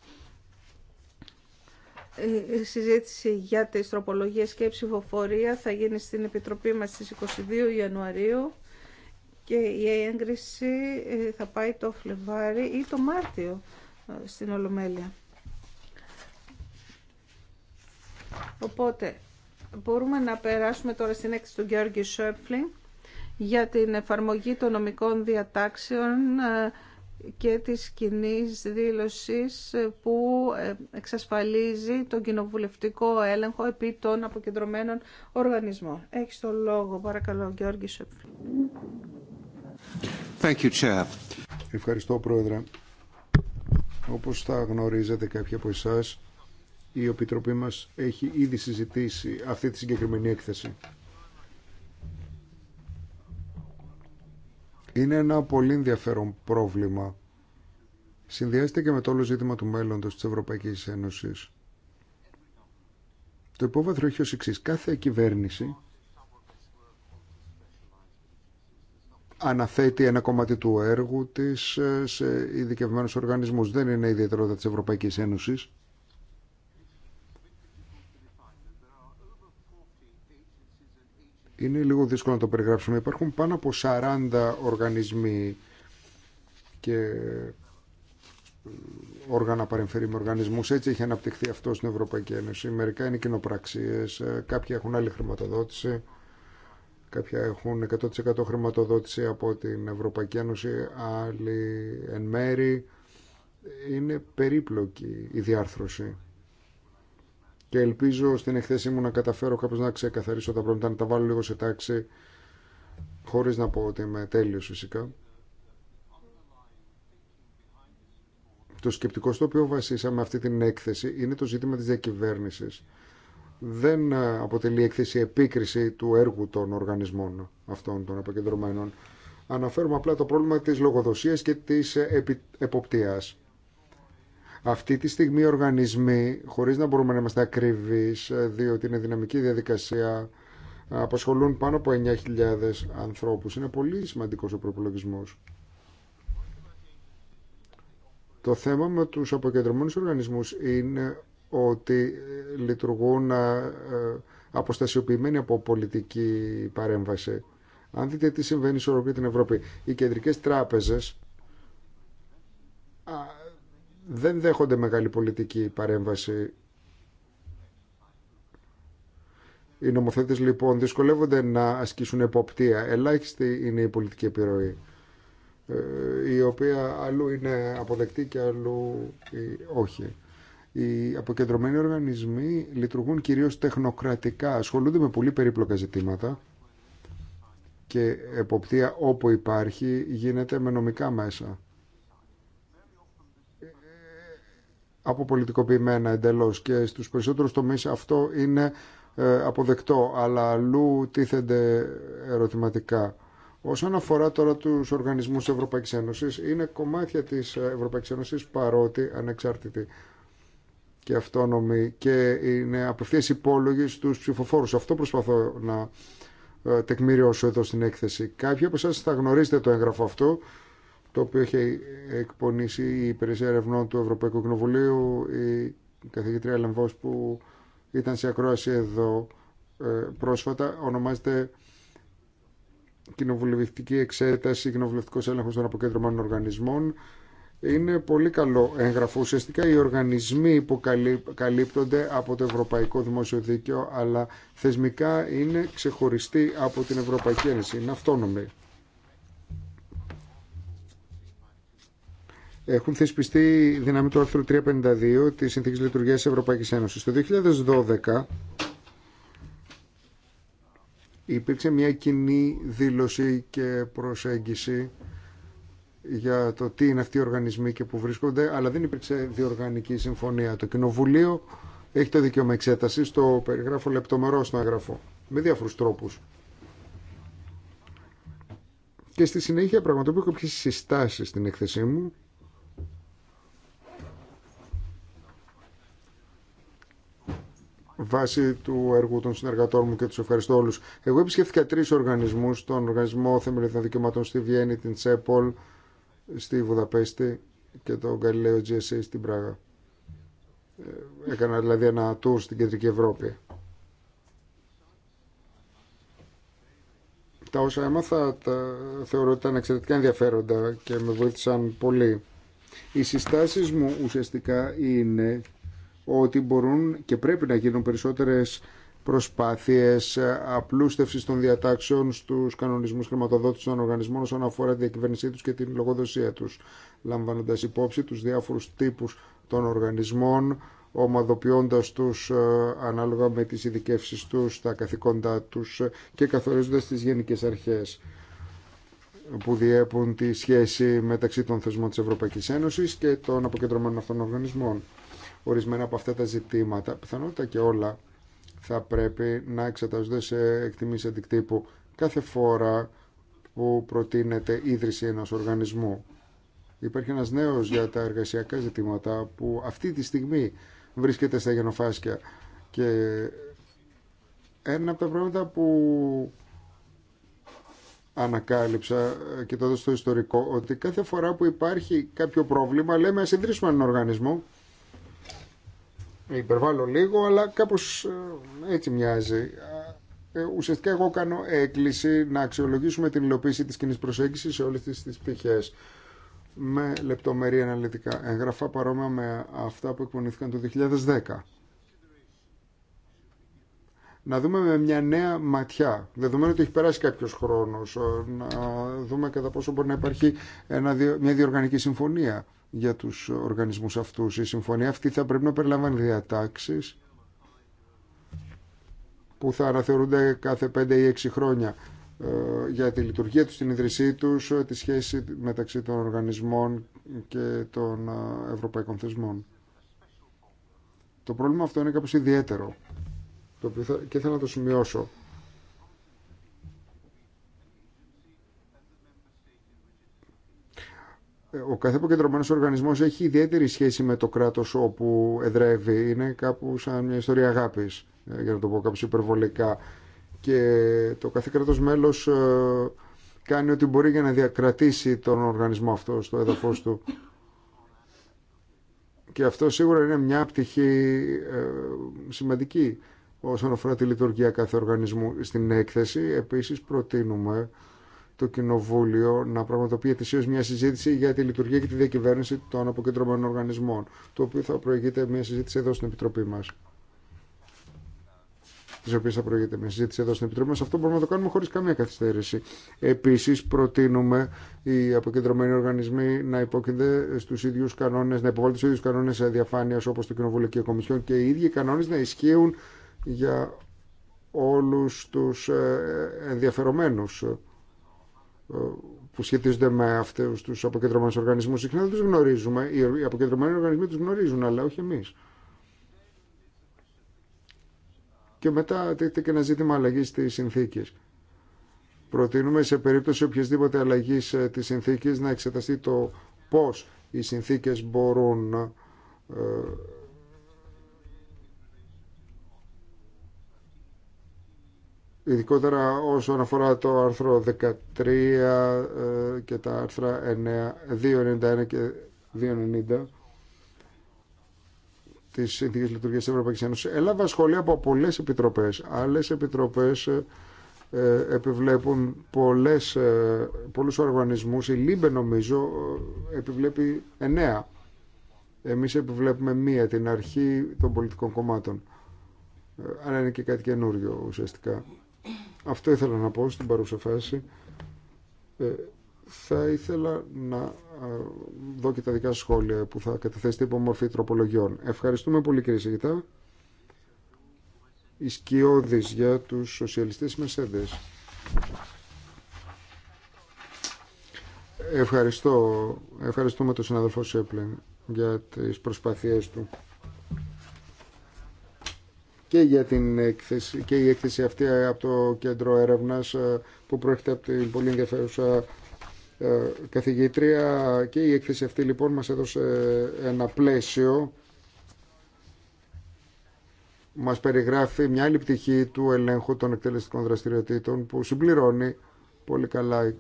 Η ε, ε, συζήτηση για τις τροπολογίες και ψηφοφορία θα γίνει στην Επιτροπή μας στις 22 Ιανουαρίου και η έγκριση ε, θα πάει το Φλεβάρι ή το Μάρτιο στην Ολομέλεια. Οπότε, μπορούμε να περάσουμε τώρα στην έκθεση του Γιώργη Σόεπφλινγκ για την εφαρμογή των νομικών διατάξεων και της κοινή δήλωσης που ε, εξασφαλίζει τον κοινοβουλευτικό έλεγχο επί των αποκεντρωμένων οργανισμών. Έχεις το λόγο, παρακαλώ, Γιώργη Σεπφλή. Ευχαριστώ, Πρόεδρε. Όπως θα γνωρίζετε κάποιοι από εσάς, η Επιτροπή μας έχει ήδη συζητήσει αυτή τη συγκεκριμένη έκθεση. Είναι ένα πολύ ενδιαφέρον πρόβλημα. Συνδυάζεται και με το όλο ζήτημα του μέλλοντος της Ευρωπαϊκής Ένωσης. Το υπόβαθρο έχει ως εξής. Κάθε κυβέρνηση αναθέτει ένα κομμάτι του έργου της σε ειδικευμένους οργανισμούς. Δεν είναι ιδιαιτερότητα της Ευρωπαϊκής Ένωσης. είναι λίγο δύσκολο να το περιγράψουμε. Υπάρχουν πάνω από 40 οργανισμοί και ε, όργανα παρεμφερεί με οργανισμούς. Έτσι έχει αναπτυχθεί αυτό στην Ευρωπαϊκή Ένωση. Μερικά είναι κοινοπραξίες, ε, κάποια έχουν άλλη χρηματοδότηση, κάποια έχουν 100% χρηματοδότηση από την Ευρωπαϊκή Ένωση, άλλοι εν μέρη. Είναι περίπλοκη η διάρθρωση και ελπίζω στην εκθέση μου να καταφέρω κάπως να ξεκαθαρίσω τα πρώτα, να τα βάλω λίγο σε τάξη, χωρίς να πω ότι είμαι τέλειος φυσικά. Το σκεπτικό στο οποίο βασίσαμε αυτή την έκθεση είναι το ζήτημα της διακυβέρνησης. Δεν ε, αποτελεί έκθεση επίκριση του έργου των οργανισμών αυτών των επικεντρωμένων. Αναφέρουμε απλά το πρόβλημα της λογοδοσίας και της ε, εποπτείας. Αυτή τη στιγμή οι οργανισμοί, χωρίς να μπορούμε να είμαστε ακριβείς, ε, διότι είναι δυναμική διαδικασία, απασχολούν πάνω από 9.000 ανθρώπους. Είναι πολύ σημαντικός ο προπολογισμό. Το θέμα με τους αποκεντρωμένους οργανισμούς είναι ότι ε, λειτουργούν ε, αποστασιοποιημένοι από πολιτική παρέμβαση. Αν δείτε τι συμβαίνει σε ολόκληρη την Ευρώπη, οι κεντρικές τράπεζες δεν δέχονται μεγάλη πολιτική παρέμβαση. Οι νομοθέτες λοιπόν δυσκολεύονται να ασκήσουν εποπτεία. Ελάχιστη είναι η πολιτική επιρροή, ε, η οποία αλλού είναι αποδεκτή και αλλού όχι. Οι αποκεντρωμένοι οργανισμοί λειτουργούν κυρίως τεχνοκρατικά, ασχολούνται με πολύ περίπλοκα ζητήματα και εποπτεία όπου υπάρχει γίνεται με νομικά μέσα. αποπολιτικοποιημένα εντελώς και στους περισσότερους τομείς αυτό είναι ε, αποδεκτό, αλλά αλλού τίθενται ερωτηματικά. Όσον αφορά τώρα τους οργανισμούς της Ευρωπαϊκής Ένωσης, είναι κομμάτια της ε, Ευρωπαϊκής Ένωσης παρότι ανεξάρτητη και αυτόνομη και είναι απευθείας υπόλογοι στους ψηφοφόρους. Αυτό προσπαθώ να ε, τεκμηριώσω εδώ στην έκθεση. Κάποιοι από εσάς θα γνωρίζετε το έγγραφο αυτό το οποίο έχει εκπονήσει η Υπηρεσία Ερευνών του Ευρωπαϊκού Κοινοβουλίου, η καθηγήτρια Λεμβός που ήταν σε ακρόαση εδώ ε, πρόσφατα, ονομάζεται Κοινοβουλευτική Εξέταση, Κοινοβουλευτικό Έλεγχο των Αποκέντρωμένων Οργανισμών. Είναι πολύ καλό έγγραφο. Ουσιαστικά οι οργανισμοί που καλύπτονται από το Ευρωπαϊκό Δημόσιο Δίκαιο, αλλά θεσμικά είναι ξεχωριστοί από την Ευρωπαϊκή Ένωση. Είναι αυτόνομοι. έχουν θεσπιστεί δυνάμει του άρθρου 352 της Συνθήκης Λειτουργίας της Ευρωπαϊκής Ένωσης. Το 2012 υπήρξε μια κοινή δήλωση και προσέγγιση για το τι είναι αυτοί οι οργανισμοί και που βρίσκονται, αλλά δεν υπήρξε διοργανική συμφωνία. Το Κοινοβουλίο έχει το δικαίωμα εξέταση, το περιγράφω λεπτομερό στον αγγραφό, με διάφορου τρόπου. Και στη συνέχεια πραγματοποιώ κάποιε συστάσει στην έκθεσή μου βάσει του έργου των συνεργατών μου και του ευχαριστώ όλους. Εγώ επισκέφθηκα τρεις οργανισμούς, τον Οργανισμό Θεμελιωδών Δικαιωμάτων στη Βιέννη, την Τσέπολ, στη Βουδαπέστη και τον Γκαλιλαίο GSA στην Πράγα. Ε, έκανα δηλαδή ένα tour στην Κεντρική Ευρώπη. Τα όσα έμαθα τα θεωρώ ότι ήταν εξαιρετικά ενδιαφέροντα και με βοήθησαν πολύ. Οι συστάσεις μου ουσιαστικά είναι ότι μπορούν και πρέπει να γίνουν περισσότερες προσπάθειες απλούστευσης των διατάξεων στους κανονισμούς χρηματοδότησης των οργανισμών όσον αφορά τη διακυβέρνησή τους και την λογοδοσία τους, λαμβάνοντας υπόψη τους διάφορους τύπους των οργανισμών, ομαδοποιώντας τους ε, ανάλογα με τις ειδικεύσεις τους, τα καθηκόντα τους και καθορίζοντας τις γενικές αρχές που διέπουν τη σχέση μεταξύ των θεσμών της Ευρωπαϊκής Ένωσης και των αποκεντρωμένων αυτών οργανισμών ορισμένα από αυτά τα ζητήματα, πιθανότητα και όλα, θα πρέπει να εξεταζονται σε εκτιμήσει αντικτύπου κάθε φορά που προτείνεται ίδρυση ενός οργανισμού. Υπάρχει ένας νέος για τα εργασιακά ζητήματα που αυτή τη στιγμή βρίσκεται στα γενοφάσκια και ένα από τα πράγματα που ανακάλυψα και το στο ιστορικό ότι κάθε φορά που υπάρχει κάποιο πρόβλημα λέμε ας ιδρύσουμε έναν οργανισμό υπερβάλλω λίγο, αλλά κάπως ε, έτσι μοιάζει. Ε, ουσιαστικά εγώ κάνω έκκληση να αξιολογήσουμε την υλοποίηση της κοινή προσέγγισης σε όλες τις, τις πτυχές με λεπτομερή αναλυτικά έγγραφα παρόμοια με αυτά που εκπονήθηκαν το 2010 να δούμε με μια νέα ματιά, δεδομένου ότι έχει περάσει κάποιο χρόνος, ε, να δούμε κατά πόσο μπορεί να υπάρχει μια διοργανική συμφωνία για τους οργανισμούς αυτούς. Η συμφωνία αυτή θα πρέπει να περιλαμβάνει διατάξει που θα αναθεωρούνται κάθε 5 ή 6 χρόνια ε, για τη λειτουργία τους, την ίδρυσή τους, ε, τη σχέση μεταξύ των οργανισμών και των ευρωπαϊκών θεσμών. Το πρόβλημα αυτό είναι κάπως ιδιαίτερο το θα, και θέλω να το σημειώσω. Ε, ο κάθε αποκεντρωμένος οργανισμός έχει ιδιαίτερη σχέση με το κράτος όπου εδρεύει. Είναι κάπου σαν μια ιστορία αγάπης, ε, για να το πω κάπως υπερβολικά. Και το κάθε κράτος μέλος ε, κάνει ό,τι μπορεί για να διακρατήσει τον οργανισμό αυτό στο έδαφος του. Και αυτό σίγουρα είναι μια πτυχή σημαντική όσον αφορά τη λειτουργία κάθε οργανισμού. Στην έκθεση Επίση προτείνουμε το Κοινοβούλιο να πραγματοποιεί ετησίω μια συζήτηση για τη λειτουργία και τη διακυβέρνηση των αποκεντρωμένων οργανισμών, το οποίο θα προηγείται μια συζήτηση εδώ στην Επιτροπή μα. Τη οποία θα προηγείται μια συζήτηση εδώ στην Επιτροπή μα. Αυτό μπορούμε να το κάνουμε χωρί καμία καθυστέρηση. Επίση, προτείνουμε οι αποκεντρωμένοι οργανισμοί να υπόκεινται στου ίδιου κανόνε, να υποβάλλουν του ίδιου κανόνε διαφάνεια όπω το Κοινοβούλιο και η Κομισιόν και οι ίδιοι κανόνε να ισχύουν για όλους τους ε, ενδιαφερομένους ε, που σχετίζονται με αυτούς τους αποκεντρωμένους οργανισμούς. Συχνά δεν τους γνωρίζουμε, οι αποκεντρωμένοι οργανισμοί τους γνωρίζουν, αλλά όχι εμείς. Και μετά τίθεται και ένα ζήτημα αλλαγή τη συνθήκη. Προτείνουμε σε περίπτωση οποιασδήποτε αλλαγή ε, τη συνθήκη να εξεταστεί το πώ οι συνθήκε μπορούν ειδικότερα όσον αφορά το άρθρο 13 ε, και τα άρθρα 9, 291 και 290 της Σύνθηκης Λειτουργία τη Ευρωπαϊκή Ένωση. Έλαβα σχόλια από πολλέ επιτροπέ. Άλλε επιτροπέ ε, επιβλέπουν πολλές, ε, πολλούς οργανισμούς. Η ΛΥΜΠΕ νομίζω επιβλέπει εννέα. Εμείς επιβλέπουμε μία, την αρχή των πολιτικών κομμάτων. Αλλά είναι και κάτι καινούριο ουσιαστικά. Αυτό ήθελα να πω στην παρούσα φάση. Ε, θα ήθελα να ε, δω και τα δικά σχόλια που θα καταθέσετε υπό μορφή τροπολογιών. Ευχαριστούμε πολύ κύριε Σιγητά. Οι για τους σοσιαλιστές μεσέδες. Ευχαριστώ. Ευχαριστούμε τον συναδελφό Σέπλεν για τις προσπάθειές του και, για την έκθεση, και η έκθεση αυτή από το κέντρο έρευνας ε, που προέρχεται από την πολύ ενδιαφέρουσα ε, καθηγήτρια και η έκθεση αυτή λοιπόν μας έδωσε ένα πλαίσιο μας περιγράφει μια άλλη πτυχή του ελέγχου των εκτελεστικών δραστηριοτήτων που συμπληρώνει πολύ καλά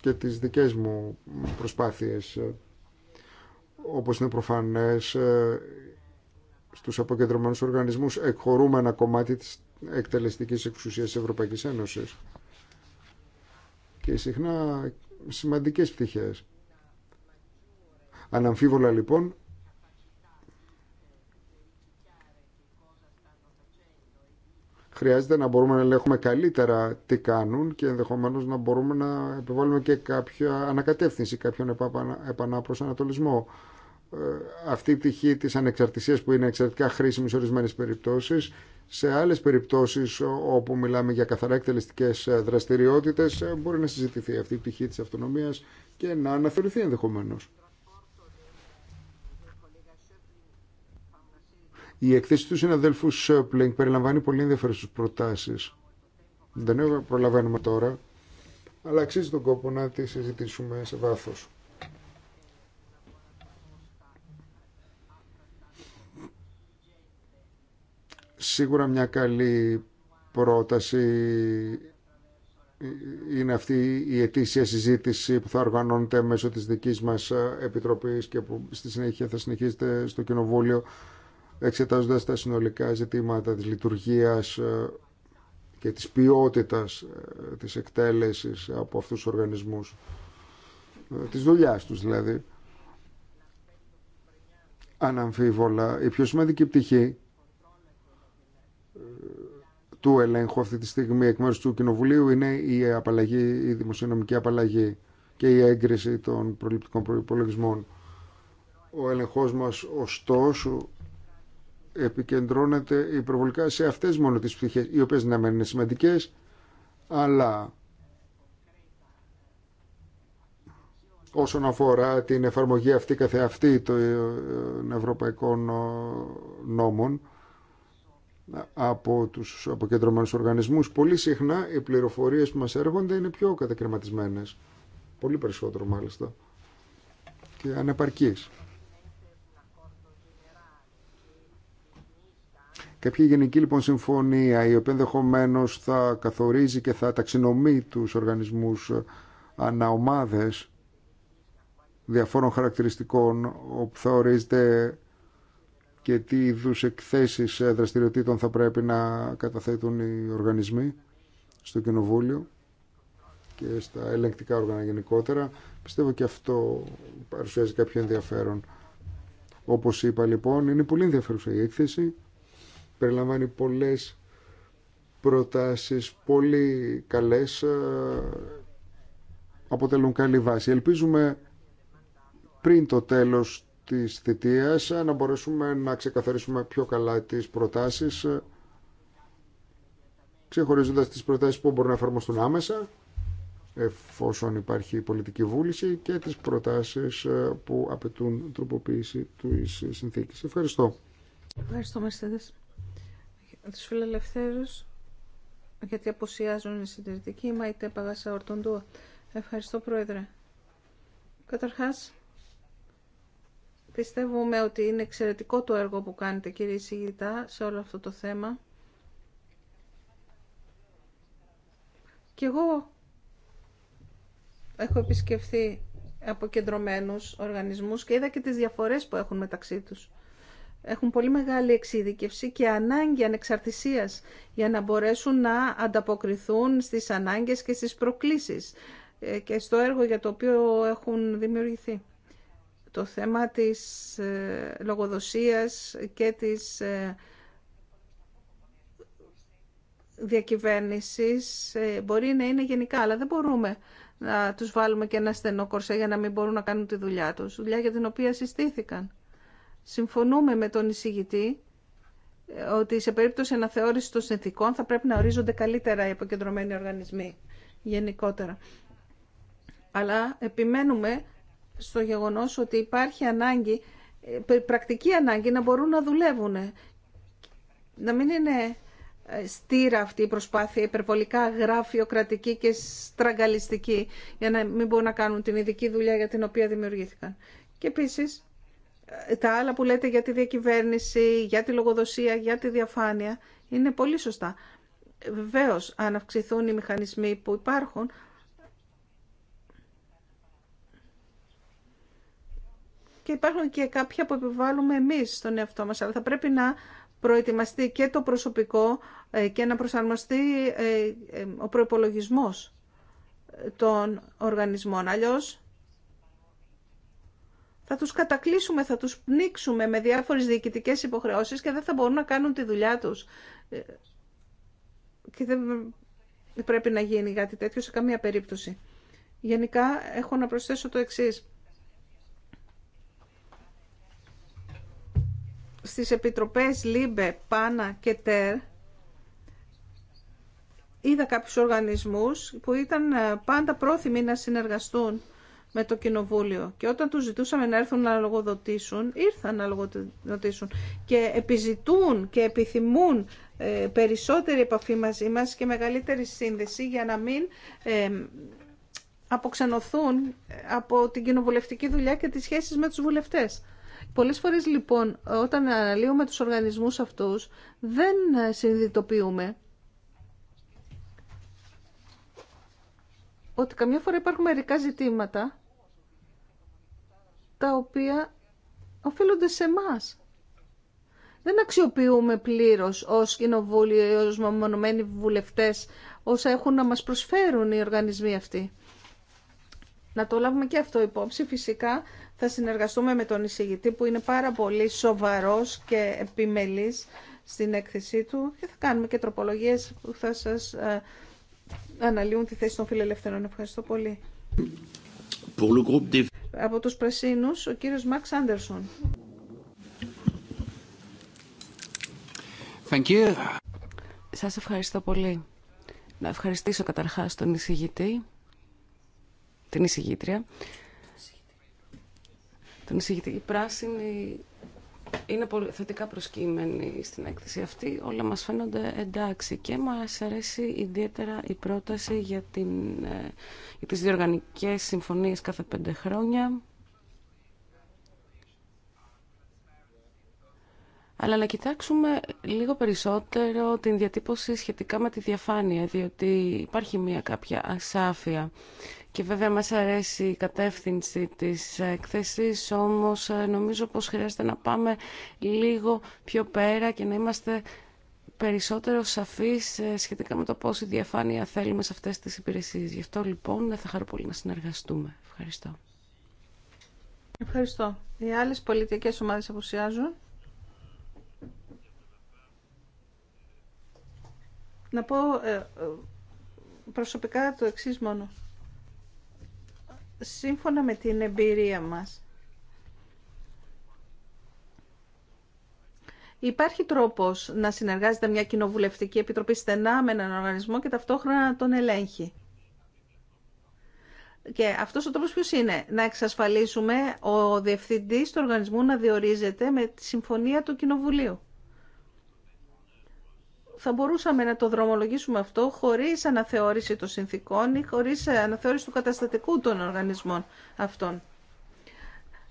και τις δικές μου προσπάθειες όπως είναι προφανές στους αποκεντρωμένους οργανισμούς εκχωρούμε ένα κομμάτι της εκτελεστικής εξουσίας της Ευρωπαϊκής Ένωσης και συχνά σημαντικές πτυχές. Αναμφίβολα λοιπόν χρειάζεται να μπορούμε να ελέγχουμε καλύτερα τι κάνουν και ενδεχομένως να μπορούμε να επιβάλλουμε και κάποια ανακατεύθυνση, κάποιον επαναπροσανατολισμό. ανατολισμό ε, αυτή η πτυχή της ανεξαρτησίας που είναι εξαιρετικά χρήσιμη σε ορισμένες περιπτώσεις. Σε άλλες περιπτώσεις όπου μιλάμε για καθαρά εκτελεστικές ε, δραστηριότητες ε, μπορεί να συζητηθεί αυτή η πτυχή της αυτονομίας και να αναθεωρηθεί ενδεχομένως. Η εκθέση του συναδέλφου Σόπλινγκ περιλαμβάνει πολύ ενδιαφέρουσε προτάσει. Δεν προλαβαίνουμε τώρα, αλλά αξίζει τον κόπο να τη συζητήσουμε σε βάθος. Σίγουρα μια καλή πρόταση είναι αυτή η ετήσια συζήτηση που θα οργανώνεται μέσω της δικής μας Επιτροπής και που στη συνέχεια θα συνεχίσετε στο Κοινοβούλιο εξετάζοντας τα συνολικά ζητήματα της λειτουργίας ε, και της ποιότητας ε, της εκτέλεσης από αυτούς τους οργανισμούς ε, της δουλειά τους δηλαδή αναμφίβολα η πιο σημαντική πτυχή του ελέγχου αυτή τη στιγμή εκ μέρους του Κοινοβουλίου είναι η, απαλλαγή, η δημοσιονομική απαλλαγή και η έγκριση των προληπτικών προπολογισμών. Ο έλεγχός μας ωστόσο επικεντρώνεται υπερβολικά σε αυτές μόνο τις πτυχές, οι οποίες να μένουν σημαντικές, αλλά όσον αφορά την εφαρμογή αυτή καθεαυτή των ευρωπαϊκών ε, νόμων, από τους αποκεντρωμένους οργανισμούς. Πολύ συχνά οι πληροφορίες που μας έρχονται είναι πιο κατακριματισμένες. Πολύ περισσότερο μάλιστα. Και ανεπαρκείς. Κάποια γενική λοιπόν συμφωνία η οποία ενδεχομένω θα καθορίζει και θα ταξινομεί τους οργανισμούς ε, αναομάδες διαφόρων χαρακτηριστικών όπου θα ορίζεται και τι είδου εκθέσεις ε, δραστηριοτήτων θα πρέπει να καταθέτουν οι οργανισμοί στο Κοινοβούλιο και στα ελεγκτικά όργανα γενικότερα. Πιστεύω και αυτό παρουσιάζει κάποιο ενδιαφέρον. Όπως είπα λοιπόν, είναι πολύ ενδιαφέρουσα η έκθεση. Περιλαμβάνει πολλές προτάσεις, πολύ καλές, ε, αποτελούν καλή βάση. Ελπίζουμε πριν το τέλος της θητείας να μπορέσουμε να ξεκαθαρίσουμε πιο καλά τις προτάσεις ξεχωρίζοντας τις προτάσεις που μπορούν να εφαρμοστούν άμεσα εφόσον υπάρχει πολιτική βούληση και τις προτάσεις ε, που απαιτούν τροποποίηση του συνθήκης. Ευχαριστώ. Ευχαριστώ Μερσέδες. Τους φιλελευθέρους γιατί αποσιάζουν οι συντηρητικοί είτε Παγάσα Ορτοντούα. Ευχαριστώ Πρόεδρε. Καταρχάς Πιστεύουμε ότι είναι εξαιρετικό το έργο που κάνετε κύριε Σιγητά σε όλο αυτό το θέμα. Και εγώ έχω επισκεφθεί αποκεντρωμένους οργανισμούς και είδα και τις διαφορές που έχουν μεταξύ τους. Έχουν πολύ μεγάλη εξειδικευσή και ανάγκη ανεξαρτησίας για να μπορέσουν να ανταποκριθούν στις ανάγκες και στις προκλήσεις ε, και στο έργο για το οποίο έχουν δημιουργηθεί το θέμα της ε, λογοδοσίας και της ε, διακυβέρνησης ε, μπορεί να είναι γενικά, αλλά δεν μπορούμε να τους βάλουμε και ένα στενό κορσέ για να μην μπορούν να κάνουν τη δουλειά τους, δουλειά για την οποία συστήθηκαν. Συμφωνούμε με τον εισηγητή ότι σε περίπτωση αναθεώρησης των συνθηκών θα πρέπει να ορίζονται καλύτερα οι αποκεντρωμένοι οργανισμοί γενικότερα. Αλλά επιμένουμε στο γεγονός ότι υπάρχει ανάγκη, ε, πρακτική ανάγκη να μπορούν να δουλεύουν. Να μην είναι ε, στήρα αυτή η προσπάθεια υπερβολικά γραφειοκρατική και στραγγαλιστική για να μην μπορούν να κάνουν την ειδική δουλειά για την οποία δημιουργήθηκαν. Και επίσης ε, τα άλλα που λέτε για τη διακυβέρνηση, για τη λογοδοσία, για τη διαφάνεια είναι πολύ σωστά. Βεβαίω, αν αυξηθούν οι μηχανισμοί που υπάρχουν, και υπάρχουν και κάποια που επιβάλλουμε εμείς στον εαυτό μας, αλλά θα πρέπει να προετοιμαστεί και το προσωπικό ε, και να προσαρμοστεί ε, ε, ο προϋπολογισμός των οργανισμών. Αλλιώς θα τους κατακλείσουμε, θα τους πνίξουμε με διάφορες διοικητικές υποχρεώσεις και δεν θα μπορούν να κάνουν τη δουλειά τους. Και δεν πρέπει να γίνει κάτι τέτοιο σε καμία περίπτωση. Γενικά έχω να προσθέσω το εξής. στις επιτροπές ΛΥΜΠΕ, ΠΑΝΑ και ΤΕΡ είδα κάποιους οργανισμούς που ήταν ε, πάντα πρόθυμοι να συνεργαστούν με το κοινοβούλιο και όταν τους ζητούσαμε να έρθουν να λογοδοτήσουν ήρθαν να λογοδοτήσουν και επιζητούν και επιθυμούν ε, περισσότερη επαφή μαζί μας και μεγαλύτερη σύνδεση για να μην ε, αποξενωθούν από την κοινοβουλευτική δουλειά και τις σχέσεις με τους βουλευτές. Πολλές φορές λοιπόν όταν αναλύουμε τους οργανισμούς αυτούς δεν συνειδητοποιούμε ότι καμιά φορά υπάρχουν μερικά ζητήματα τα οποία οφείλονται σε εμά. Δεν αξιοποιούμε πλήρως ως κοινοβούλιο ή ως μονομένοι βουλευτές όσα έχουν να μας προσφέρουν οι οργανισμοί αυτοί να το λάβουμε και αυτό υπόψη. Φυσικά θα συνεργαστούμε με τον εισηγητή που είναι πάρα πολύ σοβαρός και επιμελής στην έκθεσή του και θα κάνουμε και τροπολογίες που θα σας ε, αναλύουν τη θέση των φιλελευθερών. Ευχαριστώ πολύ. Από τους Πρασίνους, ο κύριος Μαξ Άντερσον. Thank you. Σας ευχαριστώ πολύ. Να ευχαριστήσω καταρχάς τον εισηγητή την εισηγήτρια. Τον εισηγητή. Η πράσινη είναι πολύ θετικά προσκύμενη στην έκθεση αυτή. Όλα μας φαίνονται εντάξει και μας αρέσει ιδιαίτερα η πρόταση για, την, ε, για τις διοργανικές συμφωνίες κάθε πέντε χρόνια. Αλλά να κοιτάξουμε λίγο περισσότερο την διατύπωση σχετικά με τη διαφάνεια, διότι υπάρχει μία κάποια ασάφεια και βέβαια μας αρέσει η κατεύθυνση της εκθέσης, όμως ε, νομίζω πως χρειάζεται να πάμε λίγο πιο πέρα και να είμαστε περισσότερο σαφείς ε, σχετικά με το πόση διαφάνεια θέλουμε σε αυτές τις υπηρεσίες. Γι' αυτό λοιπόν ε, θα χαρώ πολύ να συνεργαστούμε. Ευχαριστώ. Ευχαριστώ. Οι άλλες πολιτικές ομάδες απουσιάζουν. Να πω προσωπικά το εξής μόνο σύμφωνα με την εμπειρία μας. Υπάρχει τρόπος να συνεργάζεται μια κοινοβουλευτική επιτροπή στενά με έναν οργανισμό και ταυτόχρονα να τον ελέγχει. Και αυτός ο τρόπος ποιος είναι, να εξασφαλίσουμε ο διευθυντής του οργανισμού να διορίζεται με τη συμφωνία του Κοινοβουλίου θα μπορούσαμε να το δρομολογήσουμε αυτό χωρίς αναθεώρηση των συνθήκων ή χωρίς αναθεώρηση του καταστατικού των οργανισμών αυτών.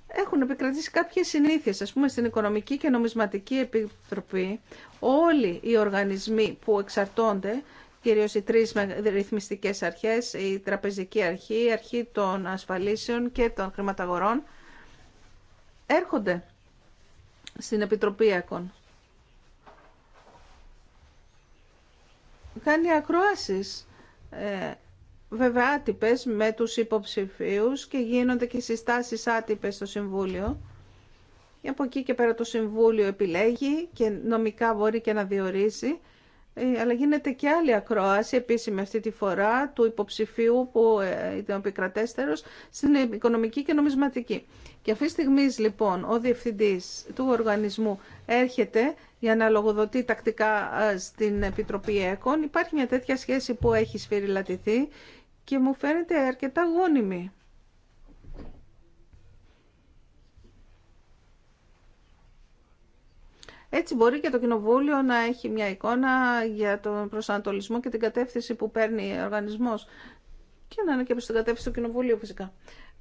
Έχουν επικρατήσει κάποιες συνήθειες, ας πούμε, στην Οικονομική και Νομισματική Επιτροπή. Όλοι οι οργανισμοί που εξαρτώνται, κυρίως οι τρεις ρυθμιστικές αρχές, η Τραπεζική Αρχή, η Αρχή των Ασφαλίσεων και των Χρηματαγορών, έρχονται στην Επιτροπή ΕΚΟΝ κάνει ακροάσεις ε, βέβαια άτυπες με τους υποψηφίους και γίνονται και συστάσεις άτυπες στο Συμβούλιο. Και από εκεί και πέρα το Συμβούλιο επιλέγει και νομικά μπορεί και να διορίσει ε, αλλά γίνεται και άλλη ακρόαση επίσημη αυτή τη φορά του υποψηφίου που ε, ήταν ο επικρατέστερος στην οικονομική και νομισματική. Και αυτή τη στιγμή λοιπόν ο διευθυντής του οργανισμού έρχεται για να λογοδοτεί τακτικά ε, στην Επιτροπή ΕΚΟΝ. Υπάρχει μια τέτοια σχέση που έχει σφυριλατηθεί και μου φαίνεται αρκετά γόνιμη. Έτσι μπορεί και το Κοινοβούλιο να έχει μια εικόνα για τον προσανατολισμό και την κατεύθυνση που παίρνει ο οργανισμός και να είναι και προς την κατεύθυνση του Κοινοβουλίου φυσικά.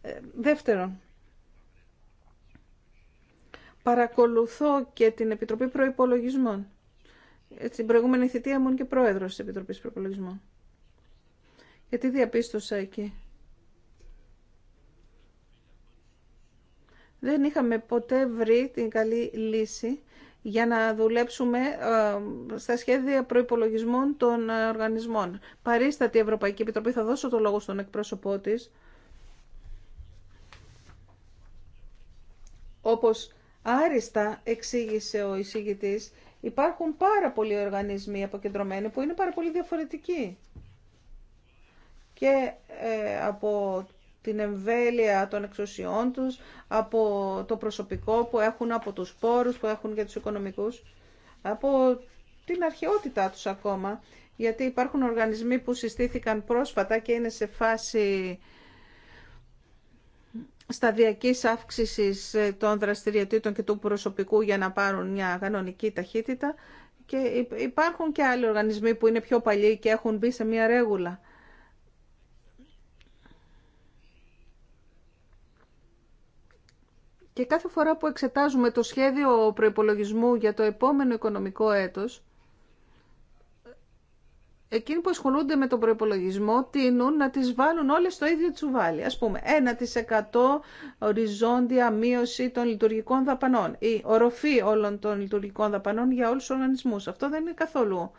Ε, δεύτερον, παρακολουθώ και την Επιτροπή Προϋπολογισμών. Ε, την προηγούμενη θητεία μου και πρόεδρος της Επιτροπής Προϋπολογισμών. Γιατί διαπίστωσα εκεί. Δεν είχαμε ποτέ βρει την καλή λύση για να δουλέψουμε ε, στα σχέδια προϋπολογισμών των ε, οργανισμών. Παρίστατη Ευρωπαϊκή Επιτροπή, θα δώσω το λόγο στον εκπρόσωπό της. Όπως άριστα εξήγησε ο εισηγητής, υπάρχουν πάρα πολλοί οργανισμοί αποκεντρωμένοι που είναι πάρα πολύ διαφορετικοί και ε, από την εμβέλεια των εξουσιών τους, από το προσωπικό που έχουν, από τους πόρους που έχουν για τους οικονομικούς, από την αρχαιότητά τους ακόμα, γιατί υπάρχουν οργανισμοί που συστήθηκαν πρόσφατα και είναι σε φάση σταδιακής αύξησης των δραστηριοτήτων και του προσωπικού για να πάρουν μια κανονική ταχύτητα και υπάρχουν και άλλοι οργανισμοί που είναι πιο παλιοί και έχουν μπει σε μια ρέγουλα. Και κάθε φορά που εξετάζουμε το σχέδιο προϋπολογισμού για το επόμενο οικονομικό έτος, εκείνοι που ασχολούνται με τον προϋπολογισμό τείνουν να τις βάλουν όλες στο ίδιο τσουβάλι. Ας πούμε, 1% οριζόντια μείωση των λειτουργικών δαπανών ή οροφή όλων των λειτουργικών δαπανών για όλους τους οργανισμούς. Αυτό δεν είναι καθόλου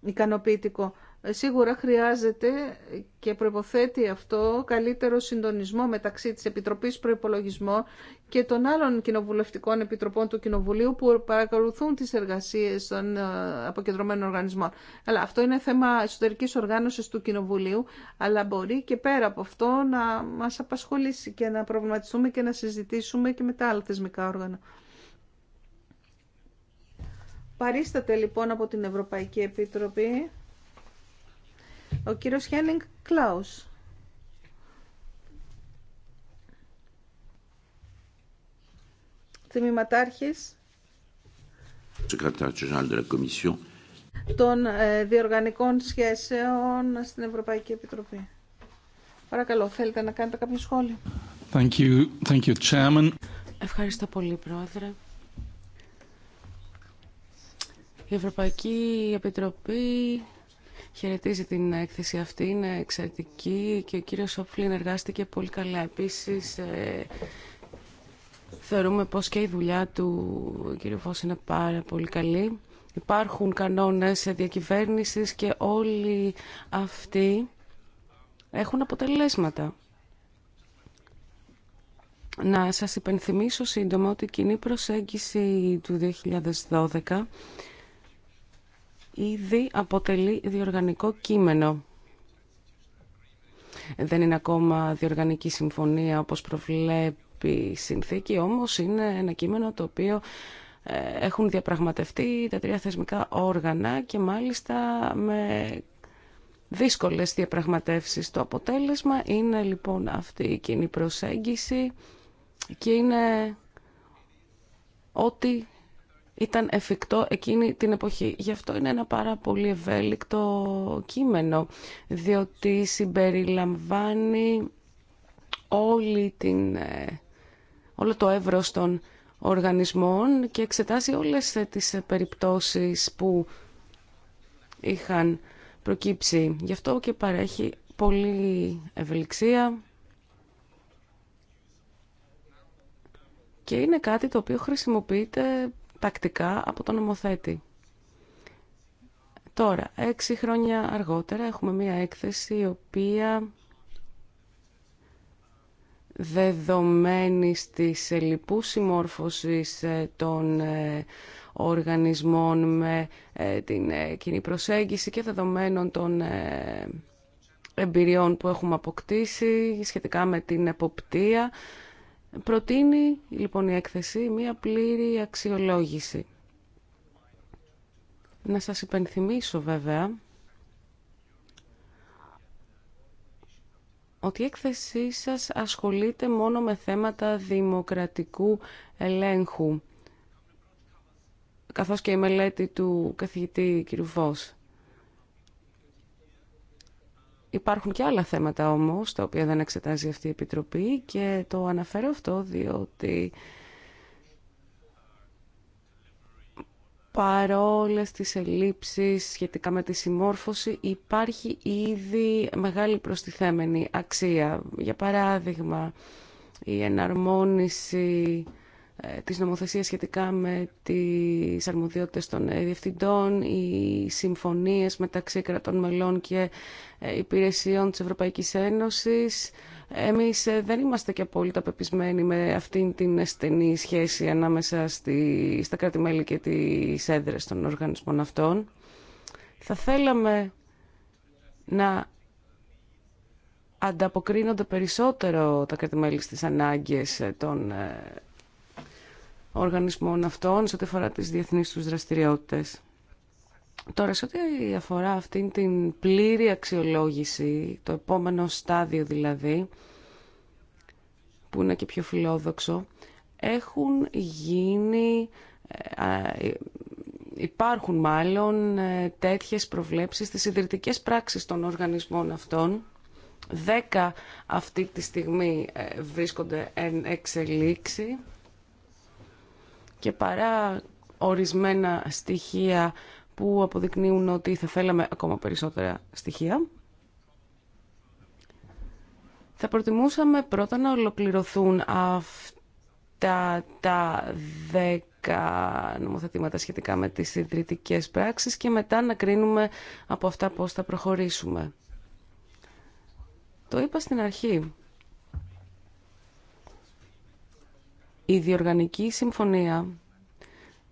ικανοποιητικό. Σίγουρα χρειάζεται και προποθέτει αυτό καλύτερο συντονισμό μεταξύ της Επιτροπής Προϋπολογισμών και των άλλων κοινοβουλευτικών επιτροπών του Κοινοβουλίου που παρακολουθούν τις εργασίες των ε, αποκεντρωμένων οργανισμών. Αλλά αυτό είναι θέμα εσωτερικής οργάνωσης του Κοινοβουλίου, αλλά μπορεί και πέρα από αυτό να μας απασχολήσει και να προβληματιστούμε και να συζητήσουμε και με τα άλλα θεσμικά όργανα. Παρίσταται λοιπόν από την Ευρωπαϊκή Επιτροπή ο κύριος Χένινγκ Κλάους. Θεμηματάρχης των ε, διοργανικών σχέσεων στην Ευρωπαϊκή Επιτροπή. Παρακαλώ, θέλετε να κάνετε κάποιο σχόλιο. Thank you. Thank you, Chairman. Ευχαριστώ πολύ, Πρόεδρε. Η Ευρωπαϊκή Επιτροπή χαιρετίζει την έκθεση αυτή, είναι εξαιρετική και ο κύριος Σόφλιν εργάστηκε πολύ καλά. Επίσης, ε, θεωρούμε πως και η δουλειά του κύριου Φως είναι πάρα πολύ καλή. Υπάρχουν κανόνες διακυβέρνησης και όλοι αυτοί έχουν αποτελέσματα. Να σας υπενθυμίσω σύντομα ότι η κοινή προσέγγιση του 2012 ήδη αποτελεί διοργανικό κείμενο. Δεν είναι ακόμα διοργανική συμφωνία όπως προβλέπει η συνθήκη, όμως είναι ένα κείμενο το οποίο ε, έχουν διαπραγματευτεί τα τρία θεσμικά όργανα και μάλιστα με δύσκολες διαπραγματεύσεις. Το αποτέλεσμα είναι λοιπόν αυτή η κοινή προσέγγιση και είναι ό,τι ήταν εφικτό εκείνη την εποχή. Γι' αυτό είναι ένα πάρα πολύ ευέλικτο κείμενο, διότι συμπεριλαμβάνει όλη την, ε, όλο το εύρος των οργανισμών και εξετάζει όλες ε, τις ε, περιπτώσεις που είχαν προκύψει. Γι' αυτό και παρέχει πολύ ευελιξία και είναι κάτι το οποίο χρησιμοποιείται τακτικά από τον νομοθέτη. Τώρα, έξι χρόνια αργότερα έχουμε μία έκθεση η οποία δεδομένη της ε, λοιπού συμμόρφωσης ε, των ε, οργανισμών με την κοινή προσέγγιση και δεδομένων των εμπειριών που έχουμε αποκτήσει σχετικά με την εποπτεία Προτείνει λοιπόν η έκθεση μία πλήρη αξιολόγηση. Να σας υπενθυμίσω βέβαια ότι η έκθεσή σας ασχολείται μόνο με θέματα δημοκρατικού ελέγχου, καθώς και η μελέτη του καθηγητή κ. Βος. Υπάρχουν και άλλα θέματα όμως, τα οποία δεν εξετάζει αυτή η Επιτροπή και το αναφέρω αυτό διότι παρόλες τις ελλείψεις σχετικά με τη συμμόρφωση υπάρχει ήδη μεγάλη προστιθέμενη αξία. Για παράδειγμα, η εναρμόνιση ε, της νομοθεσίας σχετικά με τις αρμοδιότητες των ε, διευθυντών, οι συμφωνίες μεταξύ κρατών μελών και ε, υπηρεσιών της Ευρωπαϊκής Ένωσης. Εμείς δεν είμαστε και απόλυτα πεπισμένοι με αυτήν την στενή σχέση ανάμεσα στη, στα κράτη-μέλη και τις έδρες των οργανισμών αυτών. Θα θέλαμε να ανταποκρίνονται περισσότερο τα κράτη-μέλη στις ανάγκες των οργανισμών αυτών σε ό,τι αφορά τις διεθνείς τους δραστηριότητες. Τώρα, σε ό,τι αφορά αυτήν την πλήρη αξιολόγηση, το επόμενο στάδιο δηλαδή, που είναι και πιο φιλόδοξο, έχουν γίνει, ε, ε, υπάρχουν μάλλον ε, τέτοιες προβλέψεις στις ιδρυτικές πράξεις των οργανισμών αυτών. Δέκα αυτή τη στιγμή βρίσκονται εν εξελίξη και παρά ορισμένα στοιχεία που αποδεικνύουν ότι θα θέλαμε ακόμα περισσότερα στοιχεία. Θα προτιμούσαμε πρώτα να ολοκληρωθούν αυτά τα δέκα νομοθετήματα σχετικά με τις ιδρυτικές πράξεις και μετά να κρίνουμε από αυτά πώς θα προχωρήσουμε. Το είπα στην αρχή. Η διοργανική συμφωνία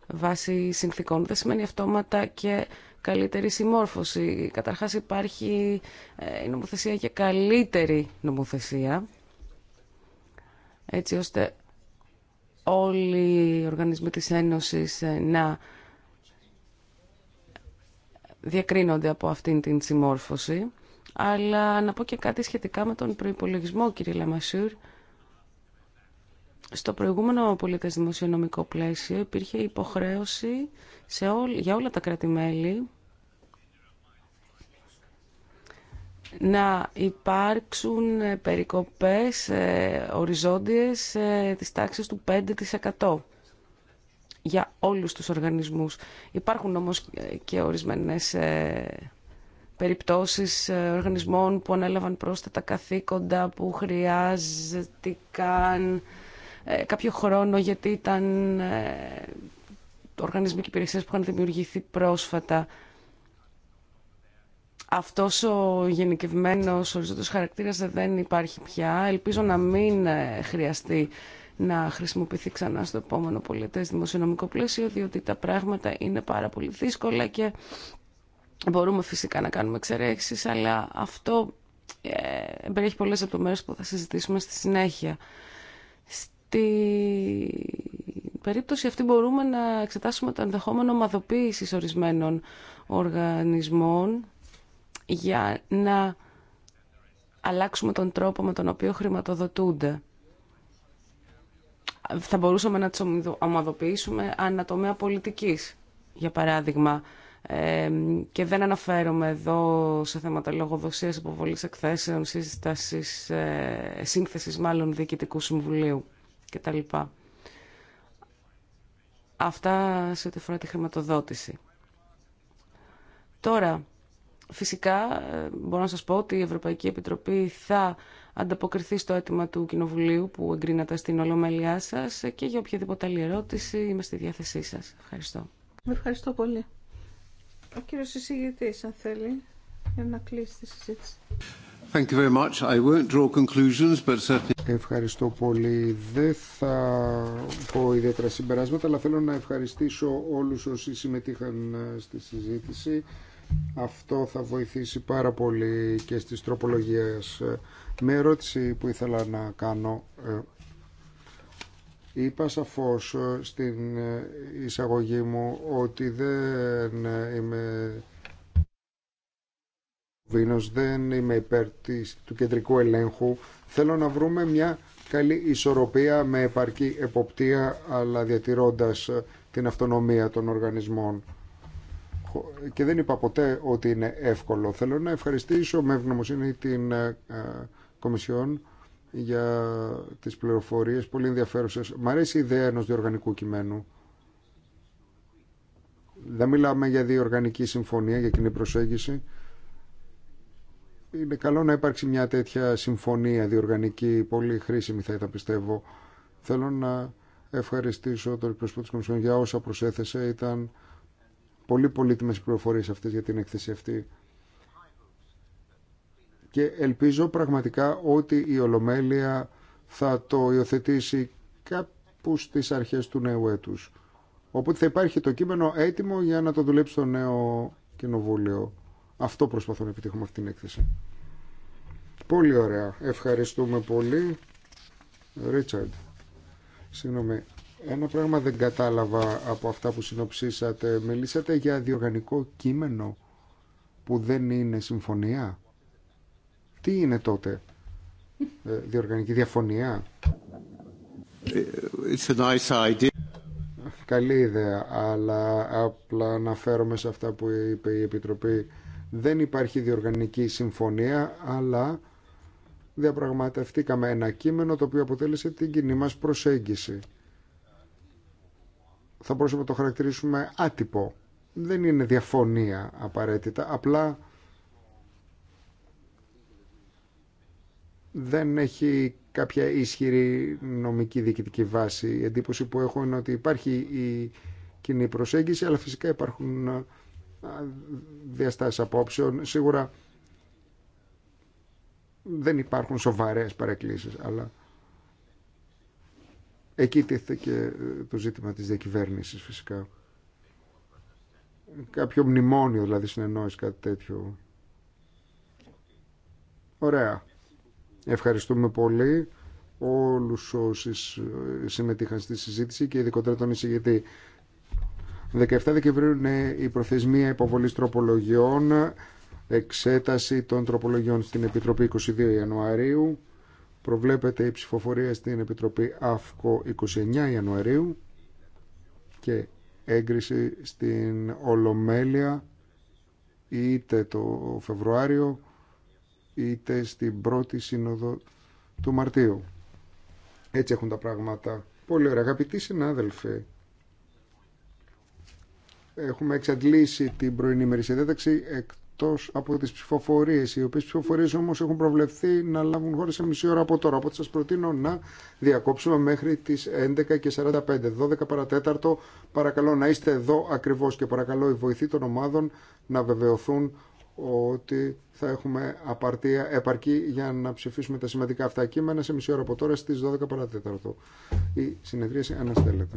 βάσει συνθήκων δεν σημαίνει αυτόματα και καλύτερη συμμόρφωση. Καταρχάς υπάρχει ε, η νομοθεσία και καλύτερη νομοθεσία, έτσι ώστε όλοι οι οργανισμοί της Ένωσης ε, να διακρίνονται από αυτήν την συμμόρφωση. Αλλά να πω και κάτι σχετικά με τον προϋπολογισμό, κύριε Λαμασούρ στο προηγούμενο πολίτες δημοσιονομικό πλαίσιο υπήρχε υποχρέωση σε ό, για όλα τα κρατη να υπάρξουν περικοπές ε, οριζόντιες ε, της τάξης του 5% για όλους τους οργανισμούς. Υπάρχουν όμως και ορισμένες ε, περιπτώσεις ε, οργανισμών που ανέλαβαν πρόσθετα καθήκοντα που χρειάζεται ε, κάποιο χρόνο γιατί ήταν ε, οργανισμοί και υπηρεσίε που είχαν δημιουργηθεί πρόσφατα. Αυτός ο γενικευμένος οριζόντος χαρακτήρας δεν υπάρχει πια. Ελπίζω να μην ε, χρειαστεί να χρησιμοποιηθεί ξανά στο επόμενο πολιτές δημοσιονομικό πλαίσιο, διότι τα πράγματα είναι πάρα πολύ δύσκολα και μπορούμε φυσικά να κάνουμε εξαιρέξεις, αλλά αυτό ε, περιέχει πολλές από το που θα συζητήσουμε στη συνέχεια στην περίπτωση αυτή μπορούμε να εξετάσουμε το ενδεχόμενο ομαδοποίησης ορισμένων οργανισμών για να αλλάξουμε τον τρόπο με τον οποίο χρηματοδοτούνται. Θα μπορούσαμε να τις ομαδοποιήσουμε ανατομία πολιτικής, για παράδειγμα. Ε, και δεν αναφέρομαι εδώ σε θέματα λογοδοσίας, υποβολής εκθέσεων, σύστασης, ε, σύνθεσης μάλλον διοικητικού συμβουλίου κτλ. Αυτά σε ό,τι αφορά τη χρηματοδότηση. Τώρα, φυσικά, ε, μπορώ να σας πω ότι η Ευρωπαϊκή Επιτροπή θα ανταποκριθεί στο αίτημα του Κοινοβουλίου που εγκρίνατε στην ολομέλειά σας και για οποιαδήποτε άλλη ερώτηση είμαι στη διάθεσή σας. Ευχαριστώ. Ευχαριστώ πολύ. Ο κύριος εισηγητής, αν θέλει, για να κλείσει τη συζήτηση. Ευχαριστώ πολύ. Δεν θα πω ιδιαίτερα συμπεράσματα, αλλά θέλω να ευχαριστήσω όλους όσοι συμμετείχαν ε, στη συζήτηση. Αυτό θα βοηθήσει πάρα πολύ και στις τροπολογίες. Ε, με ερώτηση που ήθελα να κάνω, ε, είπα σαφώς στην εισαγωγή μου ότι δεν είμαι Βίνος, δεν είμαι υπέρ της, του κεντρικού ελέγχου. Θέλω να βρούμε μια καλή ισορροπία με επαρκή εποπτεία, αλλά διατηρώντας ε, την αυτονομία των οργανισμών. Και δεν είπα ποτέ ότι είναι εύκολο. Θέλω να ευχαριστήσω με ευγνωμοσύνη την ε, ε, Κομισιόν για τις πληροφορίες, πολύ ενδιαφέρουσες. Μ' αρέσει η ιδέα ενός διοργανικού κειμένου. Δεν μιλάμε για διοργανική συμφωνία, για κοινή προσέγγιση είναι καλό να υπάρξει μια τέτοια συμφωνία διοργανική, πολύ χρήσιμη θα ήταν πιστεύω. Θέλω να ευχαριστήσω τον εκπροσωπό της Κομισιόν για όσα προσέθεσε. Ήταν πολύ πολύτιμες πληροφορίες αυτές για την έκθεση αυτή. Και ελπίζω πραγματικά ότι η Ολομέλεια θα το υιοθετήσει κάπου στις αρχές του νέου έτους. Οπότε θα υπάρχει το κείμενο έτοιμο για να το δουλέψει το νέο κοινοβούλιο. Αυτό προσπαθώ να επιτύχω με αυτή την έκθεση. Πολύ ωραία. Ευχαριστούμε πολύ. Ρίτσαρντ, συγγνώμη, ένα πράγμα δεν κατάλαβα από αυτά που συνοψίσατε. Μιλήσατε για διοργανικό κείμενο που δεν είναι συμφωνία. Τι είναι τότε, ε, διοργανική διαφωνία. It's a nice idea. Καλή ιδέα, αλλά απλά αναφέρομαι σε αυτά που είπε η Επιτροπή δεν υπάρχει διοργανική συμφωνία, αλλά διαπραγματευτήκαμε ένα κείμενο το οποίο αποτέλεσε την κοινή μας προσέγγιση. Θα μπορούσαμε να το χαρακτηρίσουμε άτυπο. Δεν είναι διαφωνία απαραίτητα, απλά δεν έχει κάποια ισχυρή νομική διοικητική βάση. Η εντύπωση που έχω είναι ότι υπάρχει η κοινή προσέγγιση, αλλά φυσικά υπάρχουν διαστάσεις απόψεων. Σίγουρα δεν υπάρχουν σοβαρές παρεκκλήσεις, αλλά εκεί τίθεται και ε, το ζήτημα της διακυβέρνησης φυσικά. Κάποιο μνημόνιο δηλαδή συνεννόηση, κάτι τέτοιο. Ωραία. Ευχαριστούμε πολύ όλους όσοι ε, συμμετείχαν στη συζήτηση και ειδικότερα τον εισηγητή. 17 Δεκεμβρίου είναι η προθεσμία υποβολή τροπολογιών, εξέταση των τροπολογιών στην Επιτροπή 22 Ιανουαρίου. Προβλέπεται η ψηφοφορία στην Επιτροπή ΑΦΚΟ 29 Ιανουαρίου και έγκριση στην Ολομέλεια είτε το Φεβρουάριο είτε στην πρώτη σύνοδο του Μαρτίου. Έτσι έχουν τα πράγματα. Πολύ ωραία. Αγαπητοί συνάδελφοι, έχουμε εξαντλήσει την πρωινή ημερήσια διάταξη εκτό από τι ψηφοφορίε, οι οποίε ψηφοφορίες όμω έχουν προβλεφθεί να λάβουν χώρα σε μισή ώρα από τώρα. Οπότε σα προτείνω να διακόψουμε μέχρι τις 45. 12 παρατέταρτο. Παρακαλώ να είστε εδώ ακριβώ και παρακαλώ οι βοηθοί των ομάδων να βεβαιωθούν ότι θα έχουμε απαρτία επαρκή για να ψηφίσουμε τα σημαντικά αυτά κείμενα σε μισή ώρα από τώρα στις 12 παρατέταρτο. Η συνεδρίαση αναστέλλεται.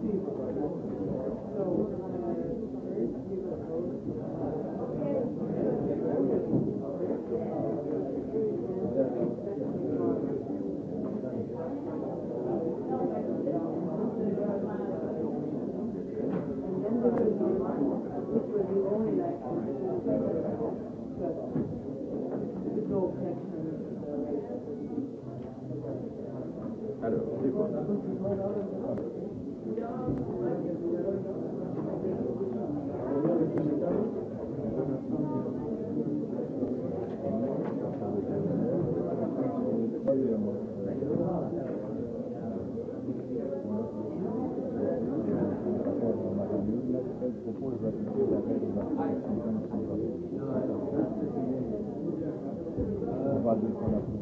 Υπότιτλοι AUTHORWAVE Είναι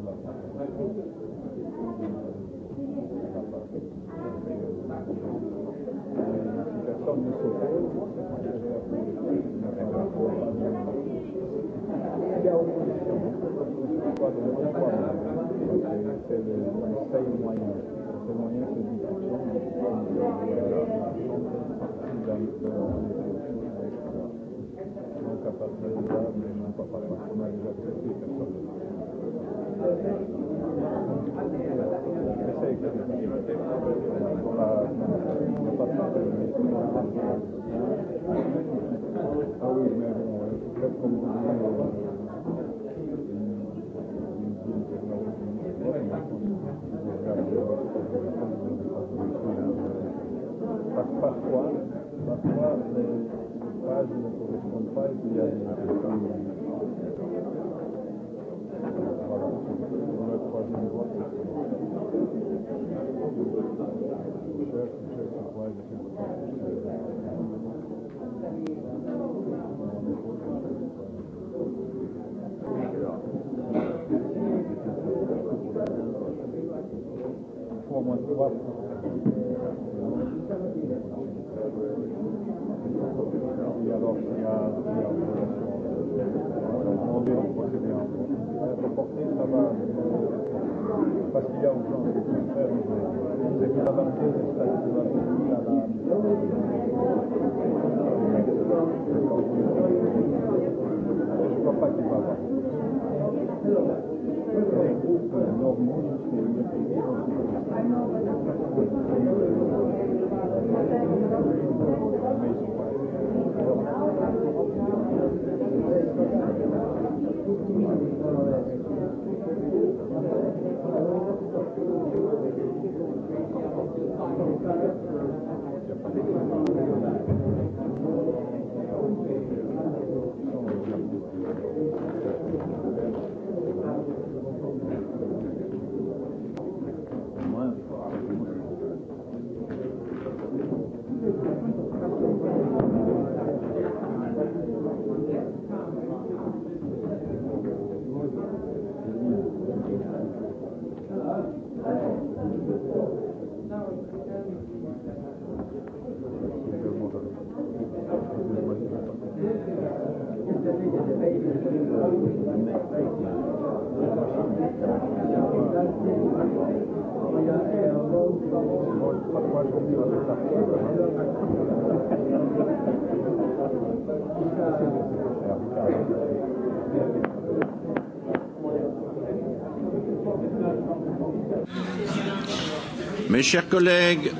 Mes chers collègues.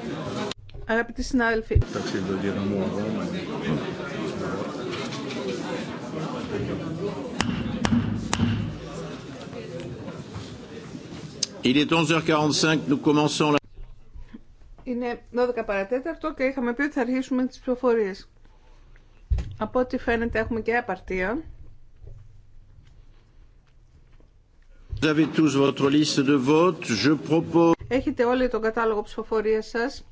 Αγαπητοί συνάδελφοι. Ναι. Il est 11h45, nous commençons la... Είναι 12 παρατέταρτο και είχαμε πει ότι θα αρχίσουμε τις πληροφορίες. Από ό,τι φαίνεται έχουμε και απαρτία. Vous avez tous votre liste de vote. Je propose... Έχετε όλοι τον κατάλογο ψηφοφορίας σας.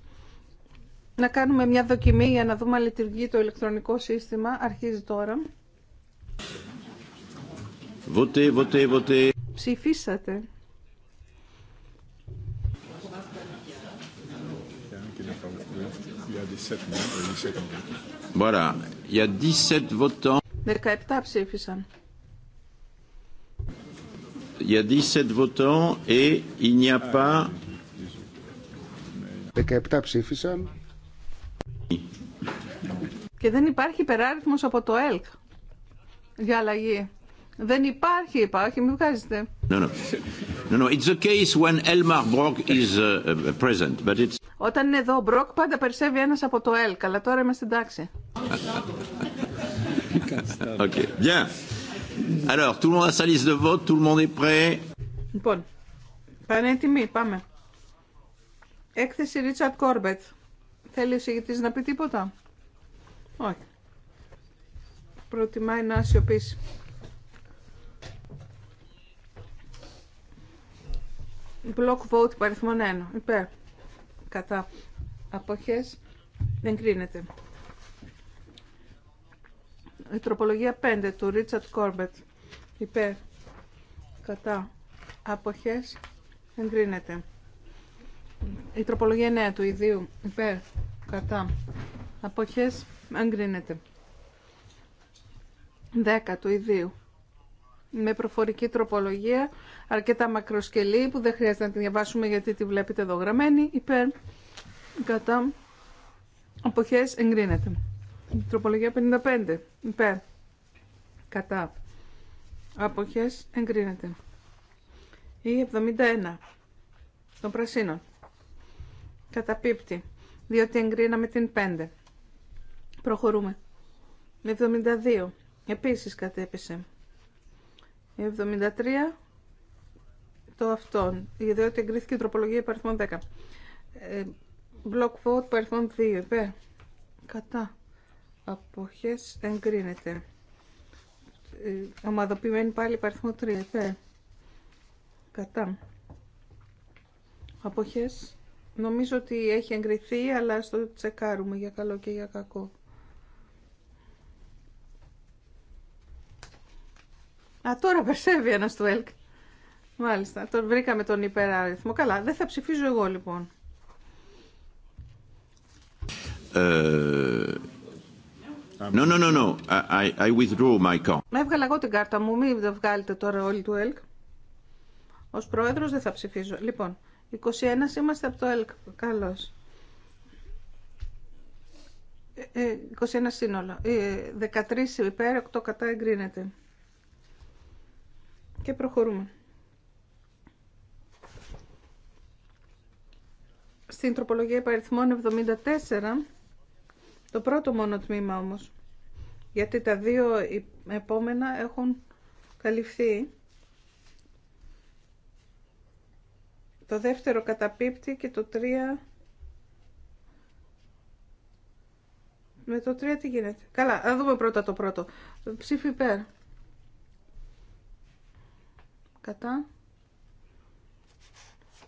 Να κάνουμε μια δοκιμή για να δούμε αν λειτουργεί το ηλεκτρονικό σύστημα. Αρχίζει τώρα. βότε, βότε. voté. Ψηφίσατε. Voilà. για 17 βοτών. 17 ψήφισαν. Για 17 βοτών και il n'y a pas 17 ψήφισαν. Και δεν υπάρχει υπεράριθμος από το ΕΛΚ για αλλαγή. Δεν υπάρχει, υπάρχει, μην βγάζετε. No, no. No, no. It's the case when Elmar Brock is uh, uh, present, but it's... Όταν είναι εδώ ο Μπροκ πάντα περισσεύει ένας από το ΕΛΚ, αλλά τώρα είμαστε εντάξει. (laughs) okay. Bien. Alors, tout le monde a sa liste de vote, tout le monde est prêt. Λοιπόν, πάνε έτοιμοι, πάμε. Έκθεση Ρίτσαρτ Κόρμπετ. Θέλει ο να πει τίποτα. Όχι. Προτιμάει να σιωπήσει. Block vote παριθμόν 1. Υπέρ. Κατά. Αποχές. Δεν κρίνεται. Η τροπολογία 5 του Ρίτσαρτ Κόρμπετ. Υπέρ. Κατά. Αποχές. Δεν κρίνεται. Η τροπολογία 9 του ιδίου υπέρ κατά αποχές εγκρίνεται. 10 του ιδίου με προφορική τροπολογία αρκετά μακροσκελή που δεν χρειάζεται να τη διαβάσουμε γιατί τη βλέπετε εδώ γραμμένη υπέρ κατά αποχές εγκρίνεται. τροπολογία 55 υπέρ κατά αποχές εγκρίνεται. Η 71 των πρασίνων Καταπίπτει. Διότι εγκρίναμε την 5. Προχωρούμε. 72. Επίσης κατέπεσε. 73. Το αυτόν. Διότι εγκρίθηκε η τροπολογία υπαριθμών 10. Ε, block vote υπαριθμών 2. Βε. Κατά. Αποχές εγκρίνεται. Ε, ομαδοποιημένη πάλι παριθμό 3. Βε. Κατά. Αποχές Νομίζω ότι έχει εγκριθεί, αλλά στο τσεκάρουμε για καλό και για κακό. Α, τώρα περσέβει ένα του ΕΛΚ. Μάλιστα, τον βρήκαμε τον υπεράριθμο. Καλά, δεν θα ψηφίζω εγώ λοιπόν. Ε... No, no, no, I, I my Να έβγαλα εγώ την κάρτα μου, μην βγάλετε τώρα όλοι του ΕΛΚ. Ως πρόεδρος δεν θα ψηφίζω. Λοιπόν, 21 είμαστε από το ΕΛΚ. Καλώς. 21 ε, ε, σύνολο. 13 ε, υπέρ, 8 κατά εγκρίνεται. Και προχωρούμε. Στην τροπολογία υπαριθμών 74, το πρώτο μόνο τμήμα όμως, γιατί τα δύο επόμενα έχουν καλυφθεί. Το δεύτερο καταπίπτει και το τρία... Με το 3 τι γίνεται. Καλά, ας δούμε πρώτα το πρώτο. Ψήφι υπέρ. Κατά.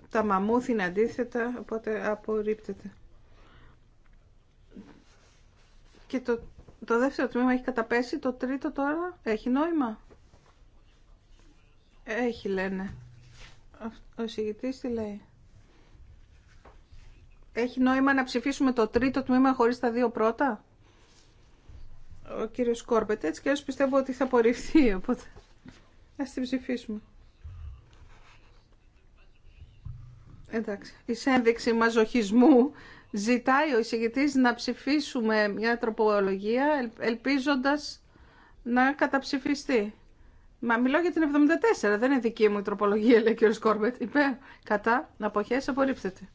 Τα μαμούθ είναι αντίθετα, οπότε απορρίπτεται. Και το, το δεύτερο τμήμα έχει καταπέσει, το τρίτο τώρα έχει νόημα. Έχει λένε. Ο εισηγητής τι λέει. Έχει νόημα να ψηφίσουμε το τρίτο τμήμα χωρίς τα δύο πρώτα. Ο κύριος Κόρπετ Έτσι και πιστεύω ότι θα απορριφθεί. Οπότε ας την ψηφίσουμε. Εντάξει. Η ένδειξη μαζοχισμού ζητάει ο εισηγητής να ψηφίσουμε μια τροπολογία ελπίζοντας να καταψηφιστεί. Μα μιλώ για την 74, δεν είναι δική μου η τροπολογία, λέει ο κ. Κόρμπετ. Υπέ, κατά, αποχές, απορρίπτεται.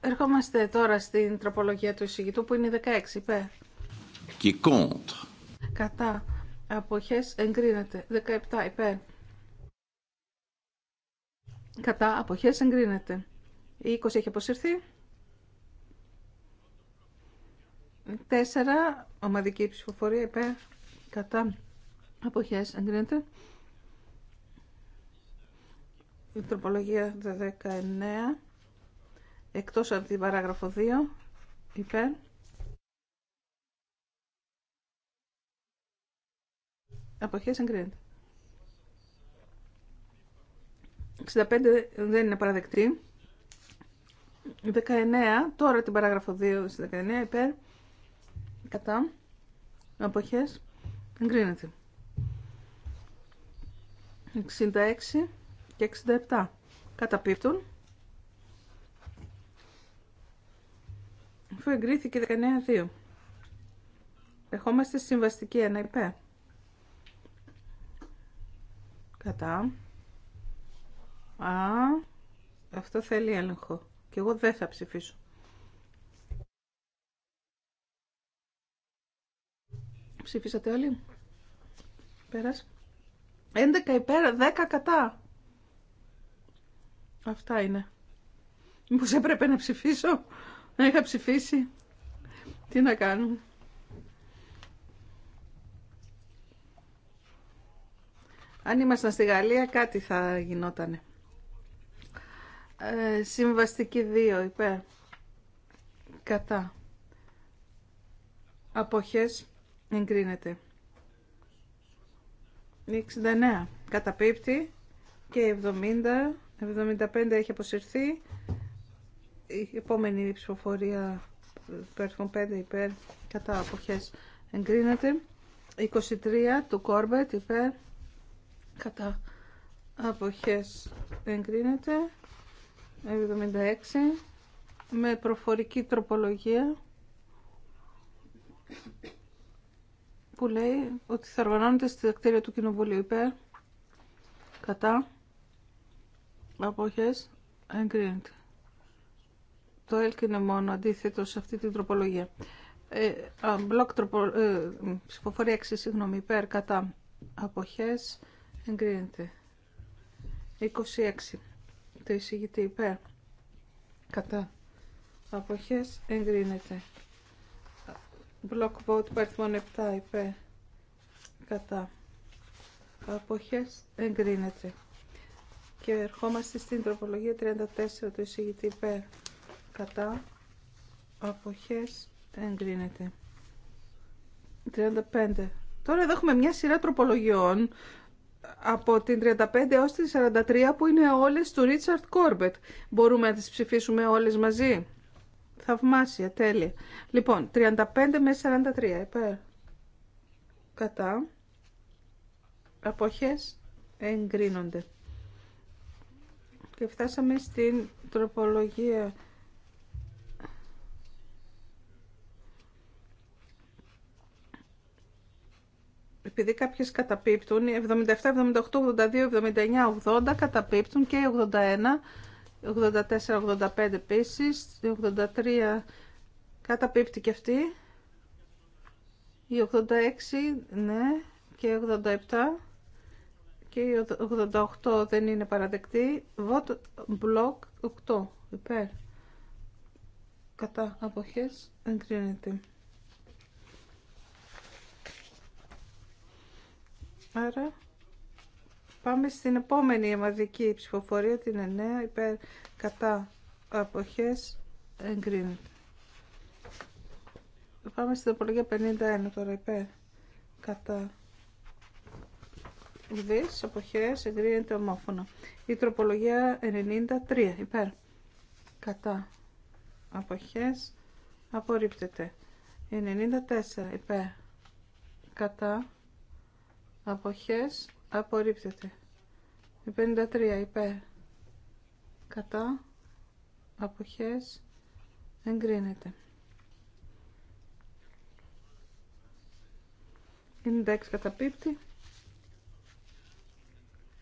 Ερχόμαστε τώρα στην τροπολογία του εισηγητού που είναι 16, είπε. Και contre. Κατά, αποχές, εγκρίνεται. 17, είπε. Κατά, αποχές, εγκρίνεται. Η 20 έχει αποσυρθεί. 4, ομαδική ψηφοφορία, είπε. Κατά Αποχές εγκρίνεται. Η τροπολογία 19 εκτός από την παράγραφο 2 υπέρ. Αποχές εγκρίνεται. 65 δεν είναι παραδεκτή. 19, τώρα την παράγραφο 2 στη 19 υπέρ. Κατά. Αποχές εγκρίνεται. 66 και 67 καταπίπτουν. Αφού εγκρίθηκε 19-2. Ερχόμαστε στη συμβαστική 1 υπέρ. Κατά. Α, αυτό θέλει έλεγχο. Και εγώ δεν θα ψηφίσω. Ψήφισατε όλοι. Πέρασε. 11 υπέρ, 10 κατά. Αυτά είναι. Μήπως έπρεπε να ψηφίσω. Να είχα ψηφίσει. Τι να κάνουμε. Αν ήμασταν στη Γαλλία κάτι θα γινότανε. Ε, συμβαστική 2 υπέρ. Κατά. Αποχές εγκρίνεται. 69 καταπίπτει και 70, 75 έχει αποσυρθεί. Η επόμενη ψηφοφορία των 5 υπέρ κατά αποχές εγκρίνεται. 23 του Κόρμπετ υπέρ κατά αποχές εγκρίνεται. 76 με προφορική τροπολογία που λέει ότι θα οργανώνεται στη δεκτήρια του Κοινοβουλίου υπέρ, κατά, αποχές, εγκρίνεται. Το ΕΛΚ είναι μόνο αντίθετο σε αυτή την τροπολογία. Ε, τροπο, ε, ψηφοφορία 6, συγγνώμη, υπέρ, κατά, αποχές, εγκρίνεται. 26. Το εισηγητή υπέρ, κατά, αποχές, εγκρίνεται. Block vote παριθμών 7 υπέρ κατά αποχές εγκρίνεται. Και ερχόμαστε στην τροπολογία 34 του εισηγητή υπέρ κατά αποχές εγκρίνεται. 35. Τώρα εδώ έχουμε μια σειρά τροπολογιών από την 35 έως την 43 που είναι όλες του Ρίτσαρτ Κόρμπετ. Μπορούμε να τις ψηφίσουμε όλες μαζί. Θαυμάσια, τέλεια. Λοιπόν, 35 με 43, υπέρ. Κατά. Αποχές εγκρίνονται. Και φτάσαμε στην τροπολογία Επειδή κάποιες καταπίπτουν, 77, 78, 82, 79, 80 καταπίπτουν και 81 84-85 επίση. 83 καταπίπτει και αυτή. Η 86 ναι και 87 και η 88 δεν είναι παραδεκτή. Βότ, μπλοκ, 8 υπέρ. Κατά αποχές εγκρίνεται. Άρα Πάμε στην επόμενη αιμαδική ψηφοφορία, την 9, υπέρ κατά αποχές εγκρίνεται. Πάμε στην τροπολογία 51 τώρα, υπέρ κατά δις αποχές εγκρίνεται ομόφωνα. Η τροπολογία 93, υπέρ κατά αποχές απορρίπτεται. 94, υπέρ κατά αποχές απορρίπτεται. Η 53 υπέρ κατά αποχές εγκρίνεται. 96 καταπίπτει.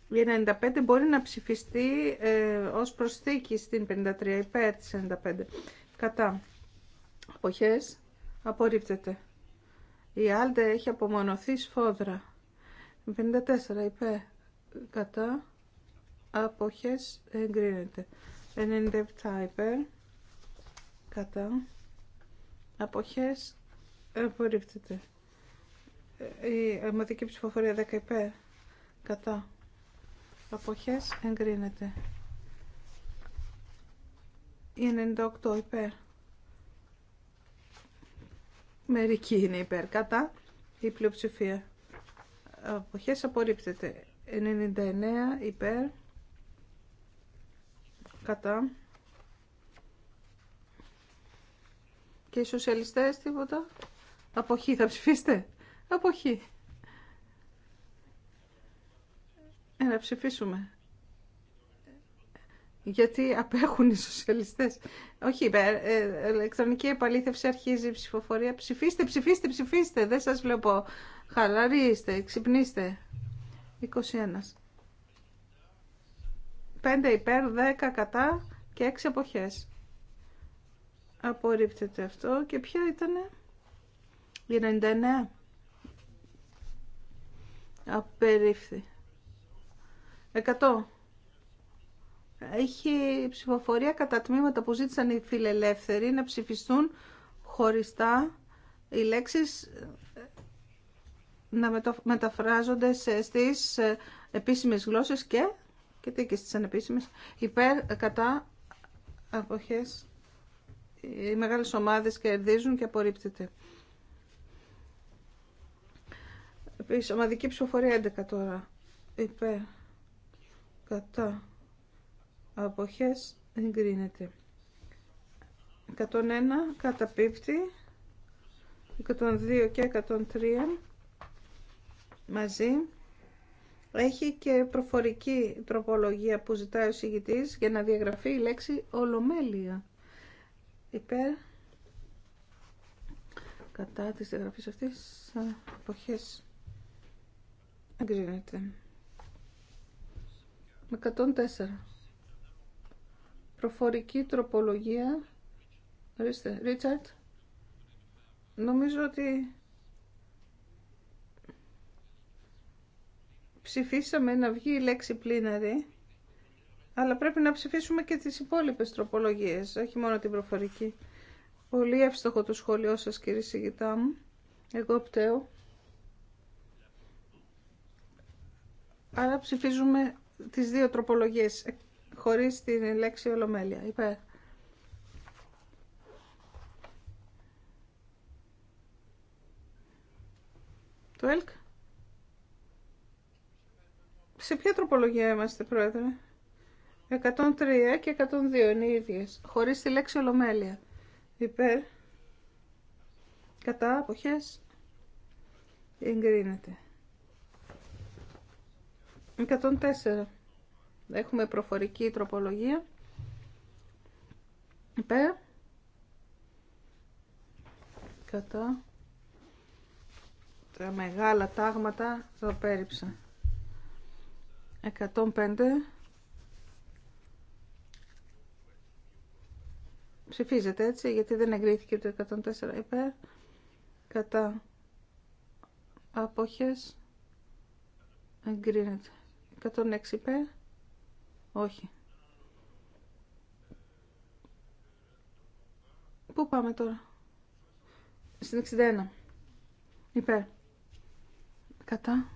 Η 95 μπορεί να ψηφιστεί ε, ως προσθήκη στην 53 υπέρ της 95. Κατά αποχές απορρίπτεται. Η Άλτε έχει απομονωθεί σφόδρα. 54 υπέρ κατά αποχές εγκρίνεται 97 υπέρ κατά αποχές απορρίπτεται η ομαδική ψηφοφορία 10 υπέρ κατά αποχές εγκρίνεται η 98 υπέρ μερικοί είναι υπέρ κατά η πλειοψηφία αποχές απορρίπτεται 99 υπέρ κατά και οι σοσιαλιστές τίποτα αποχή θα ψηφίσετε αποχή ε, να ψηφίσουμε γιατί απέχουν οι σοσιαλιστές. Όχι, ε, ε, ηλεκτρονική επαλήθευση αρχίζει η ψηφοφορία. Ψηφίστε, ψηφίστε, ψηφίστε. Δεν σας βλέπω Χαλαρίστε. είστε, ξυπνήστε. 21. 5 υπέρ, 10 κατά και 6 εποχές. Απορρίπτεται αυτό. Και ποια ήτανε? Η 99. Απερίφθη. 100. Έχει ψηφοφορία κατά τμήματα που ζήτησαν οι φιλελεύθεροι να ψηφιστούν χωριστά οι λέξεις να μεταφράζονται σε, στις ε, επίσημες γλώσσες και, και τι και στις ανεπίσημες, υπέρ, κατά, αποχές. Οι μεγάλες ομάδες κερδίζουν και απορρίπτεται. Επίσης, ομαδική ψηφοφορία 11 τώρα. Υπέρ, κατά, αποχές, εγκρίνεται. 101 καταπίπτει, 102 και 103 μαζί έχει και προφορική τροπολογία που ζητάει ο συγητής για να διαγραφεί η λέξη ολομέλεια. Υπέρ κατά της διαγραφής αυτής εποχές εγκρίνεται. Με 104. Προφορική τροπολογία. Ορίστε, Ρίτσαρτ. Νομίζω ότι ψηφίσαμε να βγει η λέξη πλήναρη αλλά πρέπει να ψηφίσουμε και τις υπόλοιπες τροπολογίες, όχι μόνο την προφορική. Πολύ εύστοχο το σχόλιο σας κύριε Σιγητά μου. Εγώ πταίω. Άρα ψηφίζουμε τις δύο τροπολογίες ε, χωρίς την λέξη ολομέλεια. Υπέρ. Το ΕΛΚ. Σε ποια τροπολογία είμαστε, Πρόεδρε. 103 και 102 είναι οι ίδιες. Χωρίς τη λέξη ολομέλεια. Υπέρ. Κατά αποχές. Εγκρίνεται. 104. Έχουμε προφορική τροπολογία. Υπέρ. Κατά. Τα μεγάλα τάγματα το πέριψα. 105 ψηφίζεται έτσι γιατί δεν εγκρίθηκε το 104 υπέρ κατά απόχες εγκρίνεται 106 υπέρ όχι Πού πάμε τώρα Στην 61 Υπέρ Κατά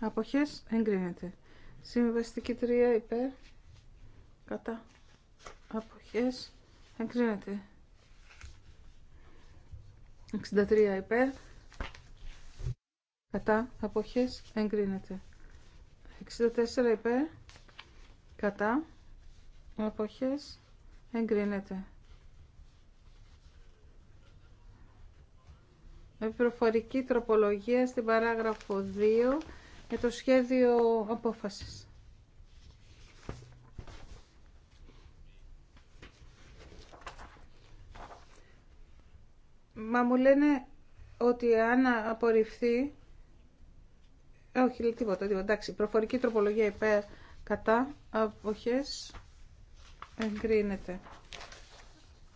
Αποχές εγκρίνεται. Συμβαστική 3 υπέρ. Κατά. Αποχές εγκρίνεται. 63 υπέρ. Κατά. Αποχές εγκρίνεται. 64 υπέρ. Κατά. Αποχές εγκρίνεται. Με προφορική τροπολογία στην παράγραφο 2 για το σχέδιο απόφασης. Μα μου λένε ότι αν απορριφθεί... Ε, όχι, τίποτα, τίποτα. Εντάξει, προφορική τροπολογία υπέρ κατά αποχές εγκρίνεται.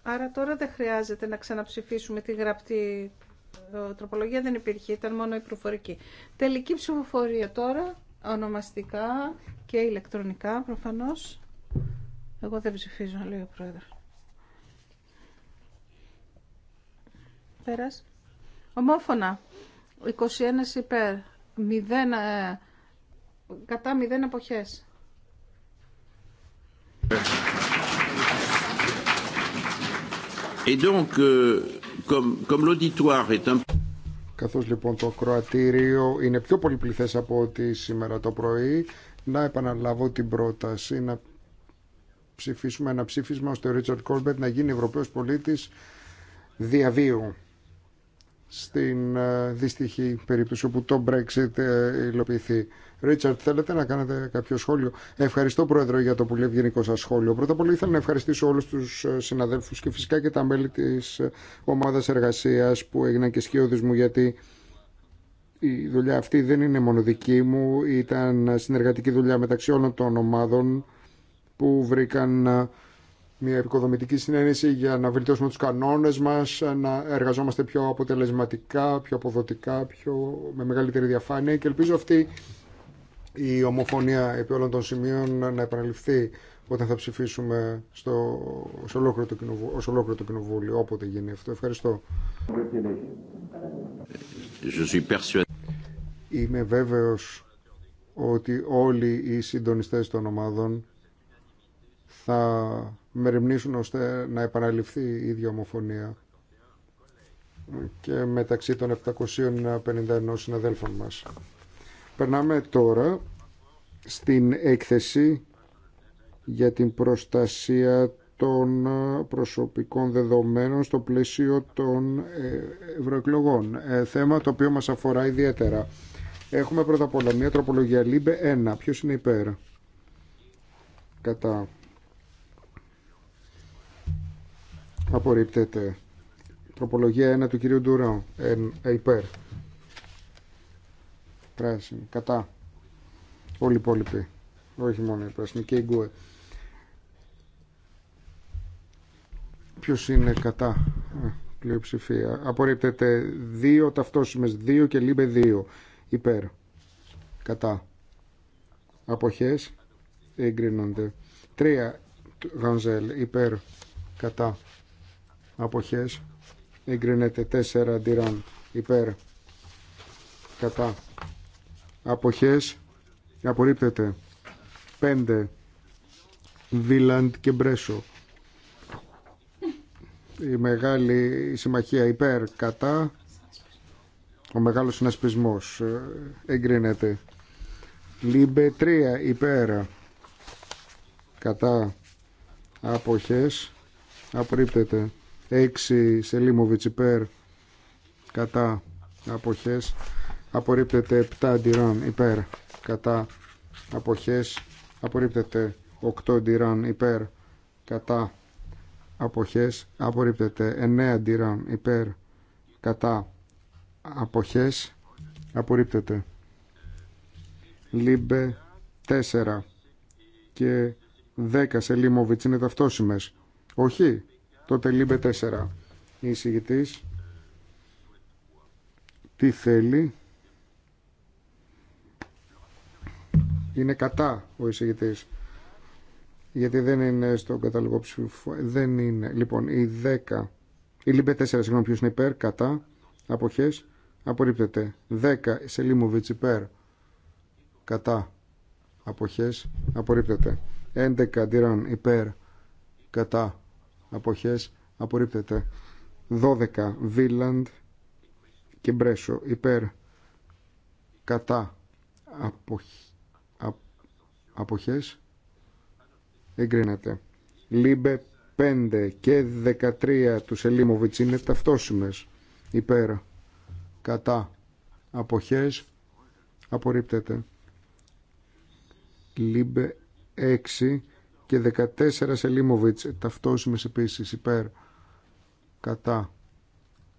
Άρα τώρα δεν χρειάζεται να ξαναψηφίσουμε τη γραπτή ε, ε, τροπολογία δεν υπήρχε, ήταν μόνο η προφορική. Τελική ψηφοφορία τώρα, ονομαστικά και ηλεκτρονικά προφανώς. Εγώ δεν ψηφίζω, λέει ο Πρόεδρος. Πέρας. Ομόφωνα. 21 υπέρ. 0, ε, κατά 0 αποχές. Et donc, euh, Καθώς λοιπόν το Κροατήριο είναι πιο πολυπληθές από ό,τι σήμερα το πρωί, να επαναλάβω την πρόταση να ψηφίσουμε ένα ψήφισμα ώστε ο Ρίτσαρτ Κόρμπετ να γίνει Ευρωπαίος πολίτης διαβίου στην ε, δυστυχή περίπτωση όπου το Brexit ε, υλοποιηθεί. Ρίτσαρτ, θέλετε να κάνετε κάποιο σχόλιο. Ευχαριστώ, Πρόεδρο, για το πολύ ευγενικό σα σχόλιο. Πρώτα απ' όλα, ήθελα να ευχαριστήσω όλου του ε, συναδέλφου και φυσικά και τα μέλη τη ομάδα εργασία που έγιναν και σκιώδη μου, γιατί η δουλειά αυτή δεν είναι μόνο δική μου. Ήταν συνεργατική δουλειά μεταξύ όλων των ομάδων που βρήκαν μια επικοδομητική συνένεση για να βελτιώσουμε τους κανόνες μας, να εργαζόμαστε πιο αποτελεσματικά, πιο αποδοτικά, πιο, με μεγαλύτερη διαφάνεια και ελπίζω αυτή η ομοφωνία επί όλων των σημείων να επαναληφθεί όταν θα ψηφίσουμε στο, σε ολόκληρο το κοινοβούλιο, ολόκληρο το κοινοβούλιο, όποτε γίνει αυτό. Ευχαριστώ. Είμαι βέβαιος ότι όλοι οι συντονιστές των ομάδων θα μεριμνήσουν ώστε να επαναληφθεί η ίδια ομοφωνία και μεταξύ των 751 συναδέλφων μας. Περνάμε τώρα στην έκθεση για την προστασία των προσωπικών δεδομένων στο πλαίσιο των ε, ευρωεκλογών. Ε, θέμα το οποίο μας αφορά ιδιαίτερα. Έχουμε πρώτα απ' όλα μια τροπολογία ΛΥΜΠΕ 1. Ποιος είναι υπέρ. Κατά. απορρίπτεται. Τροπολογία 1 του κυρίου Ντουραν, ε, υπέρ. Πράσινη, κατά. Όλοι οι υπόλοιποι, όχι μόνο η πράσινη και η γκουε. Ποιο είναι κατά ε, πλειοψηφία. Απορρίπτεται 2 ταυτόσημες, 2 και λίμπε 2, υπέρ. Κατά. Αποχέ. εγκρίνονται. 3 Γανζέλ, υπέρ. Κατά αποχές εγκρίνεται 4 αντιράν υπέρ κατά αποχές απορρίπτεται 5 Βίλαντ και Μπρέσο η μεγάλη συμμαχία υπέρ κατά ο μεγάλος συνασπισμός ε, εγκρίνεται Λίμπε 3 υπέρ κατά αποχές απορρίπτεται 6 Σελίμοβιτς υπέρ κατά αποχές απορρίπτεται 7 Αντιράν υπέρ κατά αποχές απορρίπτεται 8 Αντιράν υπέρ κατά αποχές απορρίπτεται 9 Αντιράν υπέρ κατά αποχές απορρίπτεται Λίμπε 4 και 10 Σελίμοβιτς είναι ταυτόσιμες όχι Τότε λίμπε 4. Η εισηγητής τι θέλει. Είναι κατά ο εισηγητής. Γιατί δεν είναι στο κατάλογο ψηφο Δεν είναι. Λοιπόν, η 10. Η λίμπε 4, συγγνώμη, ποιο είναι υπέρ, κατά, αποχές, απορρίπτεται. 10, Σελίμοβιτς υπέρ, κατά, αποχές, απορρίπτεται. 11, Ντιραν, υπέρ, κατά, αποχές απορρίπτεται 12 Βίλαντ και Μπρέσο υπέρ κατά αποχ... α... αποχές εγκρίνεται Λίμπε 5 και 13 του Σελίμοβιτς είναι ταυτόσιμες υπέρ κατά αποχές απορρίπτεται Λίμπε 6 και 14 Σελίμοβιτς ταυτόσιμες επίσης υπέρ κατά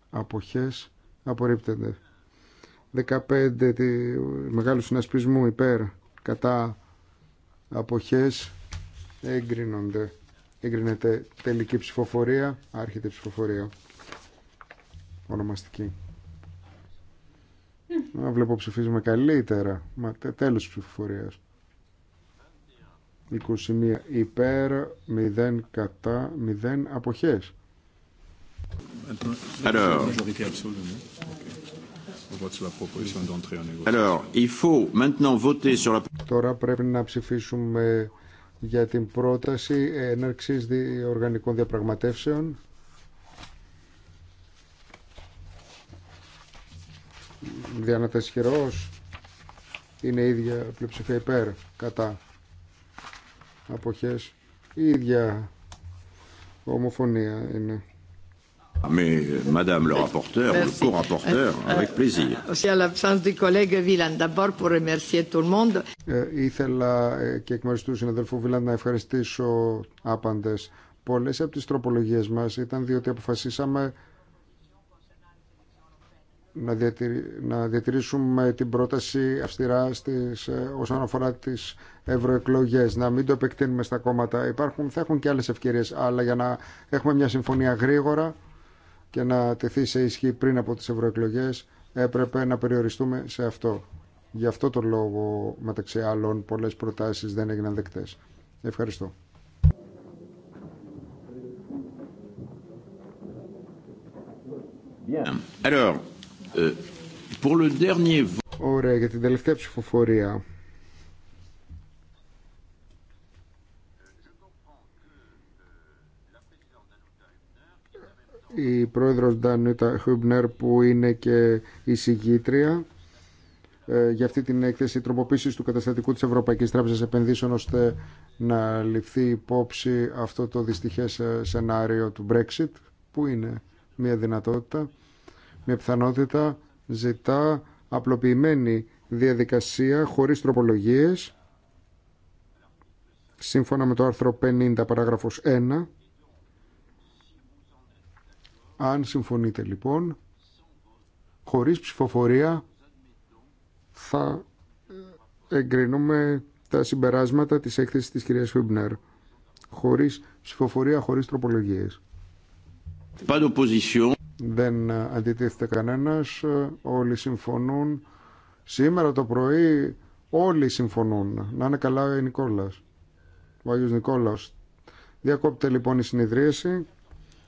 αποχές απορρίπτεται 15 τη, μεγάλου συνασπισμού υπέρ κατά αποχές εγκρίνονται εγκρίνεται τελική ψηφοφορία άρχεται ψηφοφορία ονομαστική Να βλέπω ψηφίζουμε καλύτερα μα τέλος ψηφοφορίας 21 υπέρ, 0 κατά, 0 αποχές. Alors, il faut maintenant voter sur la... Τώρα πρέπει να ψηφίσουμε για την πρόταση έναρξης οργανικών διαπραγματεύσεων. Διανατασχερός είναι η ίδια πλειοψηφία υπέρ, κατά αποχές η ίδια ομοφωνία είναι. Ah, mais euh, Madame le rapporteur, Merci. le co-rapporteur, ε, ήθελα ε, και εκ μέρους του να ευχαριστήσω άπαντες. Πολλές από τις τροπολογίες μας ήταν διότι αποφασίσαμε να, να διατηρήσουμε την πρόταση αυστηρά στις, ε, όσον αφορά τις ευρωεκλογέ, να μην το επεκτείνουμε στα κόμματα. Υπάρχουν, θα έχουν και άλλες ευκαιρίες, αλλά για να έχουμε μια συμφωνία γρήγορα και να τεθεί σε ισχύ πριν από τις ευρωεκλογέ, έπρεπε να περιοριστούμε σε αυτό. Γι' αυτό το λόγο, μεταξύ άλλων, πολλές προτάσεις δεν έγιναν δεκτές. Ευχαριστώ. Bien. Alors, Euh, Ωραία, για την τελευταία ψηφοφορία. η πρόεδρος Ντανούτα Χούμπνερ που είναι και η συγγήτρια ε, για αυτή την έκθεση τροποποίησης του καταστατικού της Ευρωπαϊκής Τράπεζας Επενδύσεων ώστε να ληφθεί υπόψη αυτό το δυστυχές ε, σενάριο του Brexit που είναι μια δυνατότητα με πιθανότητα ζητά απλοποιημένη διαδικασία χωρίς τροπολογίες σύμφωνα με το άρθρο 50 παράγραφος 1 αν συμφωνείτε λοιπόν χωρίς ψηφοφορία θα εγκρίνουμε τα συμπεράσματα της έκθεσης της κυρίας Φιμπνερ χωρίς ψηφοφορία, χωρίς τροπολογίες. Pas δεν αντιτίθεται κανένας, όλοι συμφωνούν. Σήμερα το πρωί όλοι συμφωνούν. Να είναι καλά ο Νικόλας, ο Άγιος Νικόλαος. Διακόπτε λοιπόν η συνεδρίαση.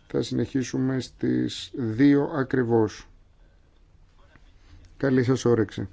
Θα συνεχίσουμε στις 2 ακριβώς. Καλή σας όρεξη.